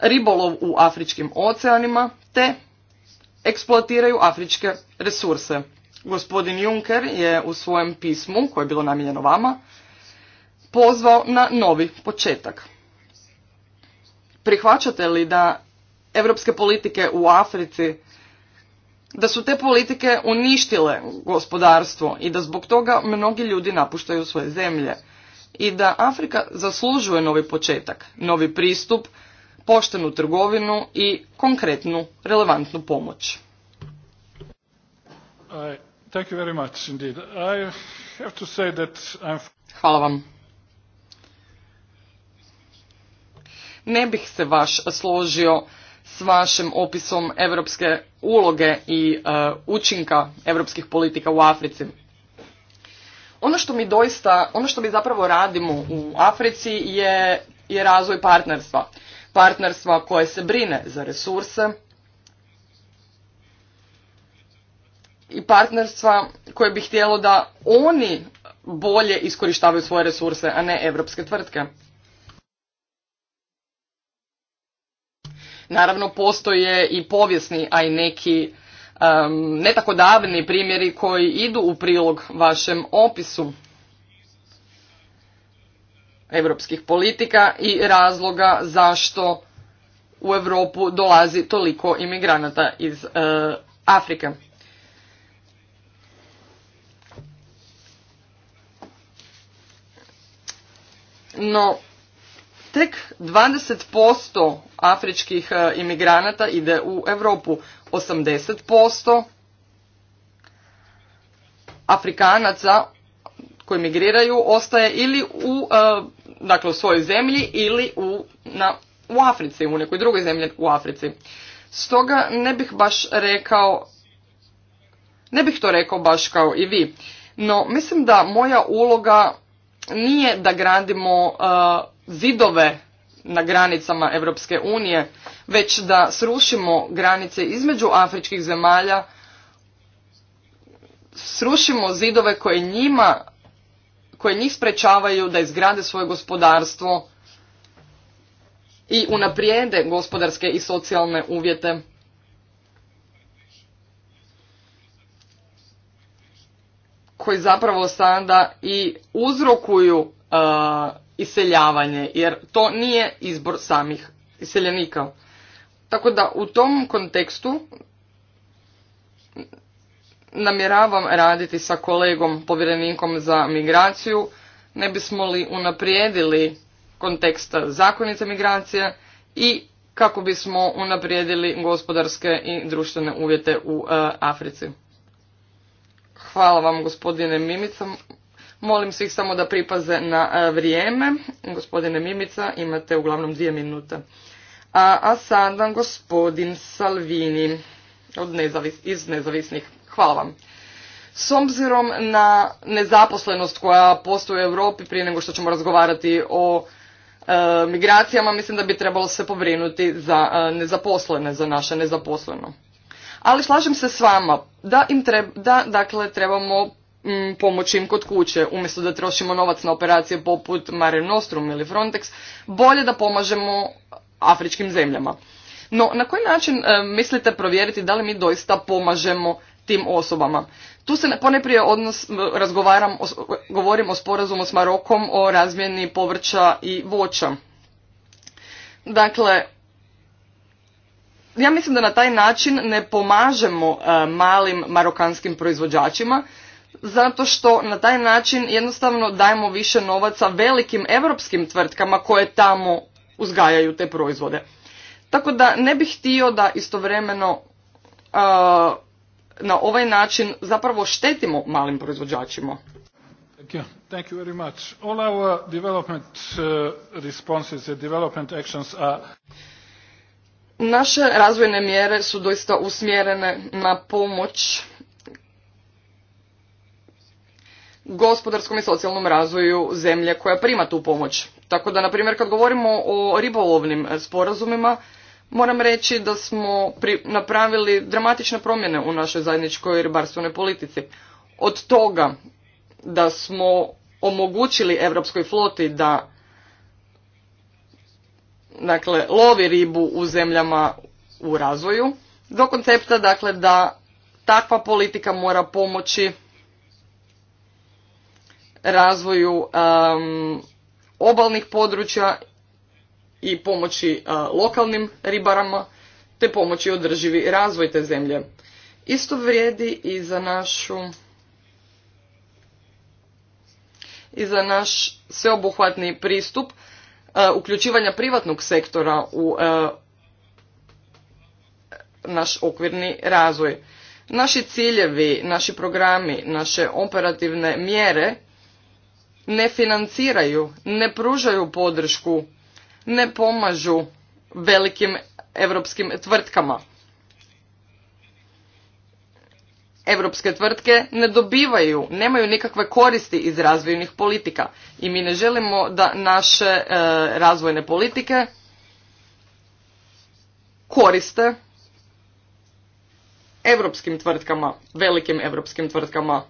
ribolov u afričkim oceanima te eksploatiraju afričke resurse. Gospodin Juncker je u svojem pismu, koje je bilo namijenjeno vama, pozvao na novi početak. Prihvaćate li da evropske politike u Africi, da su te politike uništile gospodarstvo i da zbog toga mnogi ljudi napuštaju svoje zemlje i da Afrika zaslužuje novi početak, novi pristup, poštenu trgovinu i konkretnu relevantnu pomoć. Thank Hvala vam. Ne bih se vaš složio s vašim opisom europske uloge i e, učinka europskih politika u Africi. Ono što mi doista, ono što mi zapravo radimo u Africi je, je razvoj partnerstva. Partnerstva koje se brine za resurse, i partnerstva koje bi htjelo da oni bolje iskorištavaju svoje resurse, a ne evropske tvrtke. Naravno, postoje i povijesni, a i neki um, davni primjeri koji idu u prilog vašem opisu europskih politika i razloga zašto u Europu dolazi toliko imigranata iz eh, Afrike. no tek 20% afričkih e, imigranata ide u Europu, 80% Afrikanaca koji migriraju ostaje ili u, e, dakle, u svojoj zemlji ili u, na, u Africi, u nekoj drugoj zemlji u Africi. Stoga ne bih baš rekao, ne bih to rekao baš kao i vi, no mislim da moja uloga nije da gradimo uh, zidove na granicama Europske unije, već da srušimo granice između afričkih zemalja, srušimo zidove koje njima, koje njih sprečavaju da izgrade svoje gospodarstvo i unaprijede gospodarske i socijalne uvjete koji zapravo sada i uzrokuju e, iseljavanje jer to nije izbor samih iseljenika. Tako da u tom kontekstu namjeravam raditi sa kolegom povjerenikom za migraciju, ne bismo li unaprijedili kontekst zakonite migracije i kako bismo unaprijedili gospodarske i društvene uvjete u e, Africi. Hvala vam gospodine Mimica. Molim svih samo da pripaze na e, vrijeme. Gospodine Mimica, imate uglavnom dvije minute. A, sada gospodin Salvini od iz nezavisnih. Hvala vam. S obzirom na nezaposlenost koja postoji u Europi prije nego što ćemo razgovarati o e, migracijama, mislim da bi trebalo se pobrinuti za e, nezaposlene, za naše nezaposleno ali slažem se s vama da im da, dakle, trebamo mm, pomoći im kod kuće, umjesto da trošimo novac na operacije poput Mare Nostrum ili Frontex, bolje da pomažemo afričkim zemljama. No, na koji način e, mislite provjeriti da li mi doista pomažemo tim osobama? Tu se poneprije odnos razgovaram, govorim o sporazumu s Marokom o razmjeni povrća i voća. Dakle, ja mislim da na taj način ne pomažemo e, malim marokanskim proizvođačima zato što na taj način jednostavno dajemo više novaca velikim europskim tvrtkama koje tamo uzgajaju te proizvode. Tako da ne bih htio da istovremeno e, na ovaj način zapravo štetimo malim proizvođačima. Thank you. Thank you very much. All our development e, responses and development actions are Naše razvojne mjere su doista usmjerene na pomoć gospodarskom i socijalnom razvoju zemlje koja prima tu pomoć. Tako da, na primjer, kad govorimo o ribolovnim sporazumima, moram reći da smo napravili dramatične promjene u našoj zajedničkoj ribarstvenoj politici. Od toga da smo omogućili europskoj floti da dakle lovi ribu u zemljama u razvoju do koncepta dakle da takva politika mora pomoći razvoju um, obalnih područja i pomoći uh, lokalnim ribarama te pomoći održivi razvoj te zemlje isto vrijedi i za našu i za naš sveobuhvatni pristup Eh, uključivanja privatnog sektora u eh, naš okvirni razvoj. Naši ciljevi, naši programi, naše operativne mjere ne financiraju, ne pružaju podršku, ne pomažu velikim europskim tvrtkama. Europske tvrtke ne dobivaju, nemaju nikakve koristi iz razvojnih politika i mi ne želimo da naše e, razvojne politike koriste europskim tvrtkama, velikim europskim tvrtkama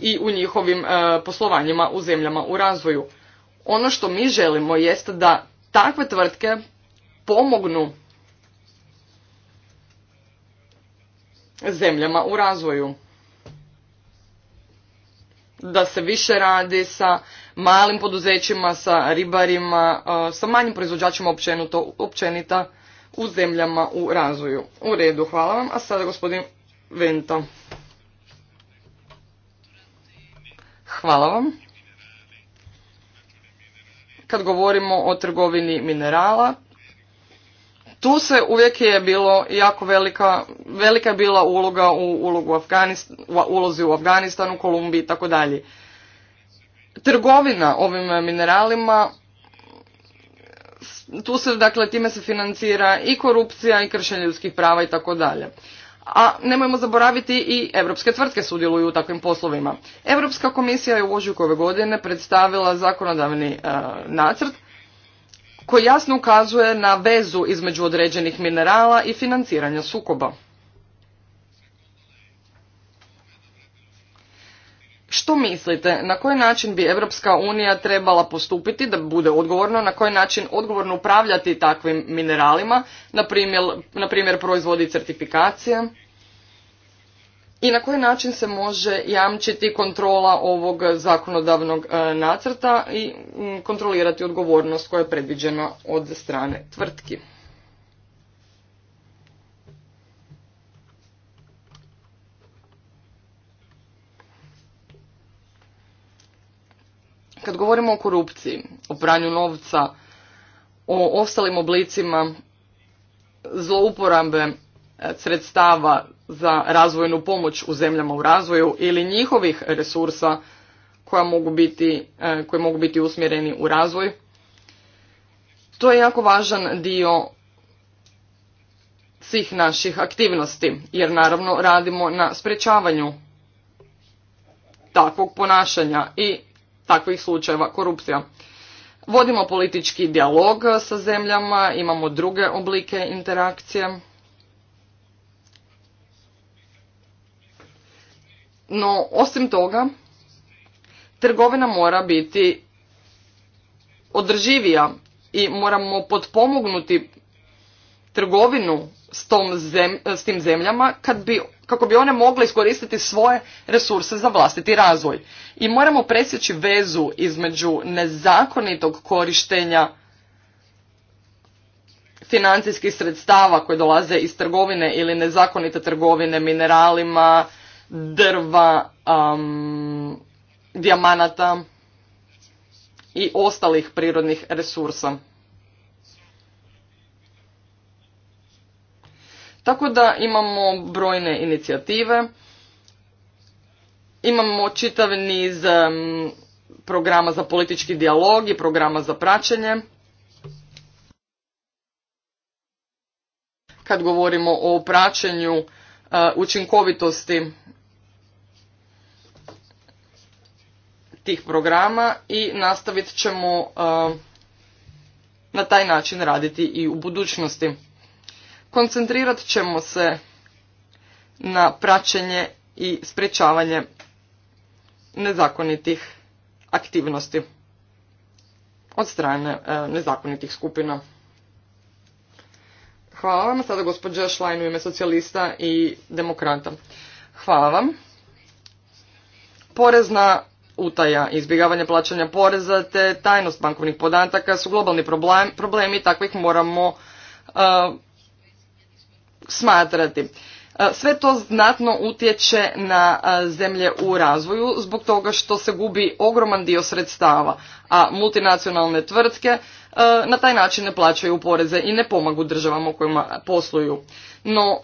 i u njihovim e, poslovanjima u zemljama u razvoju. Ono što mi želimo jest da takve tvrtke pomognu zemljama u razvoju. Da se više radi sa malim poduzećima, sa ribarima, e, sa manjim proizvođačima općenito, općenita u zemljama u razvoju. U redu, hvala vam. A sada gospodin Venta. Hvala vam. Kad govorimo o trgovini minerala, tu se uvijek je bilo jako velika, velika je bila uloga u ulogu ulozi u Afganistanu, Kolumbiji i tako dalje. Trgovina ovim mineralima, tu se dakle time se financira i korupcija i kršenje ljudskih prava i tako dalje. A nemojmo zaboraviti i europske tvrtke sudjeluju u takvim poslovima. Europska komisija je u ožujku ove godine predstavila zakonodavni e, nacrt koji jasno ukazuje na vezu između određenih minerala i financiranja sukoba. Što mislite, na koji način bi Europska unija trebala postupiti da bude odgovorno, na koji način odgovorno upravljati takvim mineralima, na primjer proizvodi certifikacije? i na koji način se može jamčiti kontrola ovog zakonodavnog e, nacrta i kontrolirati odgovornost koja je predviđena od strane tvrtki. Kad govorimo o korupciji, o pranju novca, o ostalim oblicima zlouporabe e, sredstava za razvojnu pomoć u zemljama u razvoju ili njihovih resursa koja mogu biti, e, koji mogu biti usmjereni u razvoj. To je jako važan dio svih naših aktivnosti, jer naravno radimo na sprečavanju takvog ponašanja i takvih slučajeva korupcija. Vodimo politički dijalog sa zemljama, imamo druge oblike interakcije. No, osim toga, trgovina mora biti održivija i moramo potpomognuti trgovinu s, s tim zemljama kad bi, kako bi one mogle iskoristiti svoje resurse za vlastiti razvoj. I moramo presjeći vezu između nezakonitog korištenja financijskih sredstava koje dolaze iz trgovine ili nezakonite trgovine mineralima, drva, um, dijamanata i ostalih prirodnih resursa. Tako da imamo brojne inicijative, imamo čitav niz programa za politički dijalog i programa za praćenje. Kad govorimo o praćenju e, učinkovitosti tih programa i nastavit ćemo e, na taj način raditi i u budućnosti. Koncentrirat ćemo se na praćenje i sprječavanje nezakonitih aktivnosti od strane e, nezakonitih skupina. Hvala vam. Sada gospođa Šlajn u ime socijalista i demokrata. Hvala vam. Porezna utaja, izbjegavanje plaćanja poreza te tajnost bankovnih podataka su globalni problemi i takvih moramo e, smatrati. E, sve to znatno utječe na e, zemlje u razvoju zbog toga što se gubi ogroman dio sredstava, a multinacionalne tvrtke na taj način ne plaćaju poreze i ne pomagu državama u kojima posluju. No,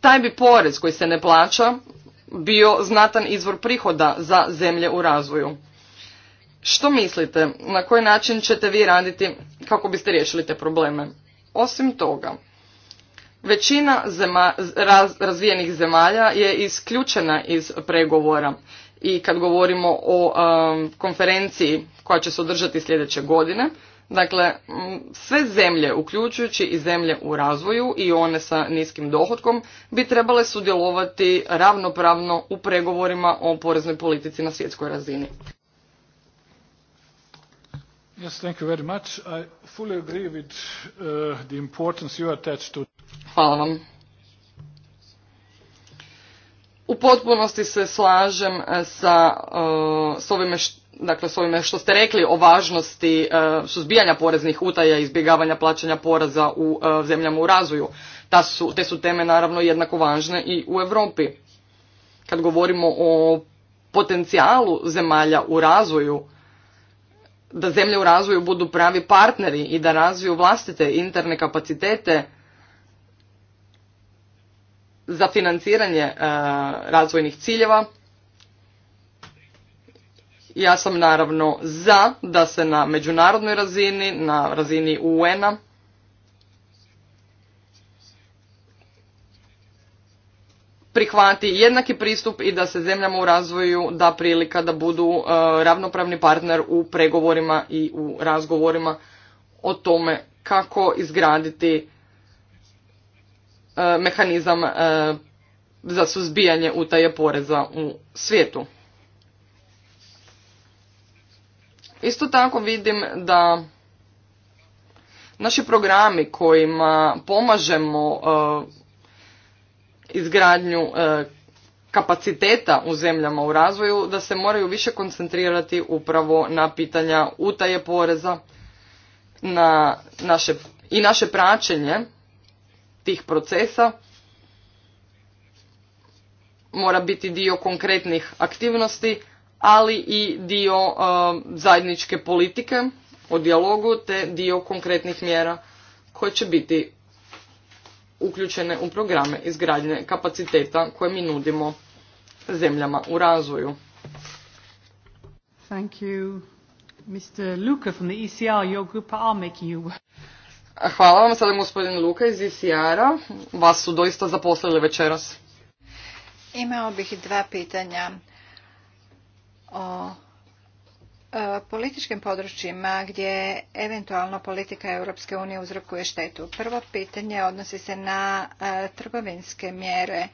taj bi porez koji se ne plaća bio znatan izvor prihoda za zemlje u razvoju. Što mislite, na koji način ćete vi raditi kako biste riješili te probleme? Osim toga, većina razvijenih zemalja je isključena iz pregovora i kad govorimo o um, konferenciji koja će se održati sljedeće godine, Dakle, sve zemlje, uključujući i zemlje u razvoju i one sa niskim dohodkom, bi trebale sudjelovati ravnopravno u pregovorima o poreznoj politici na svjetskoj razini. Hvala vam. U potpunosti se slažem e, sa, e, s ovime što dakle s ovime što ste rekli o važnosti e, suzbijanja poreznih utaja i izbjegavanja plaćanja poreza u e, zemljama u razvoju. te su teme naravno jednako važne i u Europi. Kad govorimo o potencijalu zemalja u razvoju, da zemlje u razvoju budu pravi partneri i da razviju vlastite interne kapacitete za financiranje e, razvojnih ciljeva, ja sam naravno za da se na međunarodnoj razini, na razini UN-a, prihvati jednaki pristup i da se zemljama u razvoju da prilika da budu e, ravnopravni partner u pregovorima i u razgovorima o tome kako izgraditi e, mehanizam e, za suzbijanje utaje poreza u svijetu. Isto tako vidim da naši programi kojima pomažemo e, izgradnju e, kapaciteta u zemljama u razvoju da se moraju više koncentrirati upravo na pitanja utaje poreza na naše, i naše praćenje tih procesa mora biti dio konkretnih aktivnosti ali i dio zajedničke politike o dijalogu te dio konkretnih mjera koje će biti uključene u programe izgradnje kapaciteta koje mi nudimo zemljama u razvoju. Thank e Hvala vam, sada gospodin Luka iz ECR-a. Vas su doista zaposlili večeras. Imao bih dva pitanja o e, političkim područjima gdje eventualno politika Europske unije uzrokuje štetu. Prvo pitanje odnosi se na e, trgovinske mjere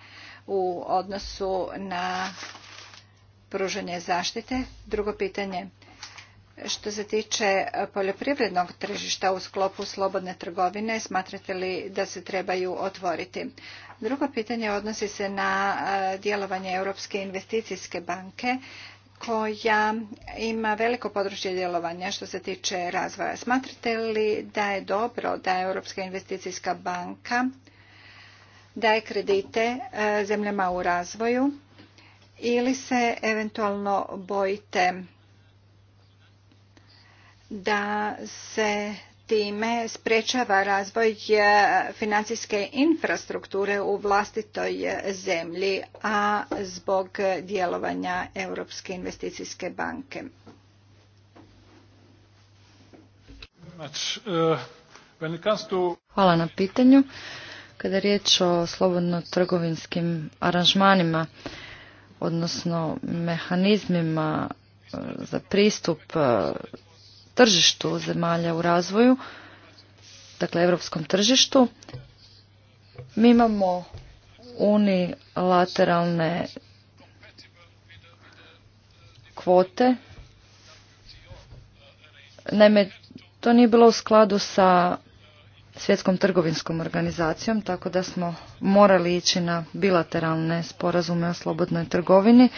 u odnosu na pružanje zaštite. Drugo pitanje što se tiče poljoprivrednog tržišta u sklopu slobodne trgovine, smatrate li da se trebaju otvoriti? Drugo pitanje odnosi se na e, djelovanje Europske investicijske banke koja ima veliko područje djelovanja što se tiče razvoja. Smatrate li da je dobro da Europska investicijska banka daje kredite e, zemljama u razvoju ili se eventualno bojite da se time sprečava razvoj e, financijske infrastrukture u vlastitoj e, zemlji, a zbog djelovanja Europske investicijske banke. Hvala na pitanju. Kada je riječ o slobodno trgovinskim aranžmanima, odnosno mehanizmima e, za pristup tržištu zemalja u razvoju, dakle europskom tržištu. Mi imamo unilateralne kvote. Naime, to nije bilo u skladu sa svjetskom trgovinskom organizacijom, tako da smo morali ići na bilateralne sporazume o slobodnoj trgovini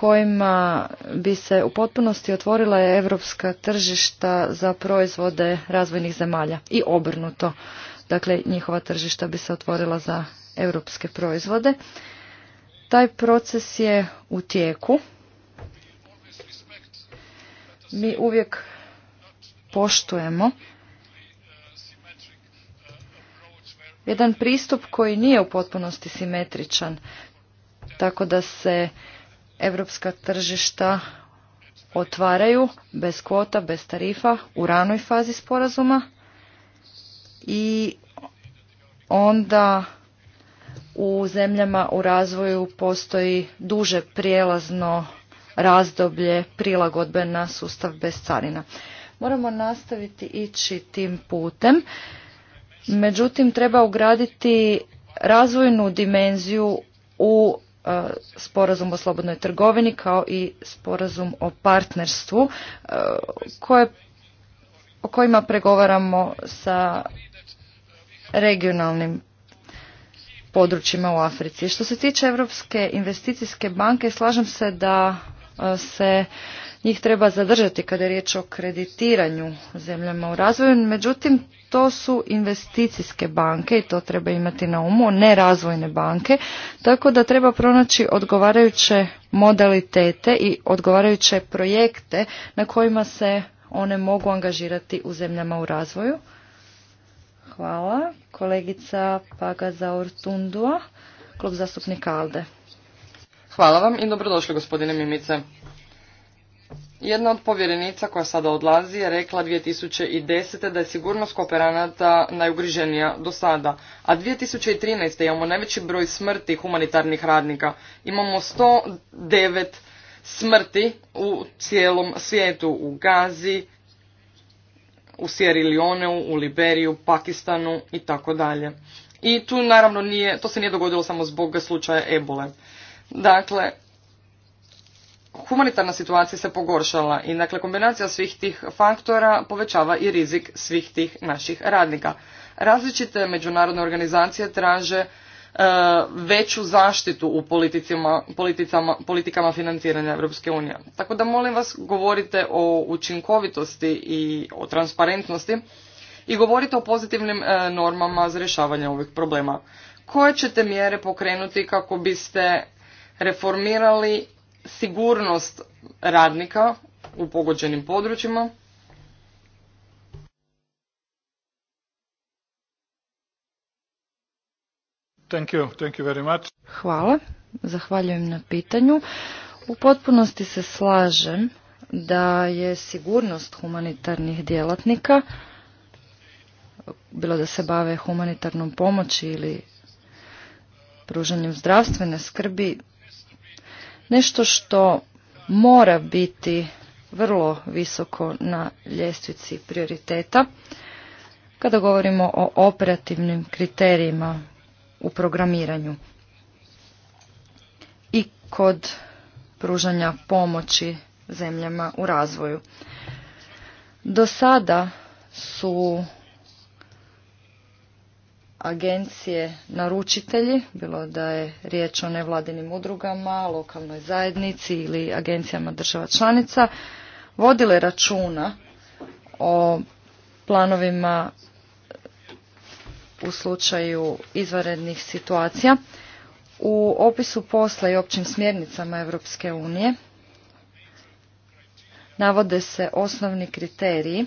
kojima bi se u potpunosti otvorila europska tržišta za proizvode razvojnih zemalja i obrnuto. Dakle, njihova tržišta bi se otvorila za europske proizvode. Taj proces je u tijeku. Mi uvijek poštujemo jedan pristup koji nije u potpunosti simetričan, tako da se europska tržišta otvaraju bez kvota, bez tarifa u ranoj fazi sporazuma i onda u zemljama u razvoju postoji duže prijelazno razdoblje prilagodbe na sustav bez carina. Moramo nastaviti ići tim putem, međutim treba ugraditi razvojnu dimenziju u E, sporazum o slobodnoj trgovini kao i sporazum o partnerstvu e, koje, o kojima pregovaramo sa regionalnim područjima u Africi. Što se tiče Europske investicijske banke, slažem se da se njih treba zadržati kada je riječ o kreditiranju zemljama u razvoju. Međutim, to su investicijske banke i to treba imati na umu, ne razvojne banke, tako da treba pronaći odgovarajuće modalitete i odgovarajuće projekte na kojima se one mogu angažirati u zemljama u razvoju. Hvala. Kolegica Pagaza Ortundua, klub zastupnika ALDE. Hvala vam i dobrodošli gospodine Mimice. Jedna od povjerenica koja sada odlazi je rekla 2010. da je sigurnost kooperanata najugriženija do sada, a 2013. imamo najveći broj smrti humanitarnih radnika. Imamo 109 smrti u cijelom svijetu, u Gazi, u Sierra Leoneu, u Liberiju, Pakistanu i tako dalje. I tu naravno nije, to se nije dogodilo samo zbog slučaja ebole. Dakle, humanitarna situacija se pogoršala i dakle kombinacija svih tih faktora povećava i rizik svih tih naših radnika. Različite međunarodne organizacije traže e, veću zaštitu u politikama financiranja Europske unije. Tako da molim vas govorite o učinkovitosti i o transparentnosti i govorite o pozitivnim e, normama za rješavanje ovih problema. Koje ćete mjere pokrenuti kako biste reformirali sigurnost radnika u pogođenim područjima. Thank you. Thank you very much. Hvala. Zahvaljujem na pitanju. U potpunosti se slažem da je sigurnost humanitarnih djelatnika, bilo da se bave humanitarnom pomoći ili pružanjem zdravstvene skrbi, nešto što mora biti vrlo visoko na ljestvici prioriteta kada govorimo o operativnim kriterijima u programiranju i kod pružanja pomoći zemljama u razvoju. Do sada su agencije naručitelji, bilo da je riječ o nevladinim udrugama, lokalnoj zajednici ili agencijama država članica, vodile računa o planovima u slučaju izvanrednih situacija. U opisu posla i općim smjernicama Europske unije navode se osnovni kriteriji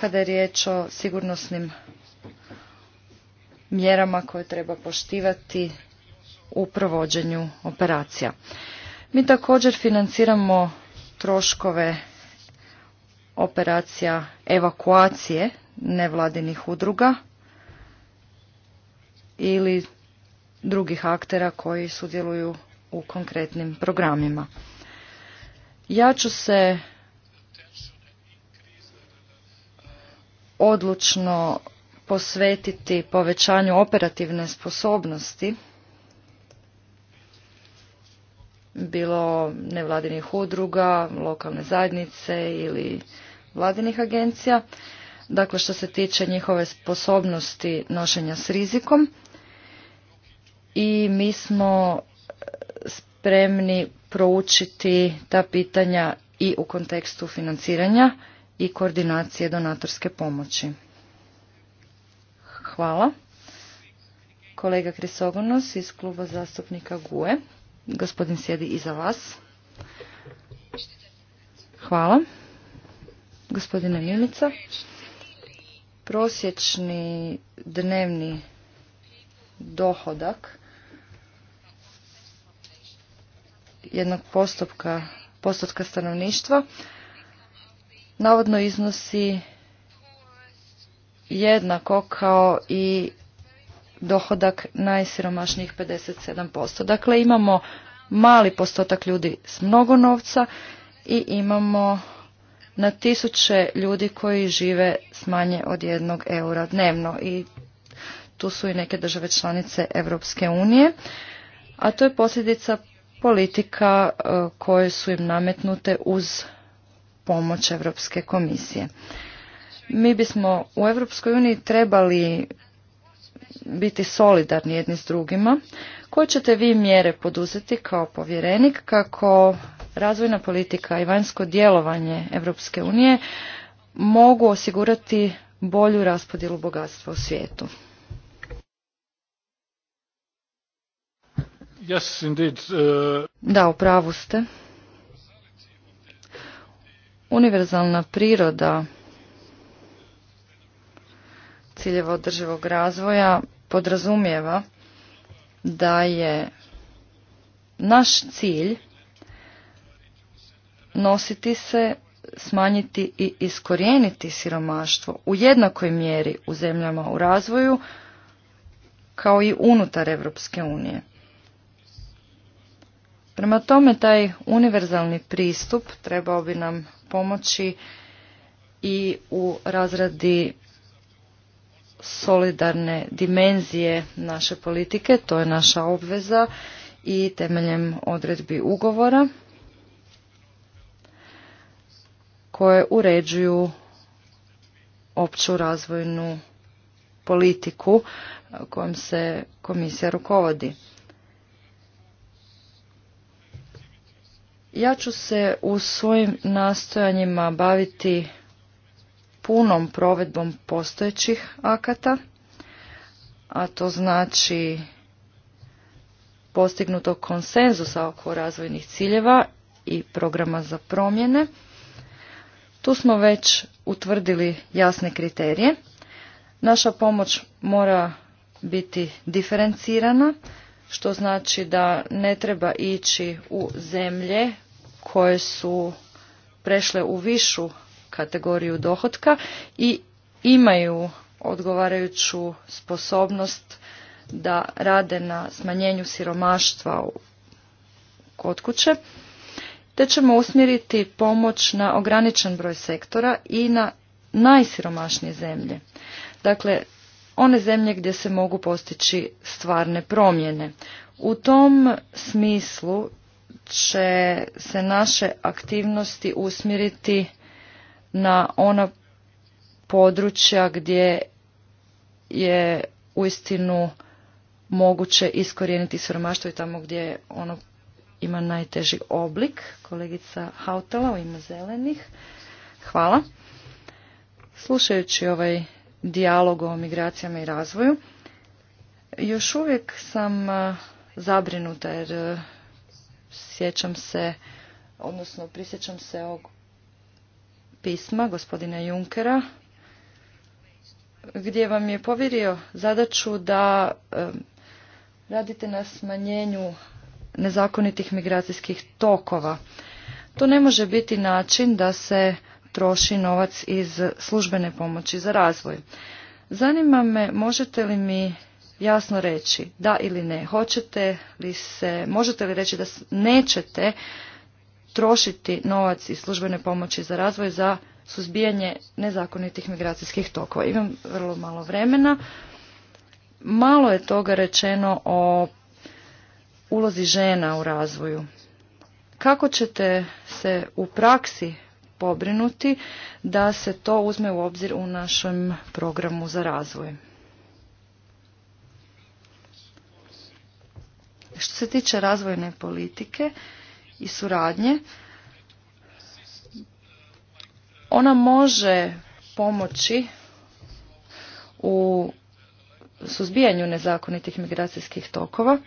kada je riječ o sigurnosnim mjerama koje treba poštivati u provođenju operacija. Mi također financiramo troškove operacija evakuacije nevladinih udruga ili drugih aktera koji sudjeluju u konkretnim programima. Ja ću se odlučno posvetiti povećanju operativne sposobnosti bilo nevladinih udruga, lokalne zajednice ili vladinih agencija. Dakle, što se tiče njihove sposobnosti nošenja s rizikom i mi smo spremni proučiti ta pitanja i u kontekstu financiranja i koordinacije donatorske pomoći. Hvala. Kolega Krisogonos iz kluba zastupnika GUE. Gospodin sjedi iza vas. Hvala. Gospodine Milnica. Prosječni dnevni dohodak jednog postupka, postotka stanovništva navodno iznosi jednako kao i dohodak najsiromašnijih 57%. Dakle, imamo mali postotak ljudi s mnogo novca i imamo na tisuće ljudi koji žive s manje od jednog eura dnevno i tu su i neke države članice Europske unije, a to je posljedica politika e, koje su im nametnute uz pomoć Europske komisije. Mi bismo u Europskoj uniji trebali biti solidarni jedni s drugima. Koje ćete vi mjere poduzeti kao povjerenik kako razvojna politika i vanjsko djelovanje Europske unije mogu osigurati bolju raspodjelu bogatstva u svijetu? Yes, indeed. Uh, da, u pravu ste univerzalna priroda ciljeva održivog razvoja podrazumijeva da je naš cilj nositi se, smanjiti i iskorijeniti siromaštvo u jednakoj mjeri u zemljama u razvoju kao i unutar Europske unije. Prema tome taj univerzalni pristup trebao bi nam pomoći i u razradi solidarne dimenzije naše politike, to je naša obveza i temeljem odredbi ugovora koje uređuju opću razvojnu politiku kojom se komisija rukovodi. Ja ću se u svojim nastojanjima baviti punom provedbom postojećih akata, a to znači postignutog konsenzusa oko razvojnih ciljeva i programa za promjene. Tu smo već utvrdili jasne kriterije. Naša pomoć mora biti diferencirana, što znači da ne treba ići u zemlje koje su prešle u višu kategoriju dohotka i imaju odgovarajuću sposobnost da rade na smanjenju siromaštva kod kuće, te ćemo usmjeriti pomoć na ograničen broj sektora i na najsiromašnije zemlje. Dakle, one zemlje gdje se mogu postići stvarne promjene. U tom smislu će se naše aktivnosti usmjeriti na ona područja gdje je uistinu moguće iskorijeniti siromaštvo i tamo gdje ono ima najteži oblik. Kolegica Hautala u ime zelenih. Hvala. Slušajući ovaj dijalog o migracijama i razvoju, još uvijek sam zabrinuta jer sjećam se, odnosno prisjećam se ovog pisma gospodina Junkera, gdje vam je povjerio zadaću da radite na smanjenju nezakonitih migracijskih tokova. To ne može biti način da se troši novac iz službene pomoći za razvoj. Zanima me, možete li mi jasno reći da ili ne. Hoćete li se, možete li reći da nećete trošiti novac iz službene pomoći za razvoj za suzbijanje nezakonitih migracijskih tokova. Imam vrlo malo vremena. Malo je toga rečeno o ulozi žena u razvoju. Kako ćete se u praksi pobrinuti da se to uzme u obzir u našem programu za razvoj? Što se tiče razvojne politike i suradnje, ona može pomoći u suzbijanju nezakonitih migracijskih tokova,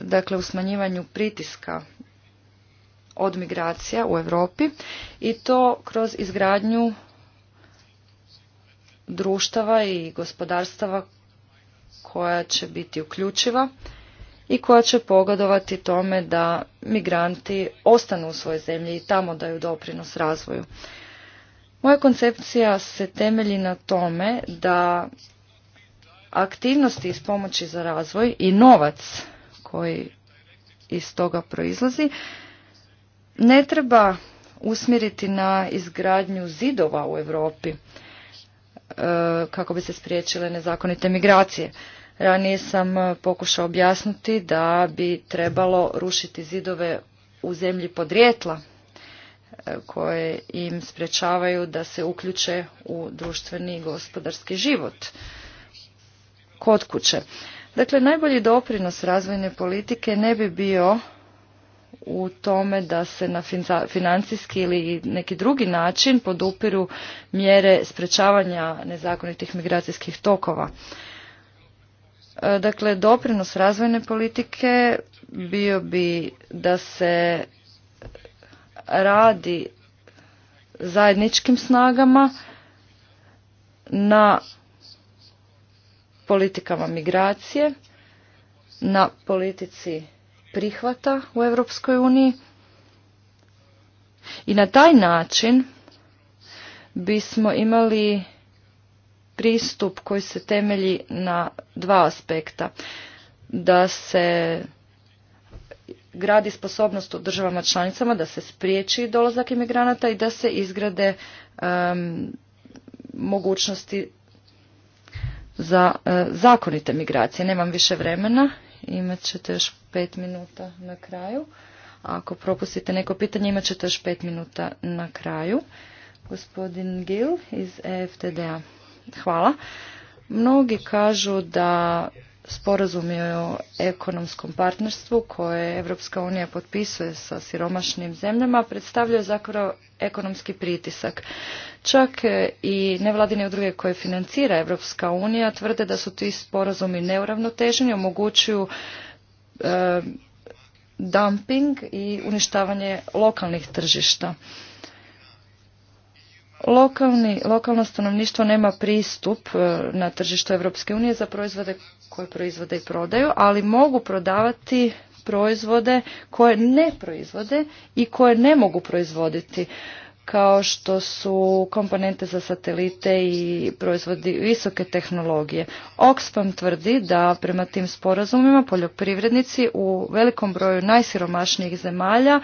dakle u smanjivanju pritiska od migracija u Europi i to kroz izgradnju društava i gospodarstava koja će biti uključiva i koja će pogodovati tome da migranti ostanu u svojoj zemlji i tamo daju doprinos razvoju. Moja koncepcija se temelji na tome da aktivnosti iz pomoći za razvoj i novac koji iz toga proizlazi ne treba usmjeriti na izgradnju zidova u Europi E, kako bi se spriječile nezakonite migracije. Ranije sam e, pokušao objasniti da bi trebalo rušiti zidove u zemlji podrijetla e, koje im sprečavaju da se uključe u društveni i gospodarski život kod kuće. Dakle, najbolji doprinos razvojne politike ne bi bio u tome da se na financijski ili neki drugi način podupiru mjere sprečavanja nezakonitih migracijskih tokova. E, dakle, doprinos razvojne politike bio bi da se radi zajedničkim snagama na politikama migracije, na politici prihvata u Europskoj uniji i na taj način bismo imali pristup koji se temelji na dva aspekta. Da se gradi sposobnost u državama članicama, da se spriječi dolazak imigranata i da se izgrade mogućnosti za e, zakonite migracije. Nemam više vremena imat ćete još pet minuta na kraju. Ako propustite neko pitanje, imat ćete još pet minuta na kraju. Gospodin Gil iz EFTDA. Hvala. Mnogi kažu da sporazum o ekonomskom partnerstvu koje Evropska unija potpisuje sa siromašnim zemljama predstavljaju zapravo ekonomski pritisak. Čak e, i nevladine udruge koje financira Evropska unija tvrde da su ti sporazumi neuravnoteženi, omogućuju e, dumping i uništavanje lokalnih tržišta lokalno stanovništvo nema pristup e, na tržištu Europske unije za proizvode koje proizvode i prodaju, ali mogu prodavati proizvode koje ne proizvode i koje ne mogu proizvoditi kao što su komponente za satelite i proizvodi visoke tehnologije. Oxfam tvrdi da prema tim sporazumima poljoprivrednici u velikom broju najsiromašnijih zemalja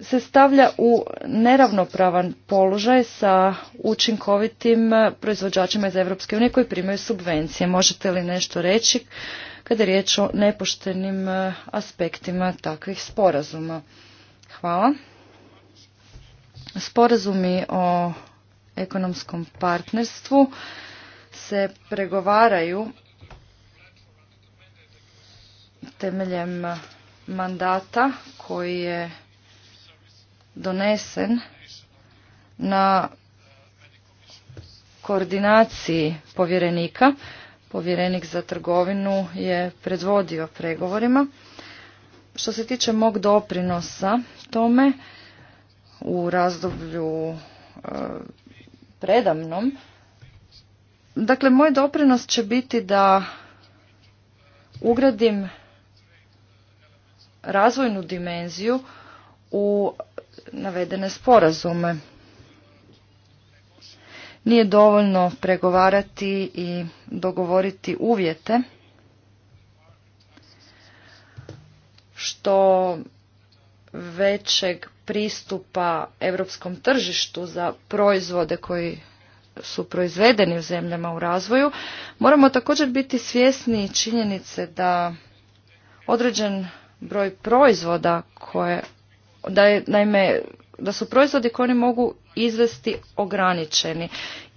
se stavlja u neravnopravan položaj sa učinkovitim proizvođačima iz Europske unije koji primaju subvencije. Možete li nešto reći kada je riječ o nepoštenim e, aspektima takvih sporazuma? Hvala. Sporazumi o ekonomskom partnerstvu se pregovaraju temeljem mandata koji je donesen na koordinaciji povjerenika. Povjerenik za trgovinu je predvodio pregovorima. Što se tiče mog doprinosa tome, u razdoblju e, predamnom, dakle, moj doprinos će biti da ugradim razvojnu dimenziju u navedene sporazume. Nije dovoljno pregovarati i dogovoriti uvjete što većeg pristupa europskom tržištu za proizvode koji su proizvedeni u zemljama u razvoju, moramo također biti svjesni činjenice da određen broj proizvoda koje da je, naime, da su proizvodi koji oni mogu izvesti ograničeni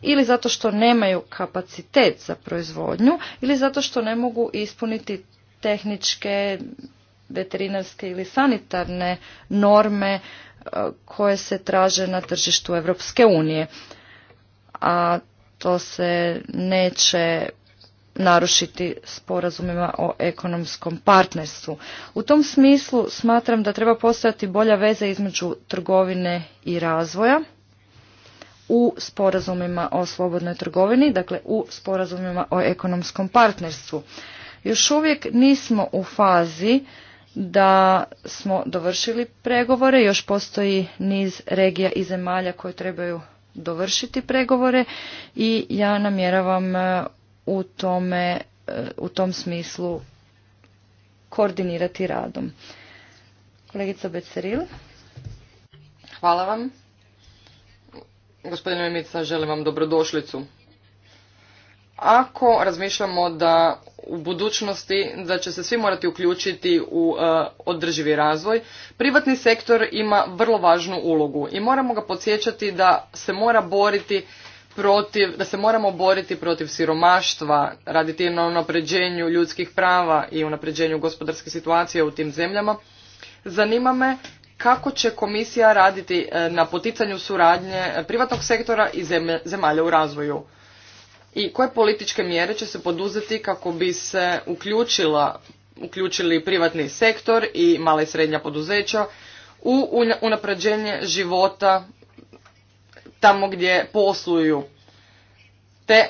ili zato što nemaju kapacitet za proizvodnju ili zato što ne mogu ispuniti tehničke, veterinarske ili sanitarne norme e, koje se traže na tržištu Europske unije. A to se neće narušiti sporazumima o ekonomskom partnerstvu. U tom smislu smatram da treba postojati bolja veza između trgovine i razvoja u sporazumima o slobodnoj trgovini, dakle u sporazumima o ekonomskom partnerstvu. Još uvijek nismo u fazi da smo dovršili pregovore, još postoji niz regija i zemalja koje trebaju dovršiti pregovore i ja namjeravam u tome e, u tom smislu koordinirati radom. Kolegica Beceril. Hvala vam. Gospodine Mimica, želim vam dobrodošlicu. Ako razmišljamo da u budućnosti da će se svi morati uključiti u e, održivi razvoj, privatni sektor ima vrlo važnu ulogu i moramo ga podsjećati da se mora boriti protiv, da se moramo boriti protiv siromaštva, raditi na unapređenju ljudskih prava i unapređenju gospodarske situacije u tim zemljama. Zanima me kako će komisija raditi e, na poticanju suradnje privatnog sektora i zemalja u razvoju i koje političke mjere će se poduzeti kako bi se uključila, uključili privatni sektor i mala i srednja poduzeća u unapređenje života tamo gdje posluju, te e,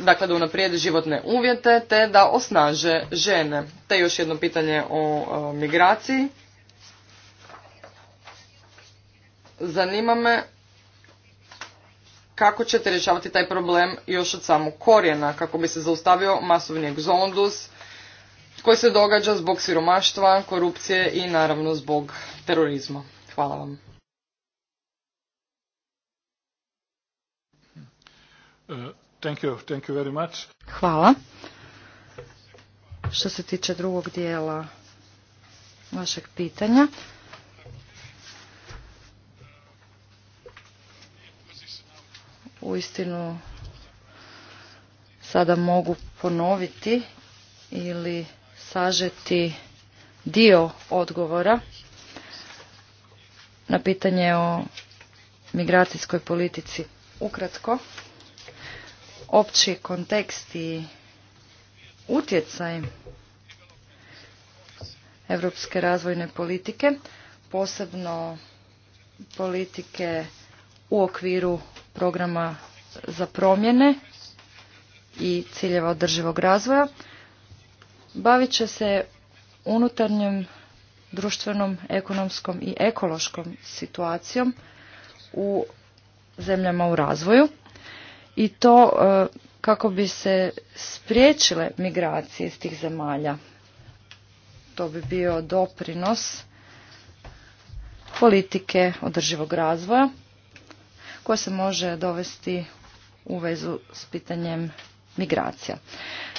dakle da unaprijede životne uvjete, te da osnaže žene. Te još jedno pitanje o migraciji. Zanima me kako ćete rješavati taj problem još od samog korijena, kako bi se zaustavio masovni egzondus koji se događa zbog siromaštva, korupcije i naravno zbog terorizma. Hvala vam. Thank Hvala. Što se tiče drugog dijela vašeg pitanja, istinu sada mogu ponoviti ili sažeti dio odgovora na pitanje o migracijskoj politici. Ukratko, opći kontekst i utjecaj europske razvojne politike, posebno politike u okviru programa za promjene i ciljeva održivog razvoja, bavit će se unutarnjom društvenom, ekonomskom i ekološkom situacijom u zemljama u razvoju i to e, kako bi se spriječile migracije iz tih zemalja. To bi bio doprinos politike održivog razvoja koja se može dovesti u vezu s pitanjem migracija.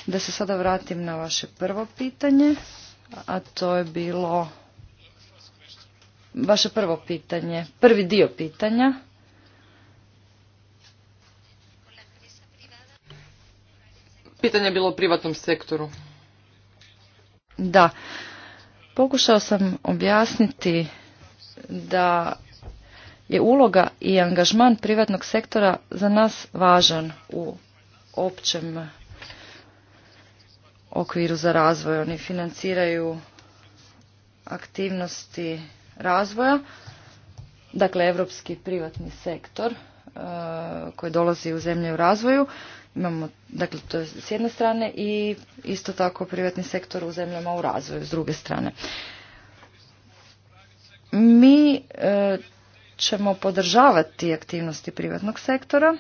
Da se sada vratim na vaše prvo pitanje, a to je bilo vaše prvo pitanje, prvi dio pitanja Pitanje je bilo o privatnom sektoru. Da. Pokušao sam objasniti da je uloga i angažman privatnog sektora za nas važan u općem okviru za razvoj. Oni financiraju aktivnosti razvoja, dakle evropski privatni sektor eh, koji dolazi u zemlje u razvoju Imamo, dakle, to je s jedne strane i isto tako privatni sektor u zemljama u razvoju s druge strane. Mi e, ćemo podržavati aktivnosti privatnog sektora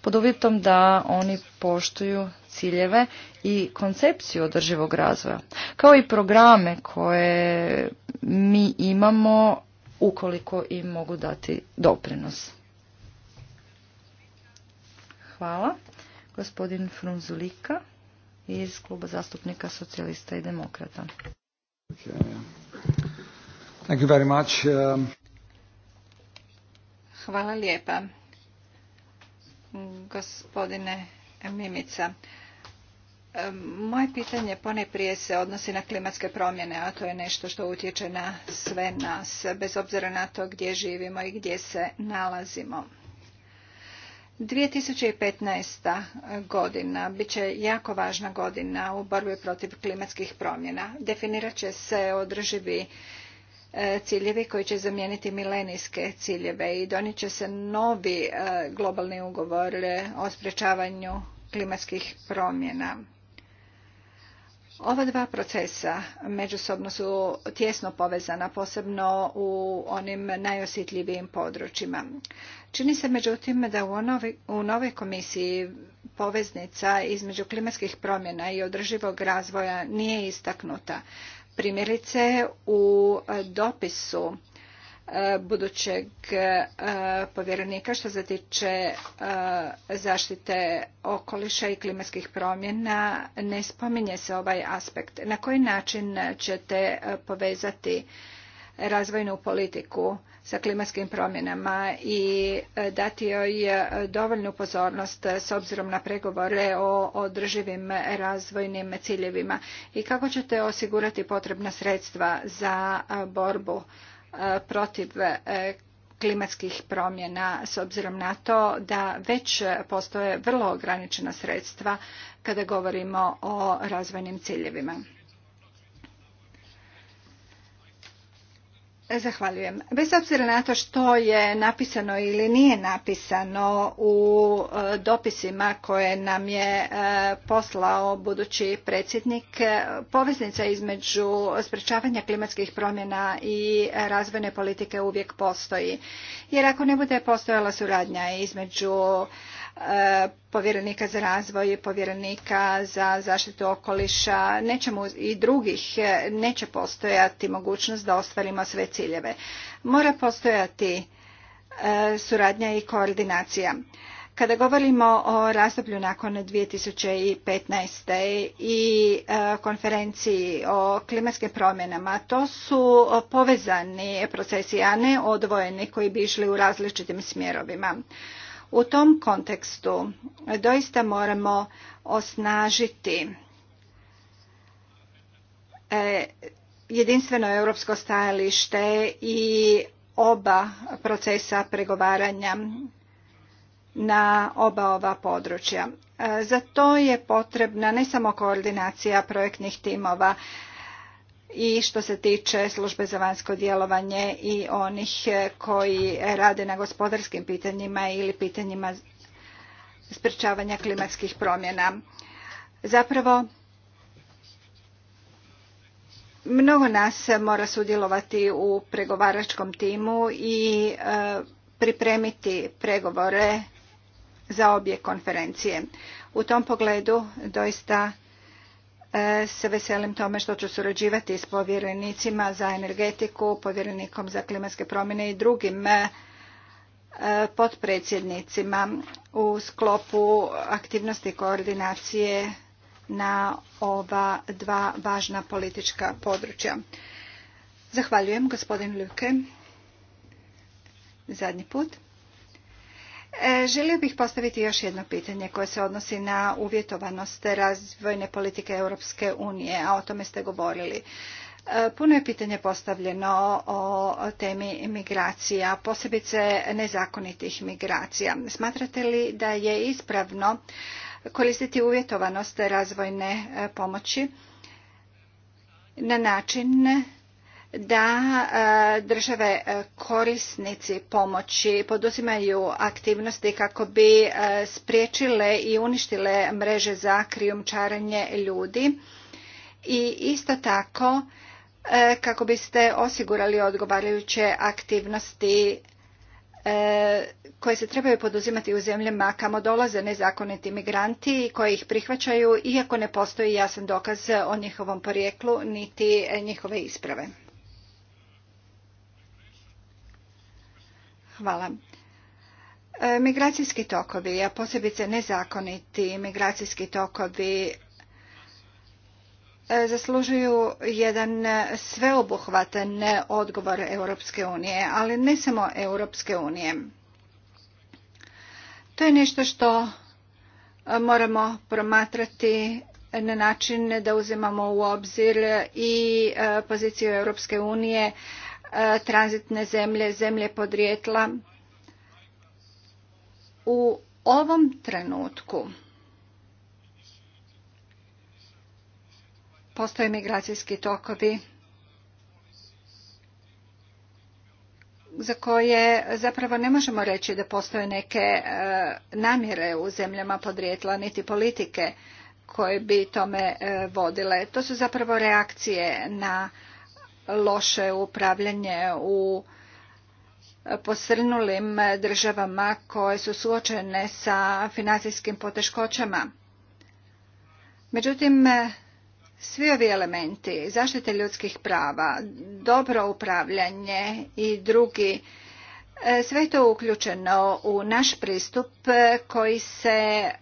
pod uvjetom da oni poštuju ciljeve i koncepciju održivog razvoja, kao i programe koje mi imamo ukoliko im mogu dati doprinos. Hvala. Gospodin Frunzulika iz Kluba zastupnika socijalista i demokrata. Um, Hvala lijepa. Gospodine Mimica, um, moje pitanje prije se odnosi na klimatske promjene, a to je nešto što utječe na sve nas, bez obzira na to gdje živimo i gdje se nalazimo. 2015. godina bit će jako važna godina u borbi protiv klimatskih promjena. Definirat će se održivi e, ciljevi koji će zamijeniti milenijske ciljeve i donijet će se novi e, globalni ugovor o sprječavanju klimatskih promjena ova dva procesa međusobno su tjesno povezana, posebno u onim najosjetljivijim područjima. Čini se međutim da u, nove novoj komisiji poveznica između klimatskih promjena i održivog razvoja nije istaknuta. Primjerice u dopisu Eh, budućeg eh, povjerenika što se tiče eh, zaštite okoliša i klimatskih promjena ne spominje se ovaj aspekt. Na koji način ćete povezati razvojnu politiku sa klimatskim promjenama i dati joj dovoljnu pozornost s obzirom na pregovore o održivim razvojnim ciljevima i kako ćete osigurati potrebna sredstva za borbu E, protiv e, klimatskih promjena s obzirom na to da već postoje vrlo ograničena sredstva kada govorimo o razvojnim ciljevima. Zahvaljujem. Bez obzira na to što je napisano ili nije napisano u e, dopisima koje nam je e, poslao budući predsjednik, e, poveznica između sprečavanja klimatskih promjena i razvojne politike uvijek postoji. Jer ako ne bude postojala suradnja između povjerenika za razvoj, povjerenika za zaštitu okoliša, nećemo i drugih e, neće postojati mogućnost da ostvarimo sve ciljeve. Mora postojati e, suradnja i koordinacija. Kada govorimo o razdoblju nakon 2015. i e, konferenciji o klimatskim promjenama, to su povezani procesi, a ne odvojeni koji bi išli u različitim smjerovima. U tom kontekstu doista moramo osnažiti e, jedinstveno europsko stajalište i oba procesa pregovaranja na oba ova područja. E, za to je potrebna ne samo koordinacija projektnih timova, i što se tiče službe za vanjsko djelovanje i onih e, koji rade na gospodarskim pitanjima ili pitanjima sprečavanja klimatskih promjena. Zapravo, mnogo nas mora sudjelovati u pregovaračkom timu i e, pripremiti pregovore za obje konferencije. U tom pogledu doista E, se veselim tome što ću surađivati s povjerenicima za energetiku, povjerenikom za klimatske promjene i drugim e, potpredsjednicima u sklopu aktivnosti koordinacije na ova dva važna politička područja. Zahvaljujem gospodin Luke zadnji put. E, želio bih postaviti još jedno pitanje koje se odnosi na uvjetovanost razvojne politike Europske unije, a o tome ste govorili. E, puno je pitanje postavljeno o temi migracija, posebice nezakonitih migracija. Smatrate li da je ispravno koristiti uvjetovanost razvojne e, pomoći na način da e, države e, korisnici pomoći poduzimaju aktivnosti kako bi e, spriječile i uništile mreže za krijumčarenje ljudi i isto tako kako biste osigurali odgovarajuće aktivnosti koje se trebaju poduzimati u zemljama kamo dolaze nezakoniti migranti i koji ih prihvaćaju iako ne postoji jasan dokaz o njihovom porijeklu niti njihove isprave. Hvala. E, migracijski tokovi, a posebice nezakoniti migracijski tokovi, e, zaslužuju jedan sveobuhvatan odgovor Europske unije, ali ne samo Europske unije. To je nešto što e, moramo promatrati na način da uzimamo u obzir i poziciju Europske unije E, tranzitne zemlje, zemlje podrijetla. U ovom trenutku postoje migracijski tokovi za koje zapravo ne možemo reći da postoje neke e, namjere u zemljama podrijetla niti politike koje bi tome e, vodile. To su zapravo reakcije na loše upravljanje u posrnulim državama koje su suočene sa financijskim poteškoćama. Međutim, svi ovi elementi zaštite ljudskih prava, dobro upravljanje i drugi sve je to uključeno u naš pristup koji se e,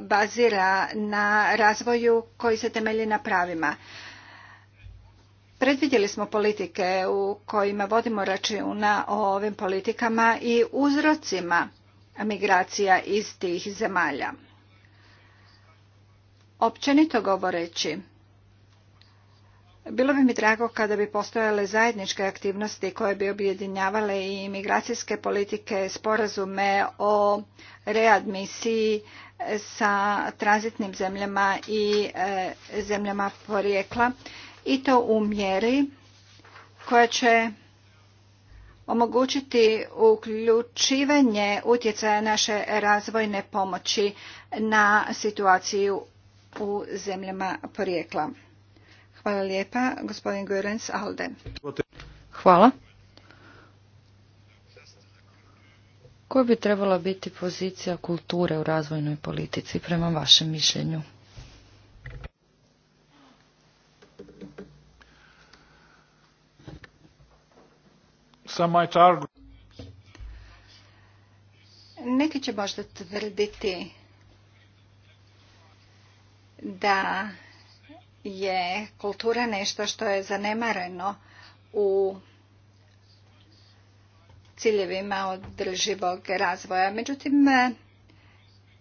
bazira na razvoju koji se temelji na pravima. Predvidjeli smo politike u kojima vodimo računa o ovim politikama i uzrocima migracija iz tih zemalja. Općenito govoreći, bilo bi mi drago kada bi postojale zajedničke aktivnosti koje bi objedinjavale i migracijske politike, sporazume o readmisiji sa tranzitnim zemljama i e, zemljama porijekla i to u mjeri koja će omogućiti uključivanje utjecaja naše razvojne pomoći na situaciju u zemljama porijekla. Hvala lijepa, gospodin Gurens Alde. Hvala. Koja bi trebala biti pozicija kulture u razvojnoj politici prema vašem mišljenju? Neki će možda tvrditi da je kultura nešto što je zanemareno u ciljevima održivog razvoja. Međutim,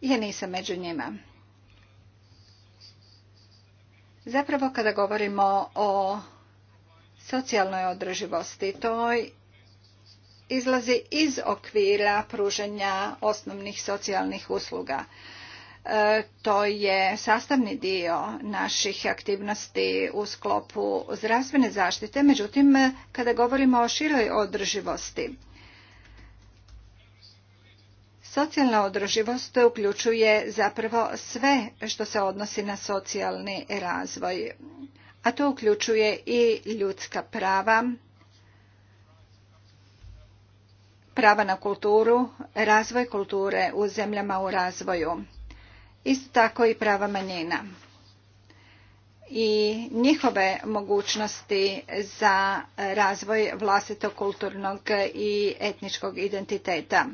ja nisam među njima. Zapravo kada govorimo o socijalnoj održivosti, to izlazi iz okvira pruženja osnovnih socijalnih usluga. E, to je sastavni dio naših aktivnosti u sklopu zdravstvene zaštite, međutim kada govorimo o široj održivosti, Socijalna održivost uključuje zapravo sve što se odnosi na socijalni razvoj, a to uključuje i ljudska prava, prava na kulturu, razvoj kulture u zemljama u razvoju. Isto tako i prava manjina i njihove mogućnosti za razvoj vlastitog kulturnog i etničkog identiteta.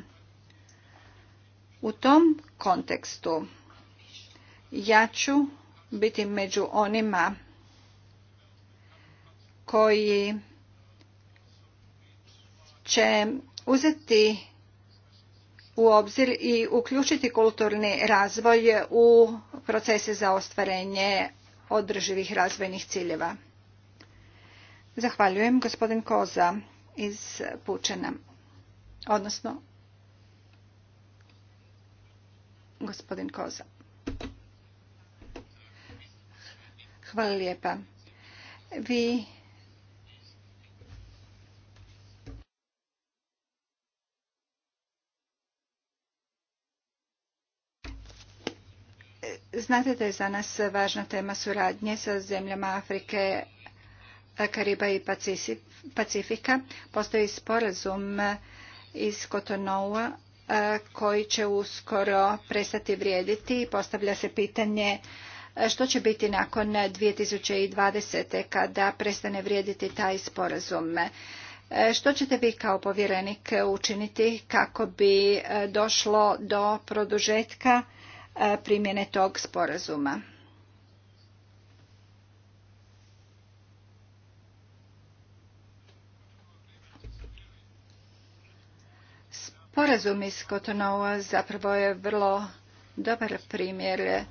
U tom kontekstu ja ću biti među onima koji će uzeti u obzir i uključiti kulturni razvoj u procese za ostvarenje održivih razvojnih ciljeva. Zahvaljujem gospodin Koza iz Pučena, odnosno gospodin Koza. Hvala lijepa. Vi Znate da je za nas važna tema suradnje sa zemljama Afrike, Kariba i Pacifika. Postoji sporazum iz Kotonoua koji će uskoro prestati vrijediti i postavlja se pitanje što će biti nakon 2020. kada prestane vrijediti taj sporazum. Što ćete vi kao povjerenik učiniti kako bi došlo do produžetka E, primjene tog sporazuma. Sporazum iz Kotonova zapravo je vrlo dobar primjer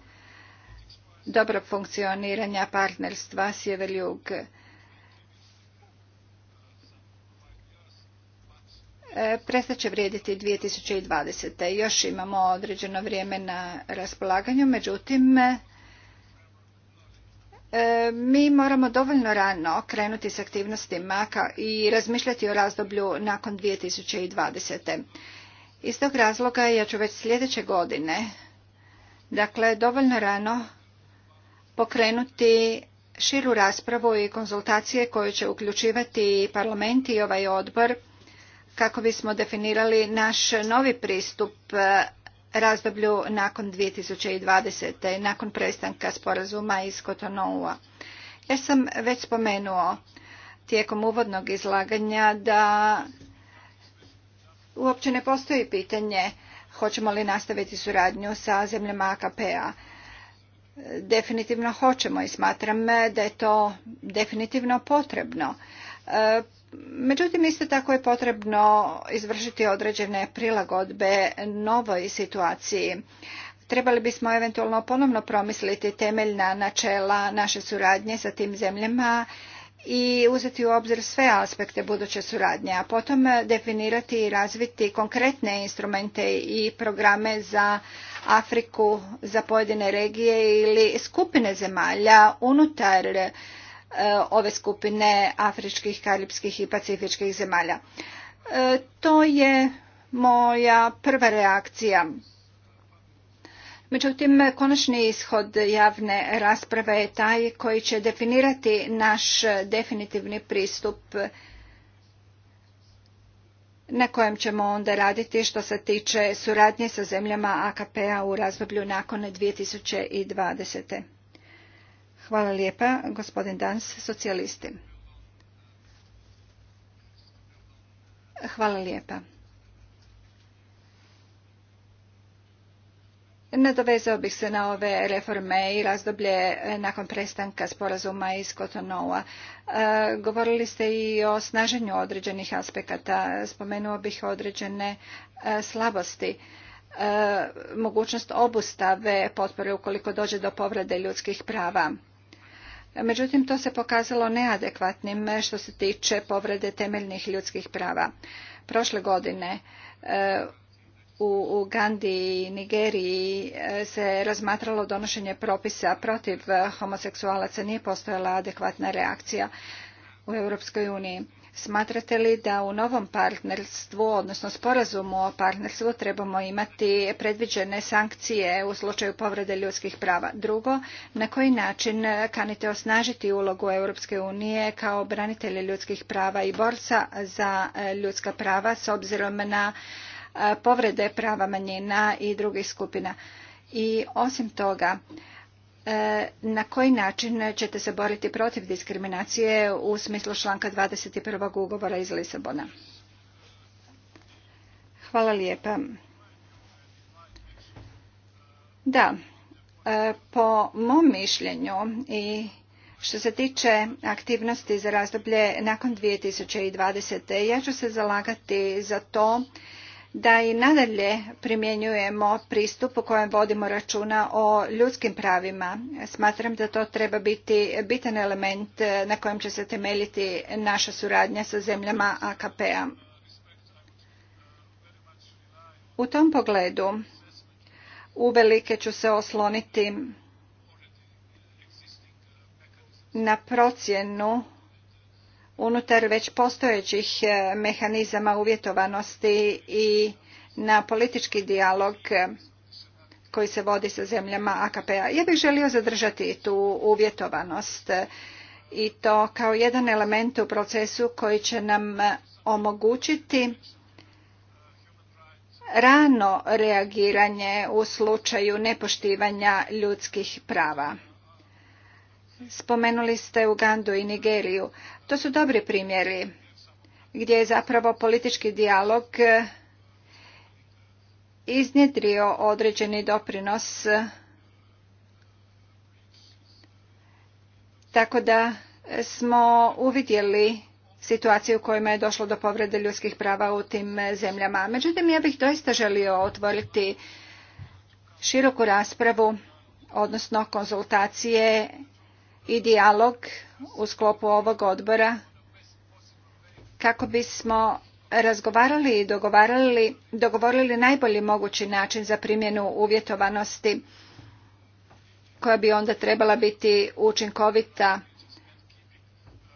dobro funkcioniranja partnerstva sjever-jug E, prestat će vrijediti 2020. Još imamo određeno vrijeme na raspolaganju, međutim e, mi moramo dovoljno rano krenuti s aktivnostima i razmišljati o razdoblju nakon 2020. Iz tog razloga ja ću već sljedeće godine, dakle dovoljno rano, pokrenuti širu raspravu i konzultacije koje će uključivati parlament i ovaj odbor – kako bismo definirali naš novi pristup e, razdoblju nakon 2020. nakon prestanka sporazuma iz Kotonoua. Ja sam već spomenuo tijekom uvodnog izlaganja da uopće ne postoji pitanje hoćemo li nastaviti suradnju sa zemljama AKP-a. Definitivno hoćemo i smatram da je to definitivno potrebno. E, Međutim, isto tako je potrebno izvršiti određene prilagodbe novoj situaciji. Trebali bismo eventualno ponovno promisliti temeljna načela naše suradnje sa tim zemljama i uzeti u obzir sve aspekte buduće suradnje, a potom definirati i razviti konkretne instrumente i programe za Afriku, za pojedine regije ili skupine zemalja unutar E, ove skupine afričkih, karipskih i pacifičkih zemalja. E, to je moja prva reakcija. Međutim, konačni ishod javne rasprave je taj koji će definirati naš definitivni pristup na kojem ćemo onda raditi što se tiče suradnje sa zemljama AKP-a u razdoblju nakon 2020. Hvala lijepa, gospodin Dans, socijalisti. Hvala lijepa. Nadovezao bih se na ove reforme i razdoblje nakon prestanka sporazuma iz Kotonoua. E, govorili ste i o snaženju određenih aspekata. Spomenuo bih određene e, slabosti. E, mogućnost obustave potpore ukoliko dođe do povrede ljudskih prava. Međutim, to se pokazalo neadekvatnim eh, što se tiče povrede temeljnih ljudskih prava. Prošle godine eh, u Ugandi i Nigeriji eh, se razmatralo donošenje propisa protiv homoseksualaca, nije postojala adekvatna reakcija u Europskoj uniji. Smatrate li da u novom partnerstvu, odnosno sporazumu o partnerstvu, trebamo imati predviđene sankcije u slučaju povrede ljudskih prava? Drugo, na koji način kanite osnažiti ulogu Europske unije kao branitelje ljudskih prava i borca za e, ljudska prava s obzirom na e, povrede prava manjina i drugih skupina? I osim toga, E, na koji način ćete se boriti protiv diskriminacije u smislu članka 21. ugovora iz Lisabona? Hvala lijepa. Da, e, po mom mišljenju i što se tiče aktivnosti za razdoblje nakon 2020. ja ću se zalagati za to da i nadalje primjenjujemo pristup u kojem vodimo računa o ljudskim pravima. Smatram da to treba biti bitan element na kojem će se temeljiti naša suradnja sa zemljama AKP-a. U tom pogledu uvelike ću se osloniti na procjenu unutar već postojećih e, mehanizama uvjetovanosti i na politički dijalog e, koji se vodi sa zemljama AKP-a. Ja bih želio zadržati tu uvjetovanost e, i to kao jedan element u procesu koji će nam omogućiti rano reagiranje u slučaju nepoštivanja ljudskih prava. Spomenuli ste Ugandu i Nigeriju. To su dobri primjeri gdje je zapravo politički dijalog e, iznjedrio određeni doprinos e, tako da smo uvidjeli situaciju u kojima je došlo do povrede ljudskih prava u tim zemljama. Međutim, ja bih doista želio otvoriti široku raspravu, odnosno konzultacije i dijalog u sklopu ovog odbora kako bismo razgovarali i dogovarali, dogovorili najbolji mogući način za primjenu uvjetovanosti koja bi onda trebala biti učinkovita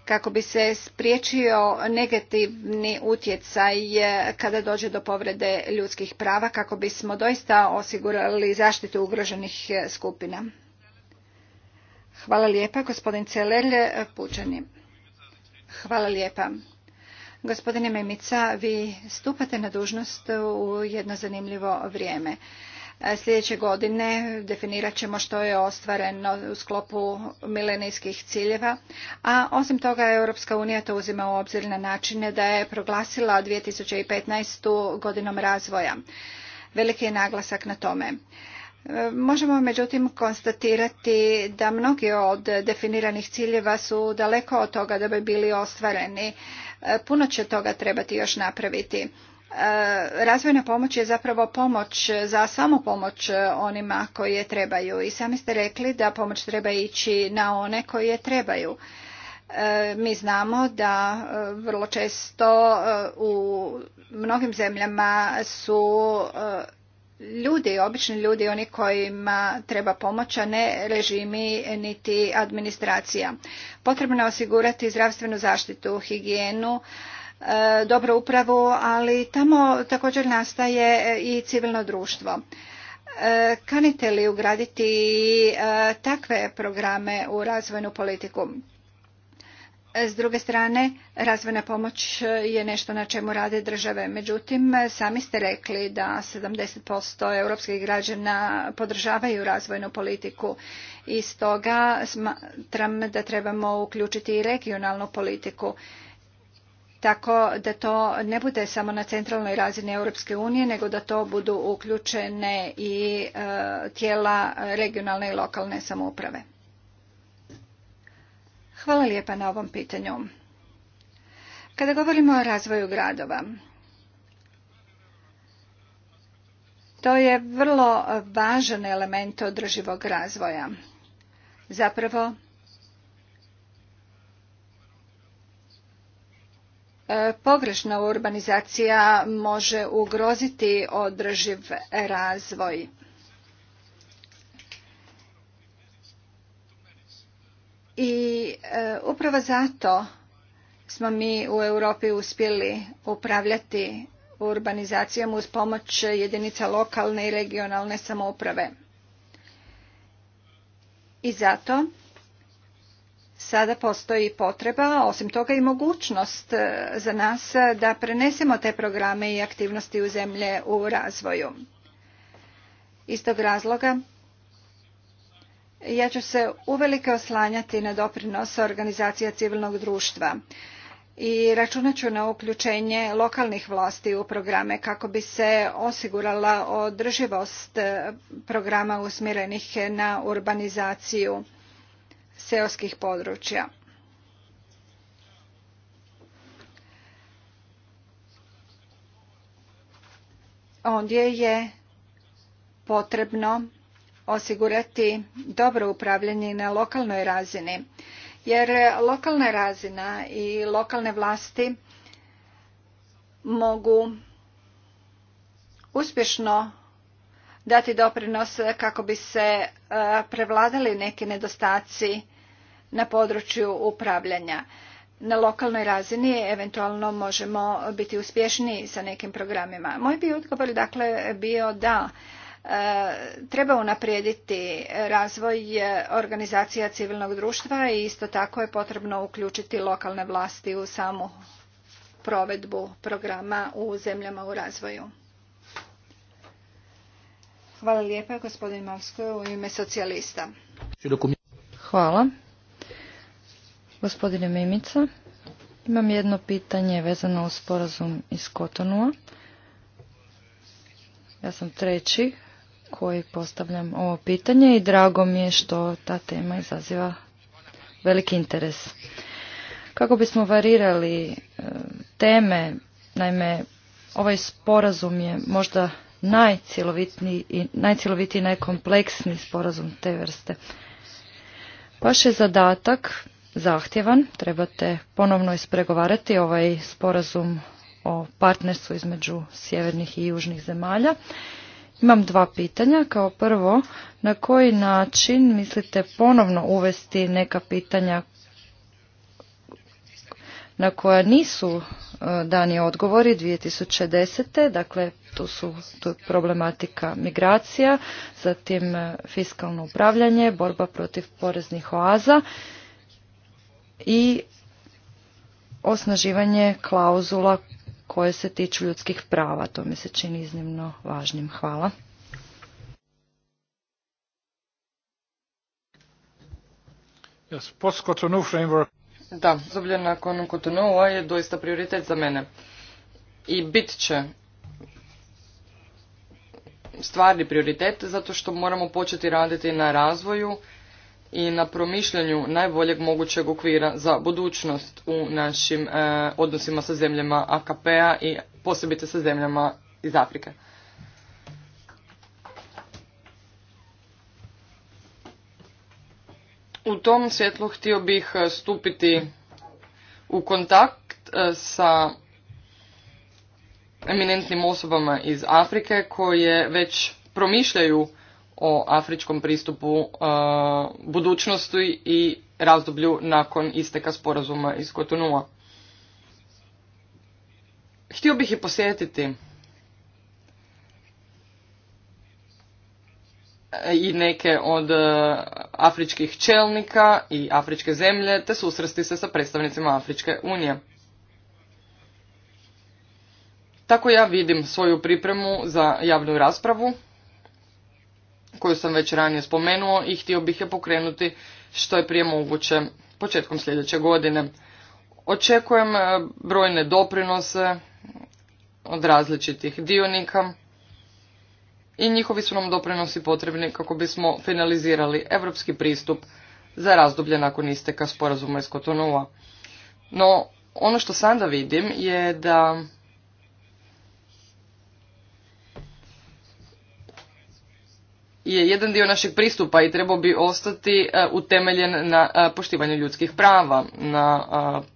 kako bi se spriječio negativni utjecaj e, kada dođe do povrede ljudskih prava kako bismo doista osigurali zaštitu ugroženih e, skupina. Hvala lijepa, gospodin Celer, e, Pučani. Hvala lijepa. Gospodine Memica, vi stupate na dužnost u jedno zanimljivo vrijeme. E, sljedeće godine definirat ćemo što je ostvareno u sklopu milenijskih ciljeva, a osim toga Europska unija to uzima u obzir na način da je proglasila 2015. godinom razvoja. Veliki je naglasak na tome. Možemo međutim konstatirati da mnogi od definiranih ciljeva su daleko od toga da bi bili ostvareni. Puno će toga trebati još napraviti. E, razvojna pomoć je zapravo pomoć za samo pomoć onima koji je trebaju i sami ste rekli da pomoć treba ići na one koji je trebaju. E, mi znamo da e, vrlo često u mnogim zemljama su ljudi, obični ljudi, oni kojima treba pomoć, a ne režimi niti administracija. Potrebno je osigurati zdravstvenu zaštitu, higijenu, e, dobru upravu, ali tamo također nastaje i civilno društvo. E, kanite li ugraditi e, takve programe u razvojnu politiku? S druge strane, razvojna pomoć je nešto na čemu rade države. Međutim, sami ste rekli da 70% europskih građana podržavaju razvojnu politiku i stoga smatram da trebamo uključiti i regionalnu politiku tako da to ne bude samo na centralnoj razini Europske unije, nego da to budu uključene i e, tijela regionalne i lokalne samouprave. Hvala lijepa na ovom pitanju. Kada govorimo o razvoju gradova, to je vrlo važan element održivog razvoja. Zapravo, e, pogrešna urbanizacija može ugroziti održiv razvoj I e, upravo zato smo mi u Europi uspjeli upravljati urbanizacijom uz pomoć jedinica lokalne i regionalne samouprave. I zato sada postoji potreba, osim toga i mogućnost e, za nas da prenesemo te programe i aktivnosti u zemlje u razvoju. Iz tog razloga ja ću se uvelike oslanjati na doprinos organizacija civilnog društva i računat ću na uključenje lokalnih vlasti u programe kako bi se osigurala održivost e, programa usmjerenih na urbanizaciju seoskih područja. Ondje je potrebno osigurati dobro upravljanje na lokalnoj razini jer lokalna razina i lokalne vlasti mogu uspješno dati doprinos kako bi se e, prevladali neki nedostaci na području upravljanja. Na lokalnoj razini eventualno možemo biti uspješniji sa nekim programima. Moj bi odgovor dakle bio da E, treba unaprijediti razvoj organizacija civilnog društva i isto tako je potrebno uključiti lokalne vlasti u samu provedbu programa u zemljama u razvoju. Hvala lijepa gospodin Malskoj u ime socijalista. Hvala. Gospodine Mimica, imam jedno pitanje vezano uz sporazum iz Kotonua. Ja sam treći koji postavljam ovo pitanje i drago mi je što ta tema izaziva veliki interes. Kako bismo varirali e, teme, naime, ovaj sporazum je možda najcjelovitniji i najcjelovitiji najkompleksniji sporazum te vrste. Vaš je zadatak zahtjevan, trebate ponovno ispregovarati ovaj sporazum o partnerstvu između sjevernih i južnih zemalja imam dva pitanja. Kao prvo, na koji način mislite ponovno uvesti neka pitanja na koja nisu e, dani odgovori 2010. Dakle, tu su problematika migracija, zatim e, fiskalno upravljanje, borba protiv poreznih oaza i osnaživanje klauzula koje se tiču ljudskih prava. To mi se čini iznimno važnim. Hvala. Yes, post Cotonou framework. Da, zoblje nakon je doista prioritet za mene. I bit će stvarni prioritet zato što moramo početi raditi na razvoju i na promišljanju najboljeg mogućeg okvira za budućnost u našim e, odnosima sa zemljama AKP-a i posebice sa zemljama iz Afrike. U tom svjetlu htio bih e, stupiti u kontakt e, sa eminentnim osobama iz Afrike koje već promišljaju o afričkom pristupu e, budućnosti i razdoblju nakon isteka sporazuma iz Kotonua. Htio bih i posjetiti e, i neke od e, afričkih čelnika i afričke zemlje, te susresti se sa predstavnicima Afričke unije. Tako ja vidim svoju pripremu za javnu raspravu koju sam već ranije spomenuo i htio bih je pokrenuti što je prije moguće početkom sljedeće godine. Očekujem e, brojne doprinose od različitih dionika i njihovi su nam doprinosi potrebni kako bismo finalizirali europski pristup za razdoblje nakon isteka sporazuma iz Kotonua. No, ono što sada vidim je da je jedan dio našeg pristupa i trebao bi ostati e, utemeljen na e, poštivanju ljudskih prava, na e,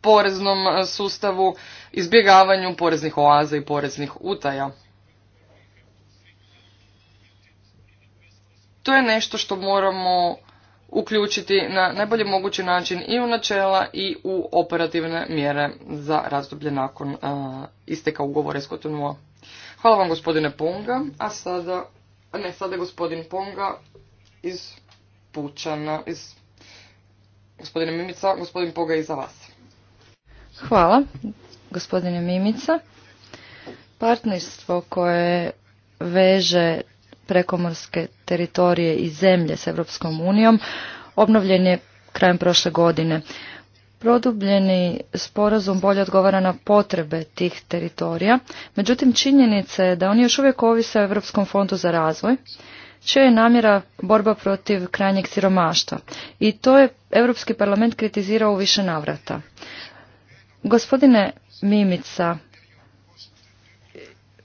poreznom sustavu, izbjegavanju poreznih oaza i poreznih utaja. To je nešto što moramo uključiti na najbolji mogući način i u načela i u operativne mjere za razdoblje nakon isteka ugovora s Kotonua. Hvala vam gospodine Ponga, a sada, ne, sada je gospodin Ponga iz Pučana, iz gospodine Mimica, gospodin Ponga i vas. Hvala, gospodine Mimica. Partnerstvo koje veže prekomorske teritorije i zemlje s Europskom unijom obnovljen je krajem prošle godine. Produbljeni sporazum bolje odgovara na potrebe tih teritorija, međutim činjenica je da oni još uvijek ovise o Europskom fondu za razvoj, čija je namjera borba protiv krajnjeg siromaštva. I to je Europski parlament kritizirao u više navrata. Gospodine Mimica,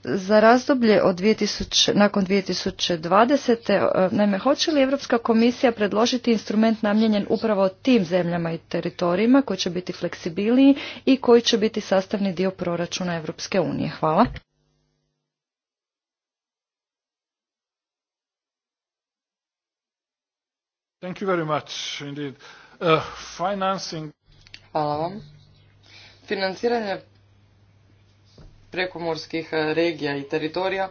za razdoblje od 2000, nakon 2020. E, naime, hoće li Europska komisija predložiti instrument namijenjen upravo tim zemljama i teritorijima koji će biti fleksibilniji i koji će biti sastavni dio proračuna Europske unije? Hvala. Thank you very much indeed. Uh, financing... Hvala vam. Financiranje prekomorskih eh, regija i teritorija.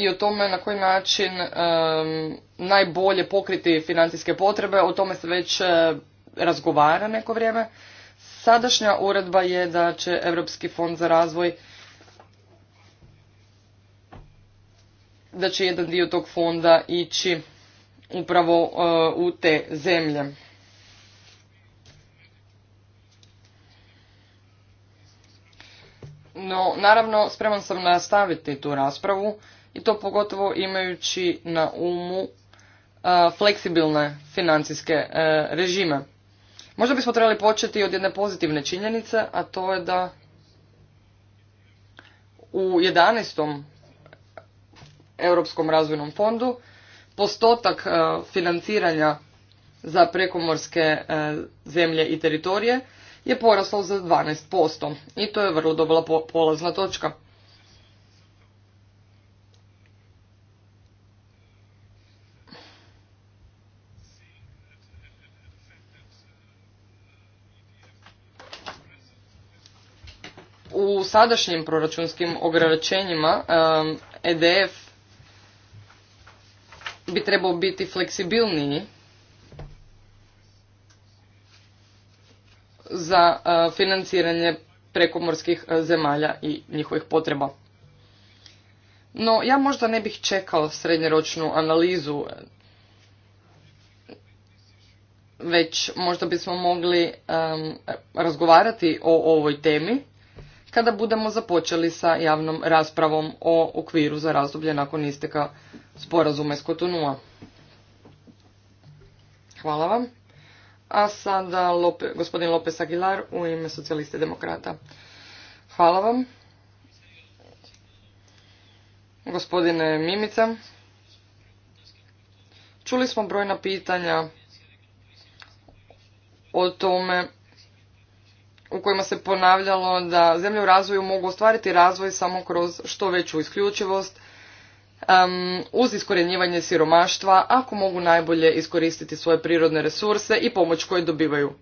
i o tome na koji način najbolje pokriti financijske potrebe, o tome se već eh, razgovara neko vrijeme. Sadašnja uredba je da će Europski fond za razvoj da će jedan dio tog fonda ići upravo e, u te zemlje. No, naravno, spreman sam nastaviti tu raspravu i to pogotovo imajući na umu e, fleksibilne financijske e, režime. Možda bismo trebali početi od jedne pozitivne činjenice, a to je da u 11. Europskom razvojnom fondu postotak e, financiranja za prekomorske e, zemlje i teritorije je poraslo za 12% i to je vrlo dobra polazna točka. U sadašnjim proračunskim ograničenjima EDF e bi trebao biti fleksibilniji za e, financiranje prekomorskih e, zemalja i njihovih potreba. No, ja možda ne bih čekao srednjeročnu analizu, e, već možda bismo mogli razgovarati o ovoj temi kada budemo započeli sa javnom raspravom o okviru za razdoblje nakon isteka sporazuma iz Kotonua. Hvala vam. A sada gospodin Lopes Aguilar u ime socijaliste demokrata. Hvala vam. Gospodine Mimica, čuli smo brojna pitanja o tome u kojima se ponavljalo da zemlje u razvoju mogu ostvariti razvoj samo kroz što veću isključivost, uz iskorjenjivanje siromaštva ako mogu najbolje iskoristiti svoje prirodne resurse i pomoć koje dobivaju.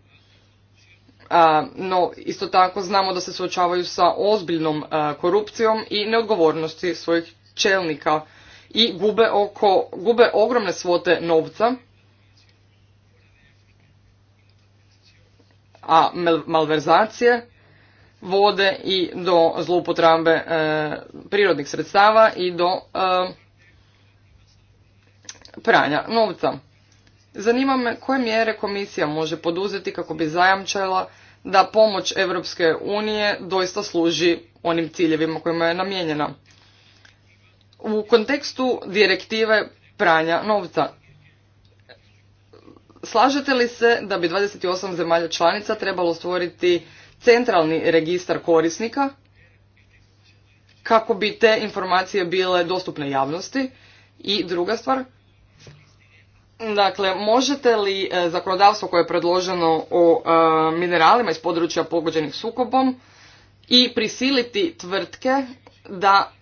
no, isto tako znamo da se suočavaju sa ozbiljnom korupcijom i neodgovornosti svojih čelnika i gube, oko, gube ogromne svote novca a malverzacije vode i do zloupotrambe e, prirodnih sredstava i do e, pranja novca. Zanima me koje mjere komisija može poduzeti kako bi zajamčala da pomoć Europske unije doista služi onim ciljevima kojima je namijenjena. U kontekstu direktive pranja novca Slažete li se da bi 28 zemalja članica trebalo stvoriti centralni registar korisnika kako bi te informacije bile dostupne javnosti? I druga stvar, dakle, možete li e, zakonodavstvo koje je predloženo o e, mineralima iz područja pogođenih sukobom i prisiliti tvrtke da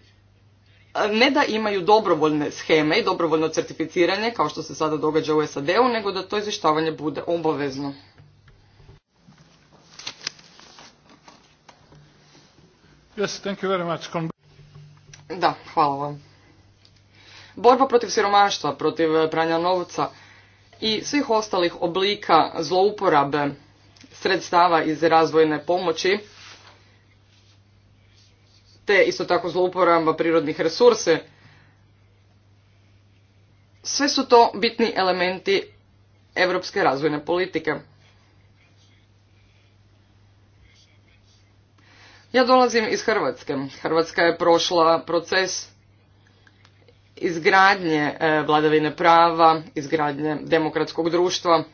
ne da imaju dobrovoljne scheme i dobrovoljno certificiranje kao što se sada događa u SAD-u, nego da to izvještavanje bude obavezno. Da, hvala vam. Borba protiv siromaštva, protiv eh, pranja novca i svih ostalih oblika zlouporabe sredstava iz razvojne pomoći te isto tako zlouporaba prirodnih resurse. Sve su to bitni elementi europske razvojne politike. Ja dolazim iz Hrvatske. Hrvatska je prošla proces izgradnje e, vladavine prava, izgradnje demokratskog društva,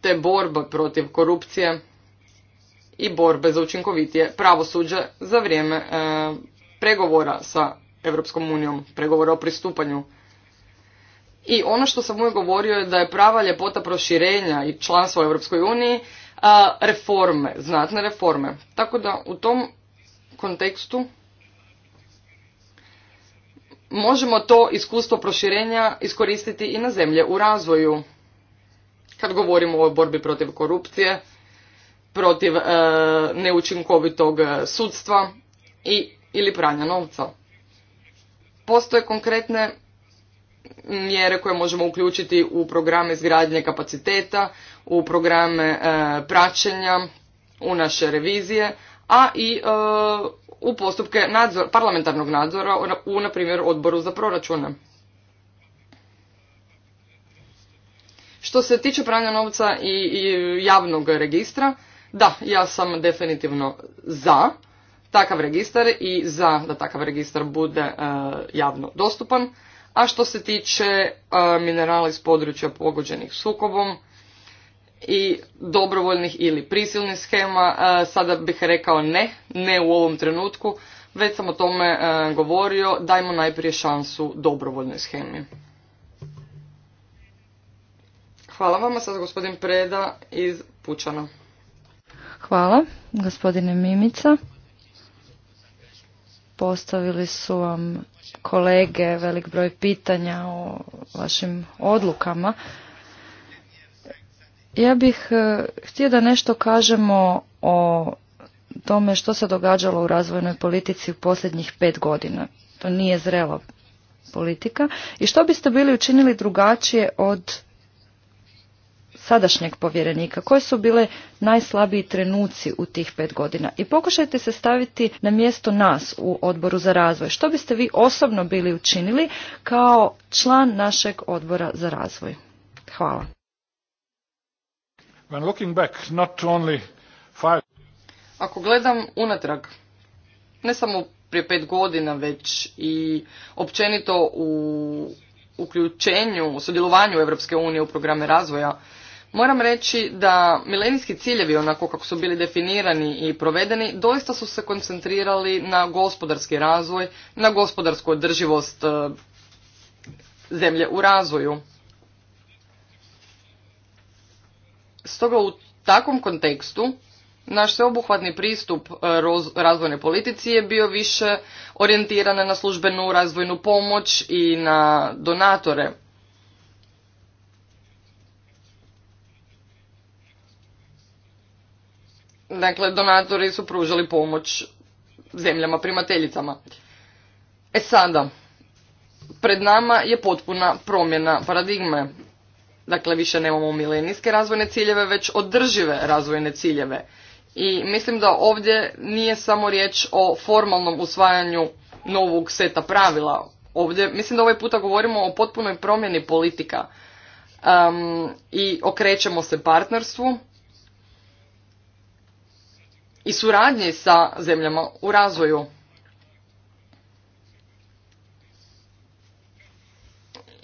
te borba protiv korupcije i borbe za učinkovitije pravosuđe za vrijeme e, pregovora sa Europskom unijom, pregovora o pristupanju. I ono što sam uvijek govorio je da je prava ljepota proširenja i članstva u Europskoj uniji e, reforme, znatne reforme. Tako da u tom kontekstu možemo to iskustvo proširenja iskoristiti i na zemlje u razvoju. Kad govorimo o borbi protiv korupcije, protiv e, neučinkovitog sudstva i ili pranja novca. Postoje konkretne mjere koje možemo uključiti u programe izgradnje kapaciteta, u programe e, praćenja, u naše revizije, a i e, u postupke parlamentarnog nadzora u, na primjer, odboru za proračune. Što se tiče pranja novca i javnog registra, da, ja sam definitivno za takav registar i za da takav registar bude e, javno dostupan. A što se tiče e, minerala iz područja pogođenih sukobom i dobrovoljnih ili prisilnih schema, e, sada bih rekao ne, ne u ovom trenutku, već sam o tome govorio, dajmo najprije šansu dobrovoljnoj schemi. Hvala vama, sad gospodin Preda iz Pučana. Hvala, gospodine Mimica. Postavili su vam kolege velik broj pitanja o vašim odlukama. Ja bih e, htio da nešto kažemo o tome što se događalo u razvojnoj politici u posljednjih pet godina. To nije zrela politika. I što biste bili učinili drugačije od sadašnjeg povjerenika, koji su bile najslabiji trenuci u tih pet godina i pokušajte se staviti na mjesto nas u odboru za razvoj. Što biste vi osobno bili učinili kao član našeg odbora za razvoj? Hvala. Ako gledam unatrag, ne samo prije pet godina, već i općenito u uključenju, u sudjelovanju Europske unije u programe razvoja, Moram reći da milenijski ciljevi, onako kako su bili definirani i provedeni, doista su se koncentrirali na gospodarski razvoj, na gospodarsku održivost e, zemlje u razvoju. Stoga u takvom kontekstu naš sveobuhvatni pristup e, razvojne politici je bio više orijentiran na službenu razvojnu pomoć i na donatore Dakle, donatori su pružali pomoć zemljama primateljicama. E sada, pred nama je potpuna promjena paradigme. Dakle, više nemamo milenijske razvojne ciljeve, već održive razvojne ciljeve. I mislim da ovdje nije samo riječ o formalnom usvajanju novog seta pravila. Ovdje, mislim da ovaj puta govorimo o potpunoj promjeni politika um, i okrećemo se partnerstvu i suradnji sa zemljama u razvoju.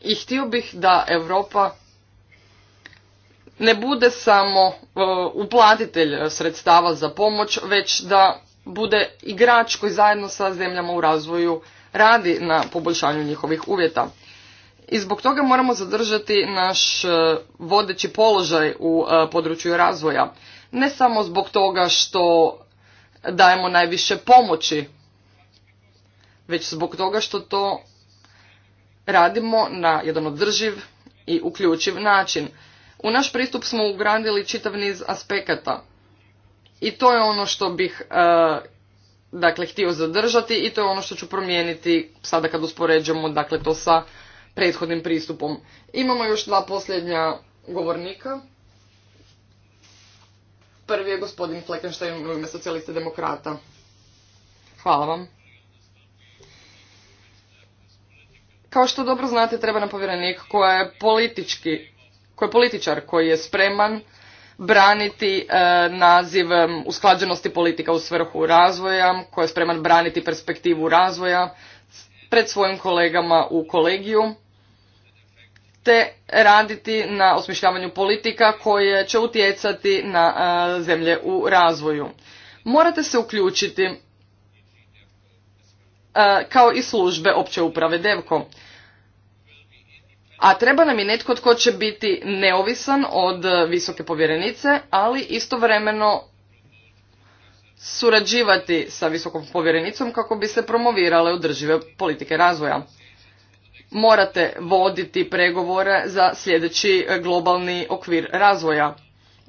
I htio bih da Europa ne bude samo e, uplatitelj sredstava za pomoć, već da bude igrač koji zajedno sa zemljama u razvoju radi na poboljšanju njihovih uvjeta. I zbog toga moramo zadržati naš e, vodeći položaj u e, području razvoja ne samo zbog toga što dajemo najviše pomoći, već zbog toga što to radimo na jedan održiv i uključiv način. U naš pristup smo ugradili čitav niz aspekata i to je ono što bih e, dakle htio zadržati i to je ono što ću promijeniti sada kad uspoređujemo dakle to sa prethodnim pristupom. Imamo još dva posljednja govornika. Prvi je gospodin Fleckenstein u ime socijaliste demokrata. Hvala vam. Kao što dobro znate, treba nam povjerenik koja je politički, koji je političar koji je spreman braniti e, naziv usklađenosti politika u svrhu razvoja, koji je spreman braniti perspektivu razvoja pred svojim kolegama u kolegiju te raditi na osmišljavanju politika koje će utjecati na e, zemlje u razvoju. Morate se uključiti e, kao i službe opće uprave DEVKO. A treba nam i netko tko će biti neovisan od visoke povjerenice, ali istovremeno surađivati sa visokom povjerenicom kako bi se promovirale održive politike razvoja morate voditi pregovore za sljedeći e, globalni okvir razvoja.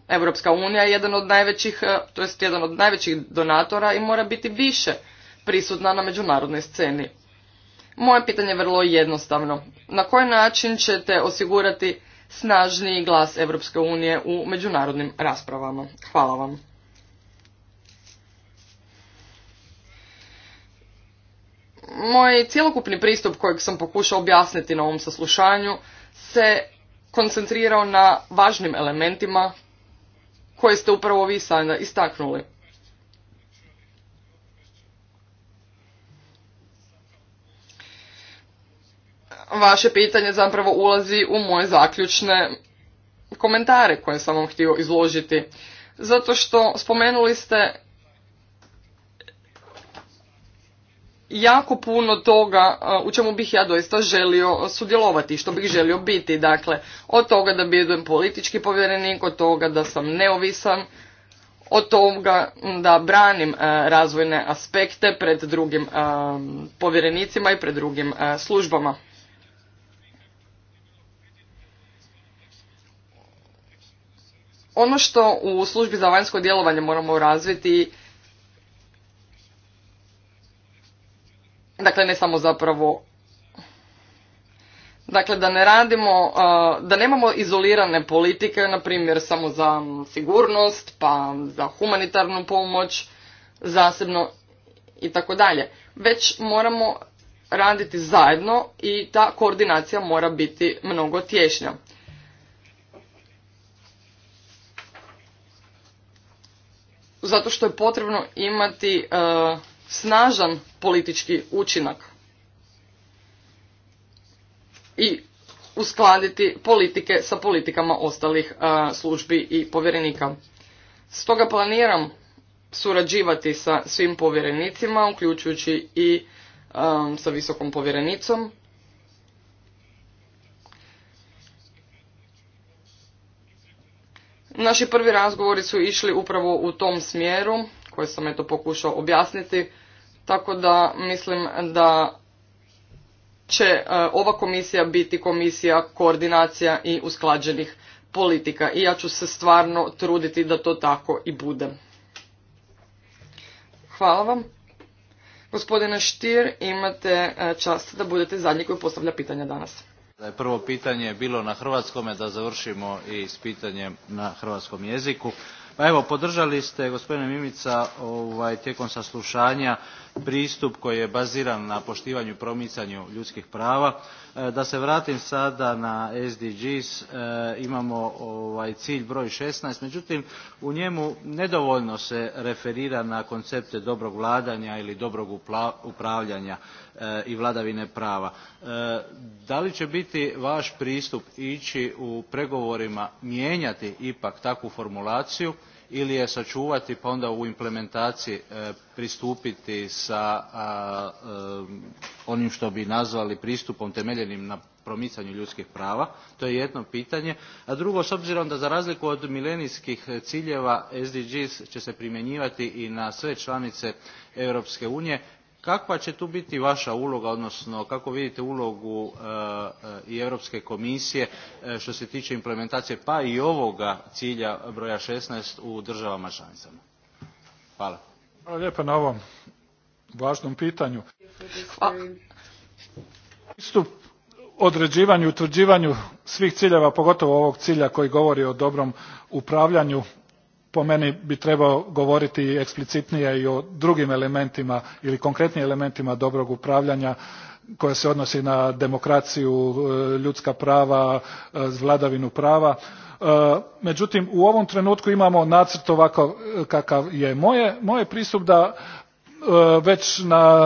Europska unija je jedan od najvećih, e, to jest jedan od najvećih donatora i mora biti više prisutna na međunarodnoj sceni. Moje pitanje je vrlo jednostavno. Na koji način ćete osigurati snažniji glas Europske unije u međunarodnim raspravama? Hvala vam. moj cjelokupni pristup kojeg sam pokušao objasniti na ovom saslušanju se koncentrirao na važnim elementima koje ste upravo vi sada istaknuli. Vaše pitanje zapravo ulazi u moje zaključne komentare koje sam vam htio izložiti. Zato što spomenuli ste jako puno toga u čemu bih ja doista želio sudjelovati, što bih želio biti. Dakle, od toga da budem politički povjerenik, od toga da sam neovisan, od toga da branim razvojne aspekte pred drugim povjerenicima i pred drugim službama. Ono što u službi za vanjsko djelovanje moramo razviti Dakle, ne samo zapravo Dakle, da ne radimo, da nemamo izolirane politike, na primjer samo za sigurnost, pa za humanitarnu pomoć, zasebno i tako dalje. Već moramo raditi zajedno i ta koordinacija mora biti mnogo tješnja. Zato što je potrebno imati snažan politički učinak i uskladiti politike sa politikama ostalih službi i povjerenika. Stoga planiram surađivati sa svim povjerenicima, uključujući i sa visokom povjerenicom. Naši prvi razgovori su išli upravo u tom smjeru koje sam eto pokušao objasniti. Tako da mislim da će e, ova komisija biti komisija koordinacija i usklađenih politika i ja ću se stvarno truditi da to tako i bude. Hvala vam. Gospodine Štir, imate e, čast da budete zadnji koji postavlja pitanja danas. Da je prvo pitanje bilo na hrvatskome, da završimo i s pitanjem na hrvatskom jeziku pa evo podržali ste gospodine Mimica ovaj, tijekom saslušanja pristup koji je baziran na poštivanju i promicanju ljudskih prava. E, da se vratim sada na SDGs, e, imamo ovaj cilj broj 16, međutim u njemu nedovoljno se referira na koncepte dobrog vladanja ili dobrog upravljanja e, i vladavine prava. Da li će biti vaš pristup ići u pregovorima mijenjati ipak takvu formulaciju ili je sačuvati pa onda u implementaciji e, pristupiti sa e, onim što bi nazvali pristupom temeljenim na promicanju ljudskih prava to je jedno pitanje a drugo s obzirom da za razliku od milenijskih ciljeva sdgs će se primjenjivati i na sve članice europske unije kakva će tu biti vaša uloga odnosno kako vidite ulogu e, e, i europske komisije e, što se tiče implementacije pa i ovoga cilja broja šesnaest u državama članicama? hvala. hvala lijepa na ovom važnom pitanju. pristup određivanju i utvrđivanju svih ciljeva pogotovo ovog cilja koji govori o dobrom upravljanju po meni bi trebao govoriti eksplicitnije i o drugim elementima ili konkretnijim elementima dobrog upravljanja koje se odnosi na demokraciju e, ljudska prava e, vladavinu prava e, međutim u ovom trenutku imamo nacrt ovako kakav je moje, je pristup da već na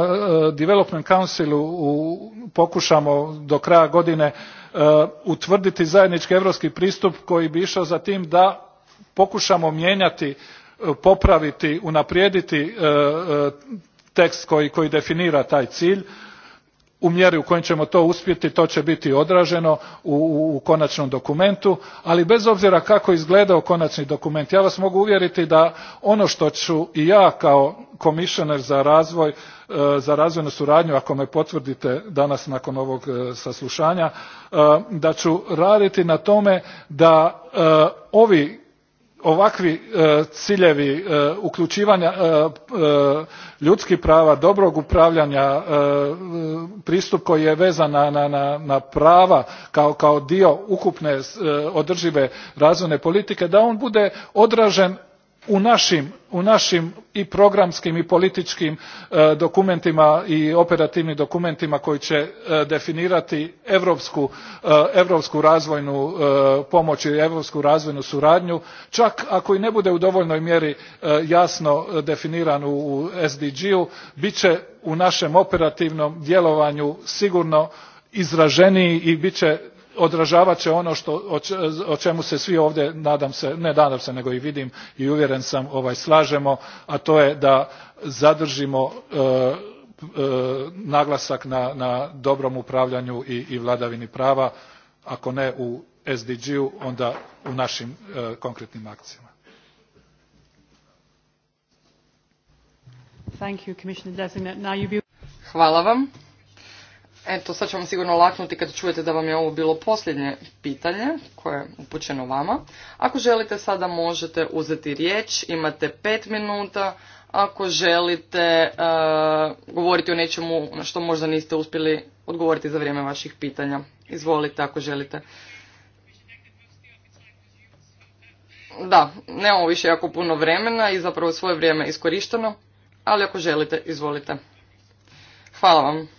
development councilu pokušamo do kraja godine utvrditi zajednički europski pristup koji bi išao za tim da pokušamo mijenjati e, popraviti unaprijediti e, e, tekst koji, koji definira taj cilj u mjeri u kojoj ćemo to uspjeti to će biti odraženo u, konačnom dokumentu ali bez obzira kako izgledao konačni dokument ja vas mogu uvjeriti da ono što ću i ja kao komišener za razvoj za razvojnu suradnju ako me potvrdite danas nakon ovog saslušanja da ću raditi na tome da ovi ovakvi e, ciljevi e, uključivanja e, ljudskih prava dobrog upravljanja pristup koji je vezan na, prava kao, kao dio ukupne održive razvojne politike da on bude odražen u našim, i programskim i političkim e, dokumentima i operativnim dokumentima koji će e, definirati europsku, e, razvojnu pomoć i europsku razvojnu suradnju čak ako i ne bude u dovoljnoj mjeri jasno definiran u, u sdg u bit će u našem operativnom djelovanju sigurno izraženiji i bit će odražavat će ono što, o, čemu se svi ovdje nadam se ne nadam se nego i vidim i uvjeren sam ovaj slažemo a to je da zadržimo e, e, naglasak na, dobrom upravljanju i, vladavini prava ako ne u sdg u onda u našim e, konkretnim akcijama. Hvala vam. Eto, sad ćemo sigurno laknuti kad čujete da vam je ovo bilo posljednje pitanje koje je upućeno vama. Ako želite sada možete uzeti riječ, imate pet minuta. Ako želite e, govoriti o nečemu na što možda niste uspjeli odgovoriti za vrijeme vaših pitanja. Izvolite ako želite. Da, nemamo više jako puno vremena i zapravo svoje vrijeme iskorišteno, ali ako želite, izvolite. Hvala vam.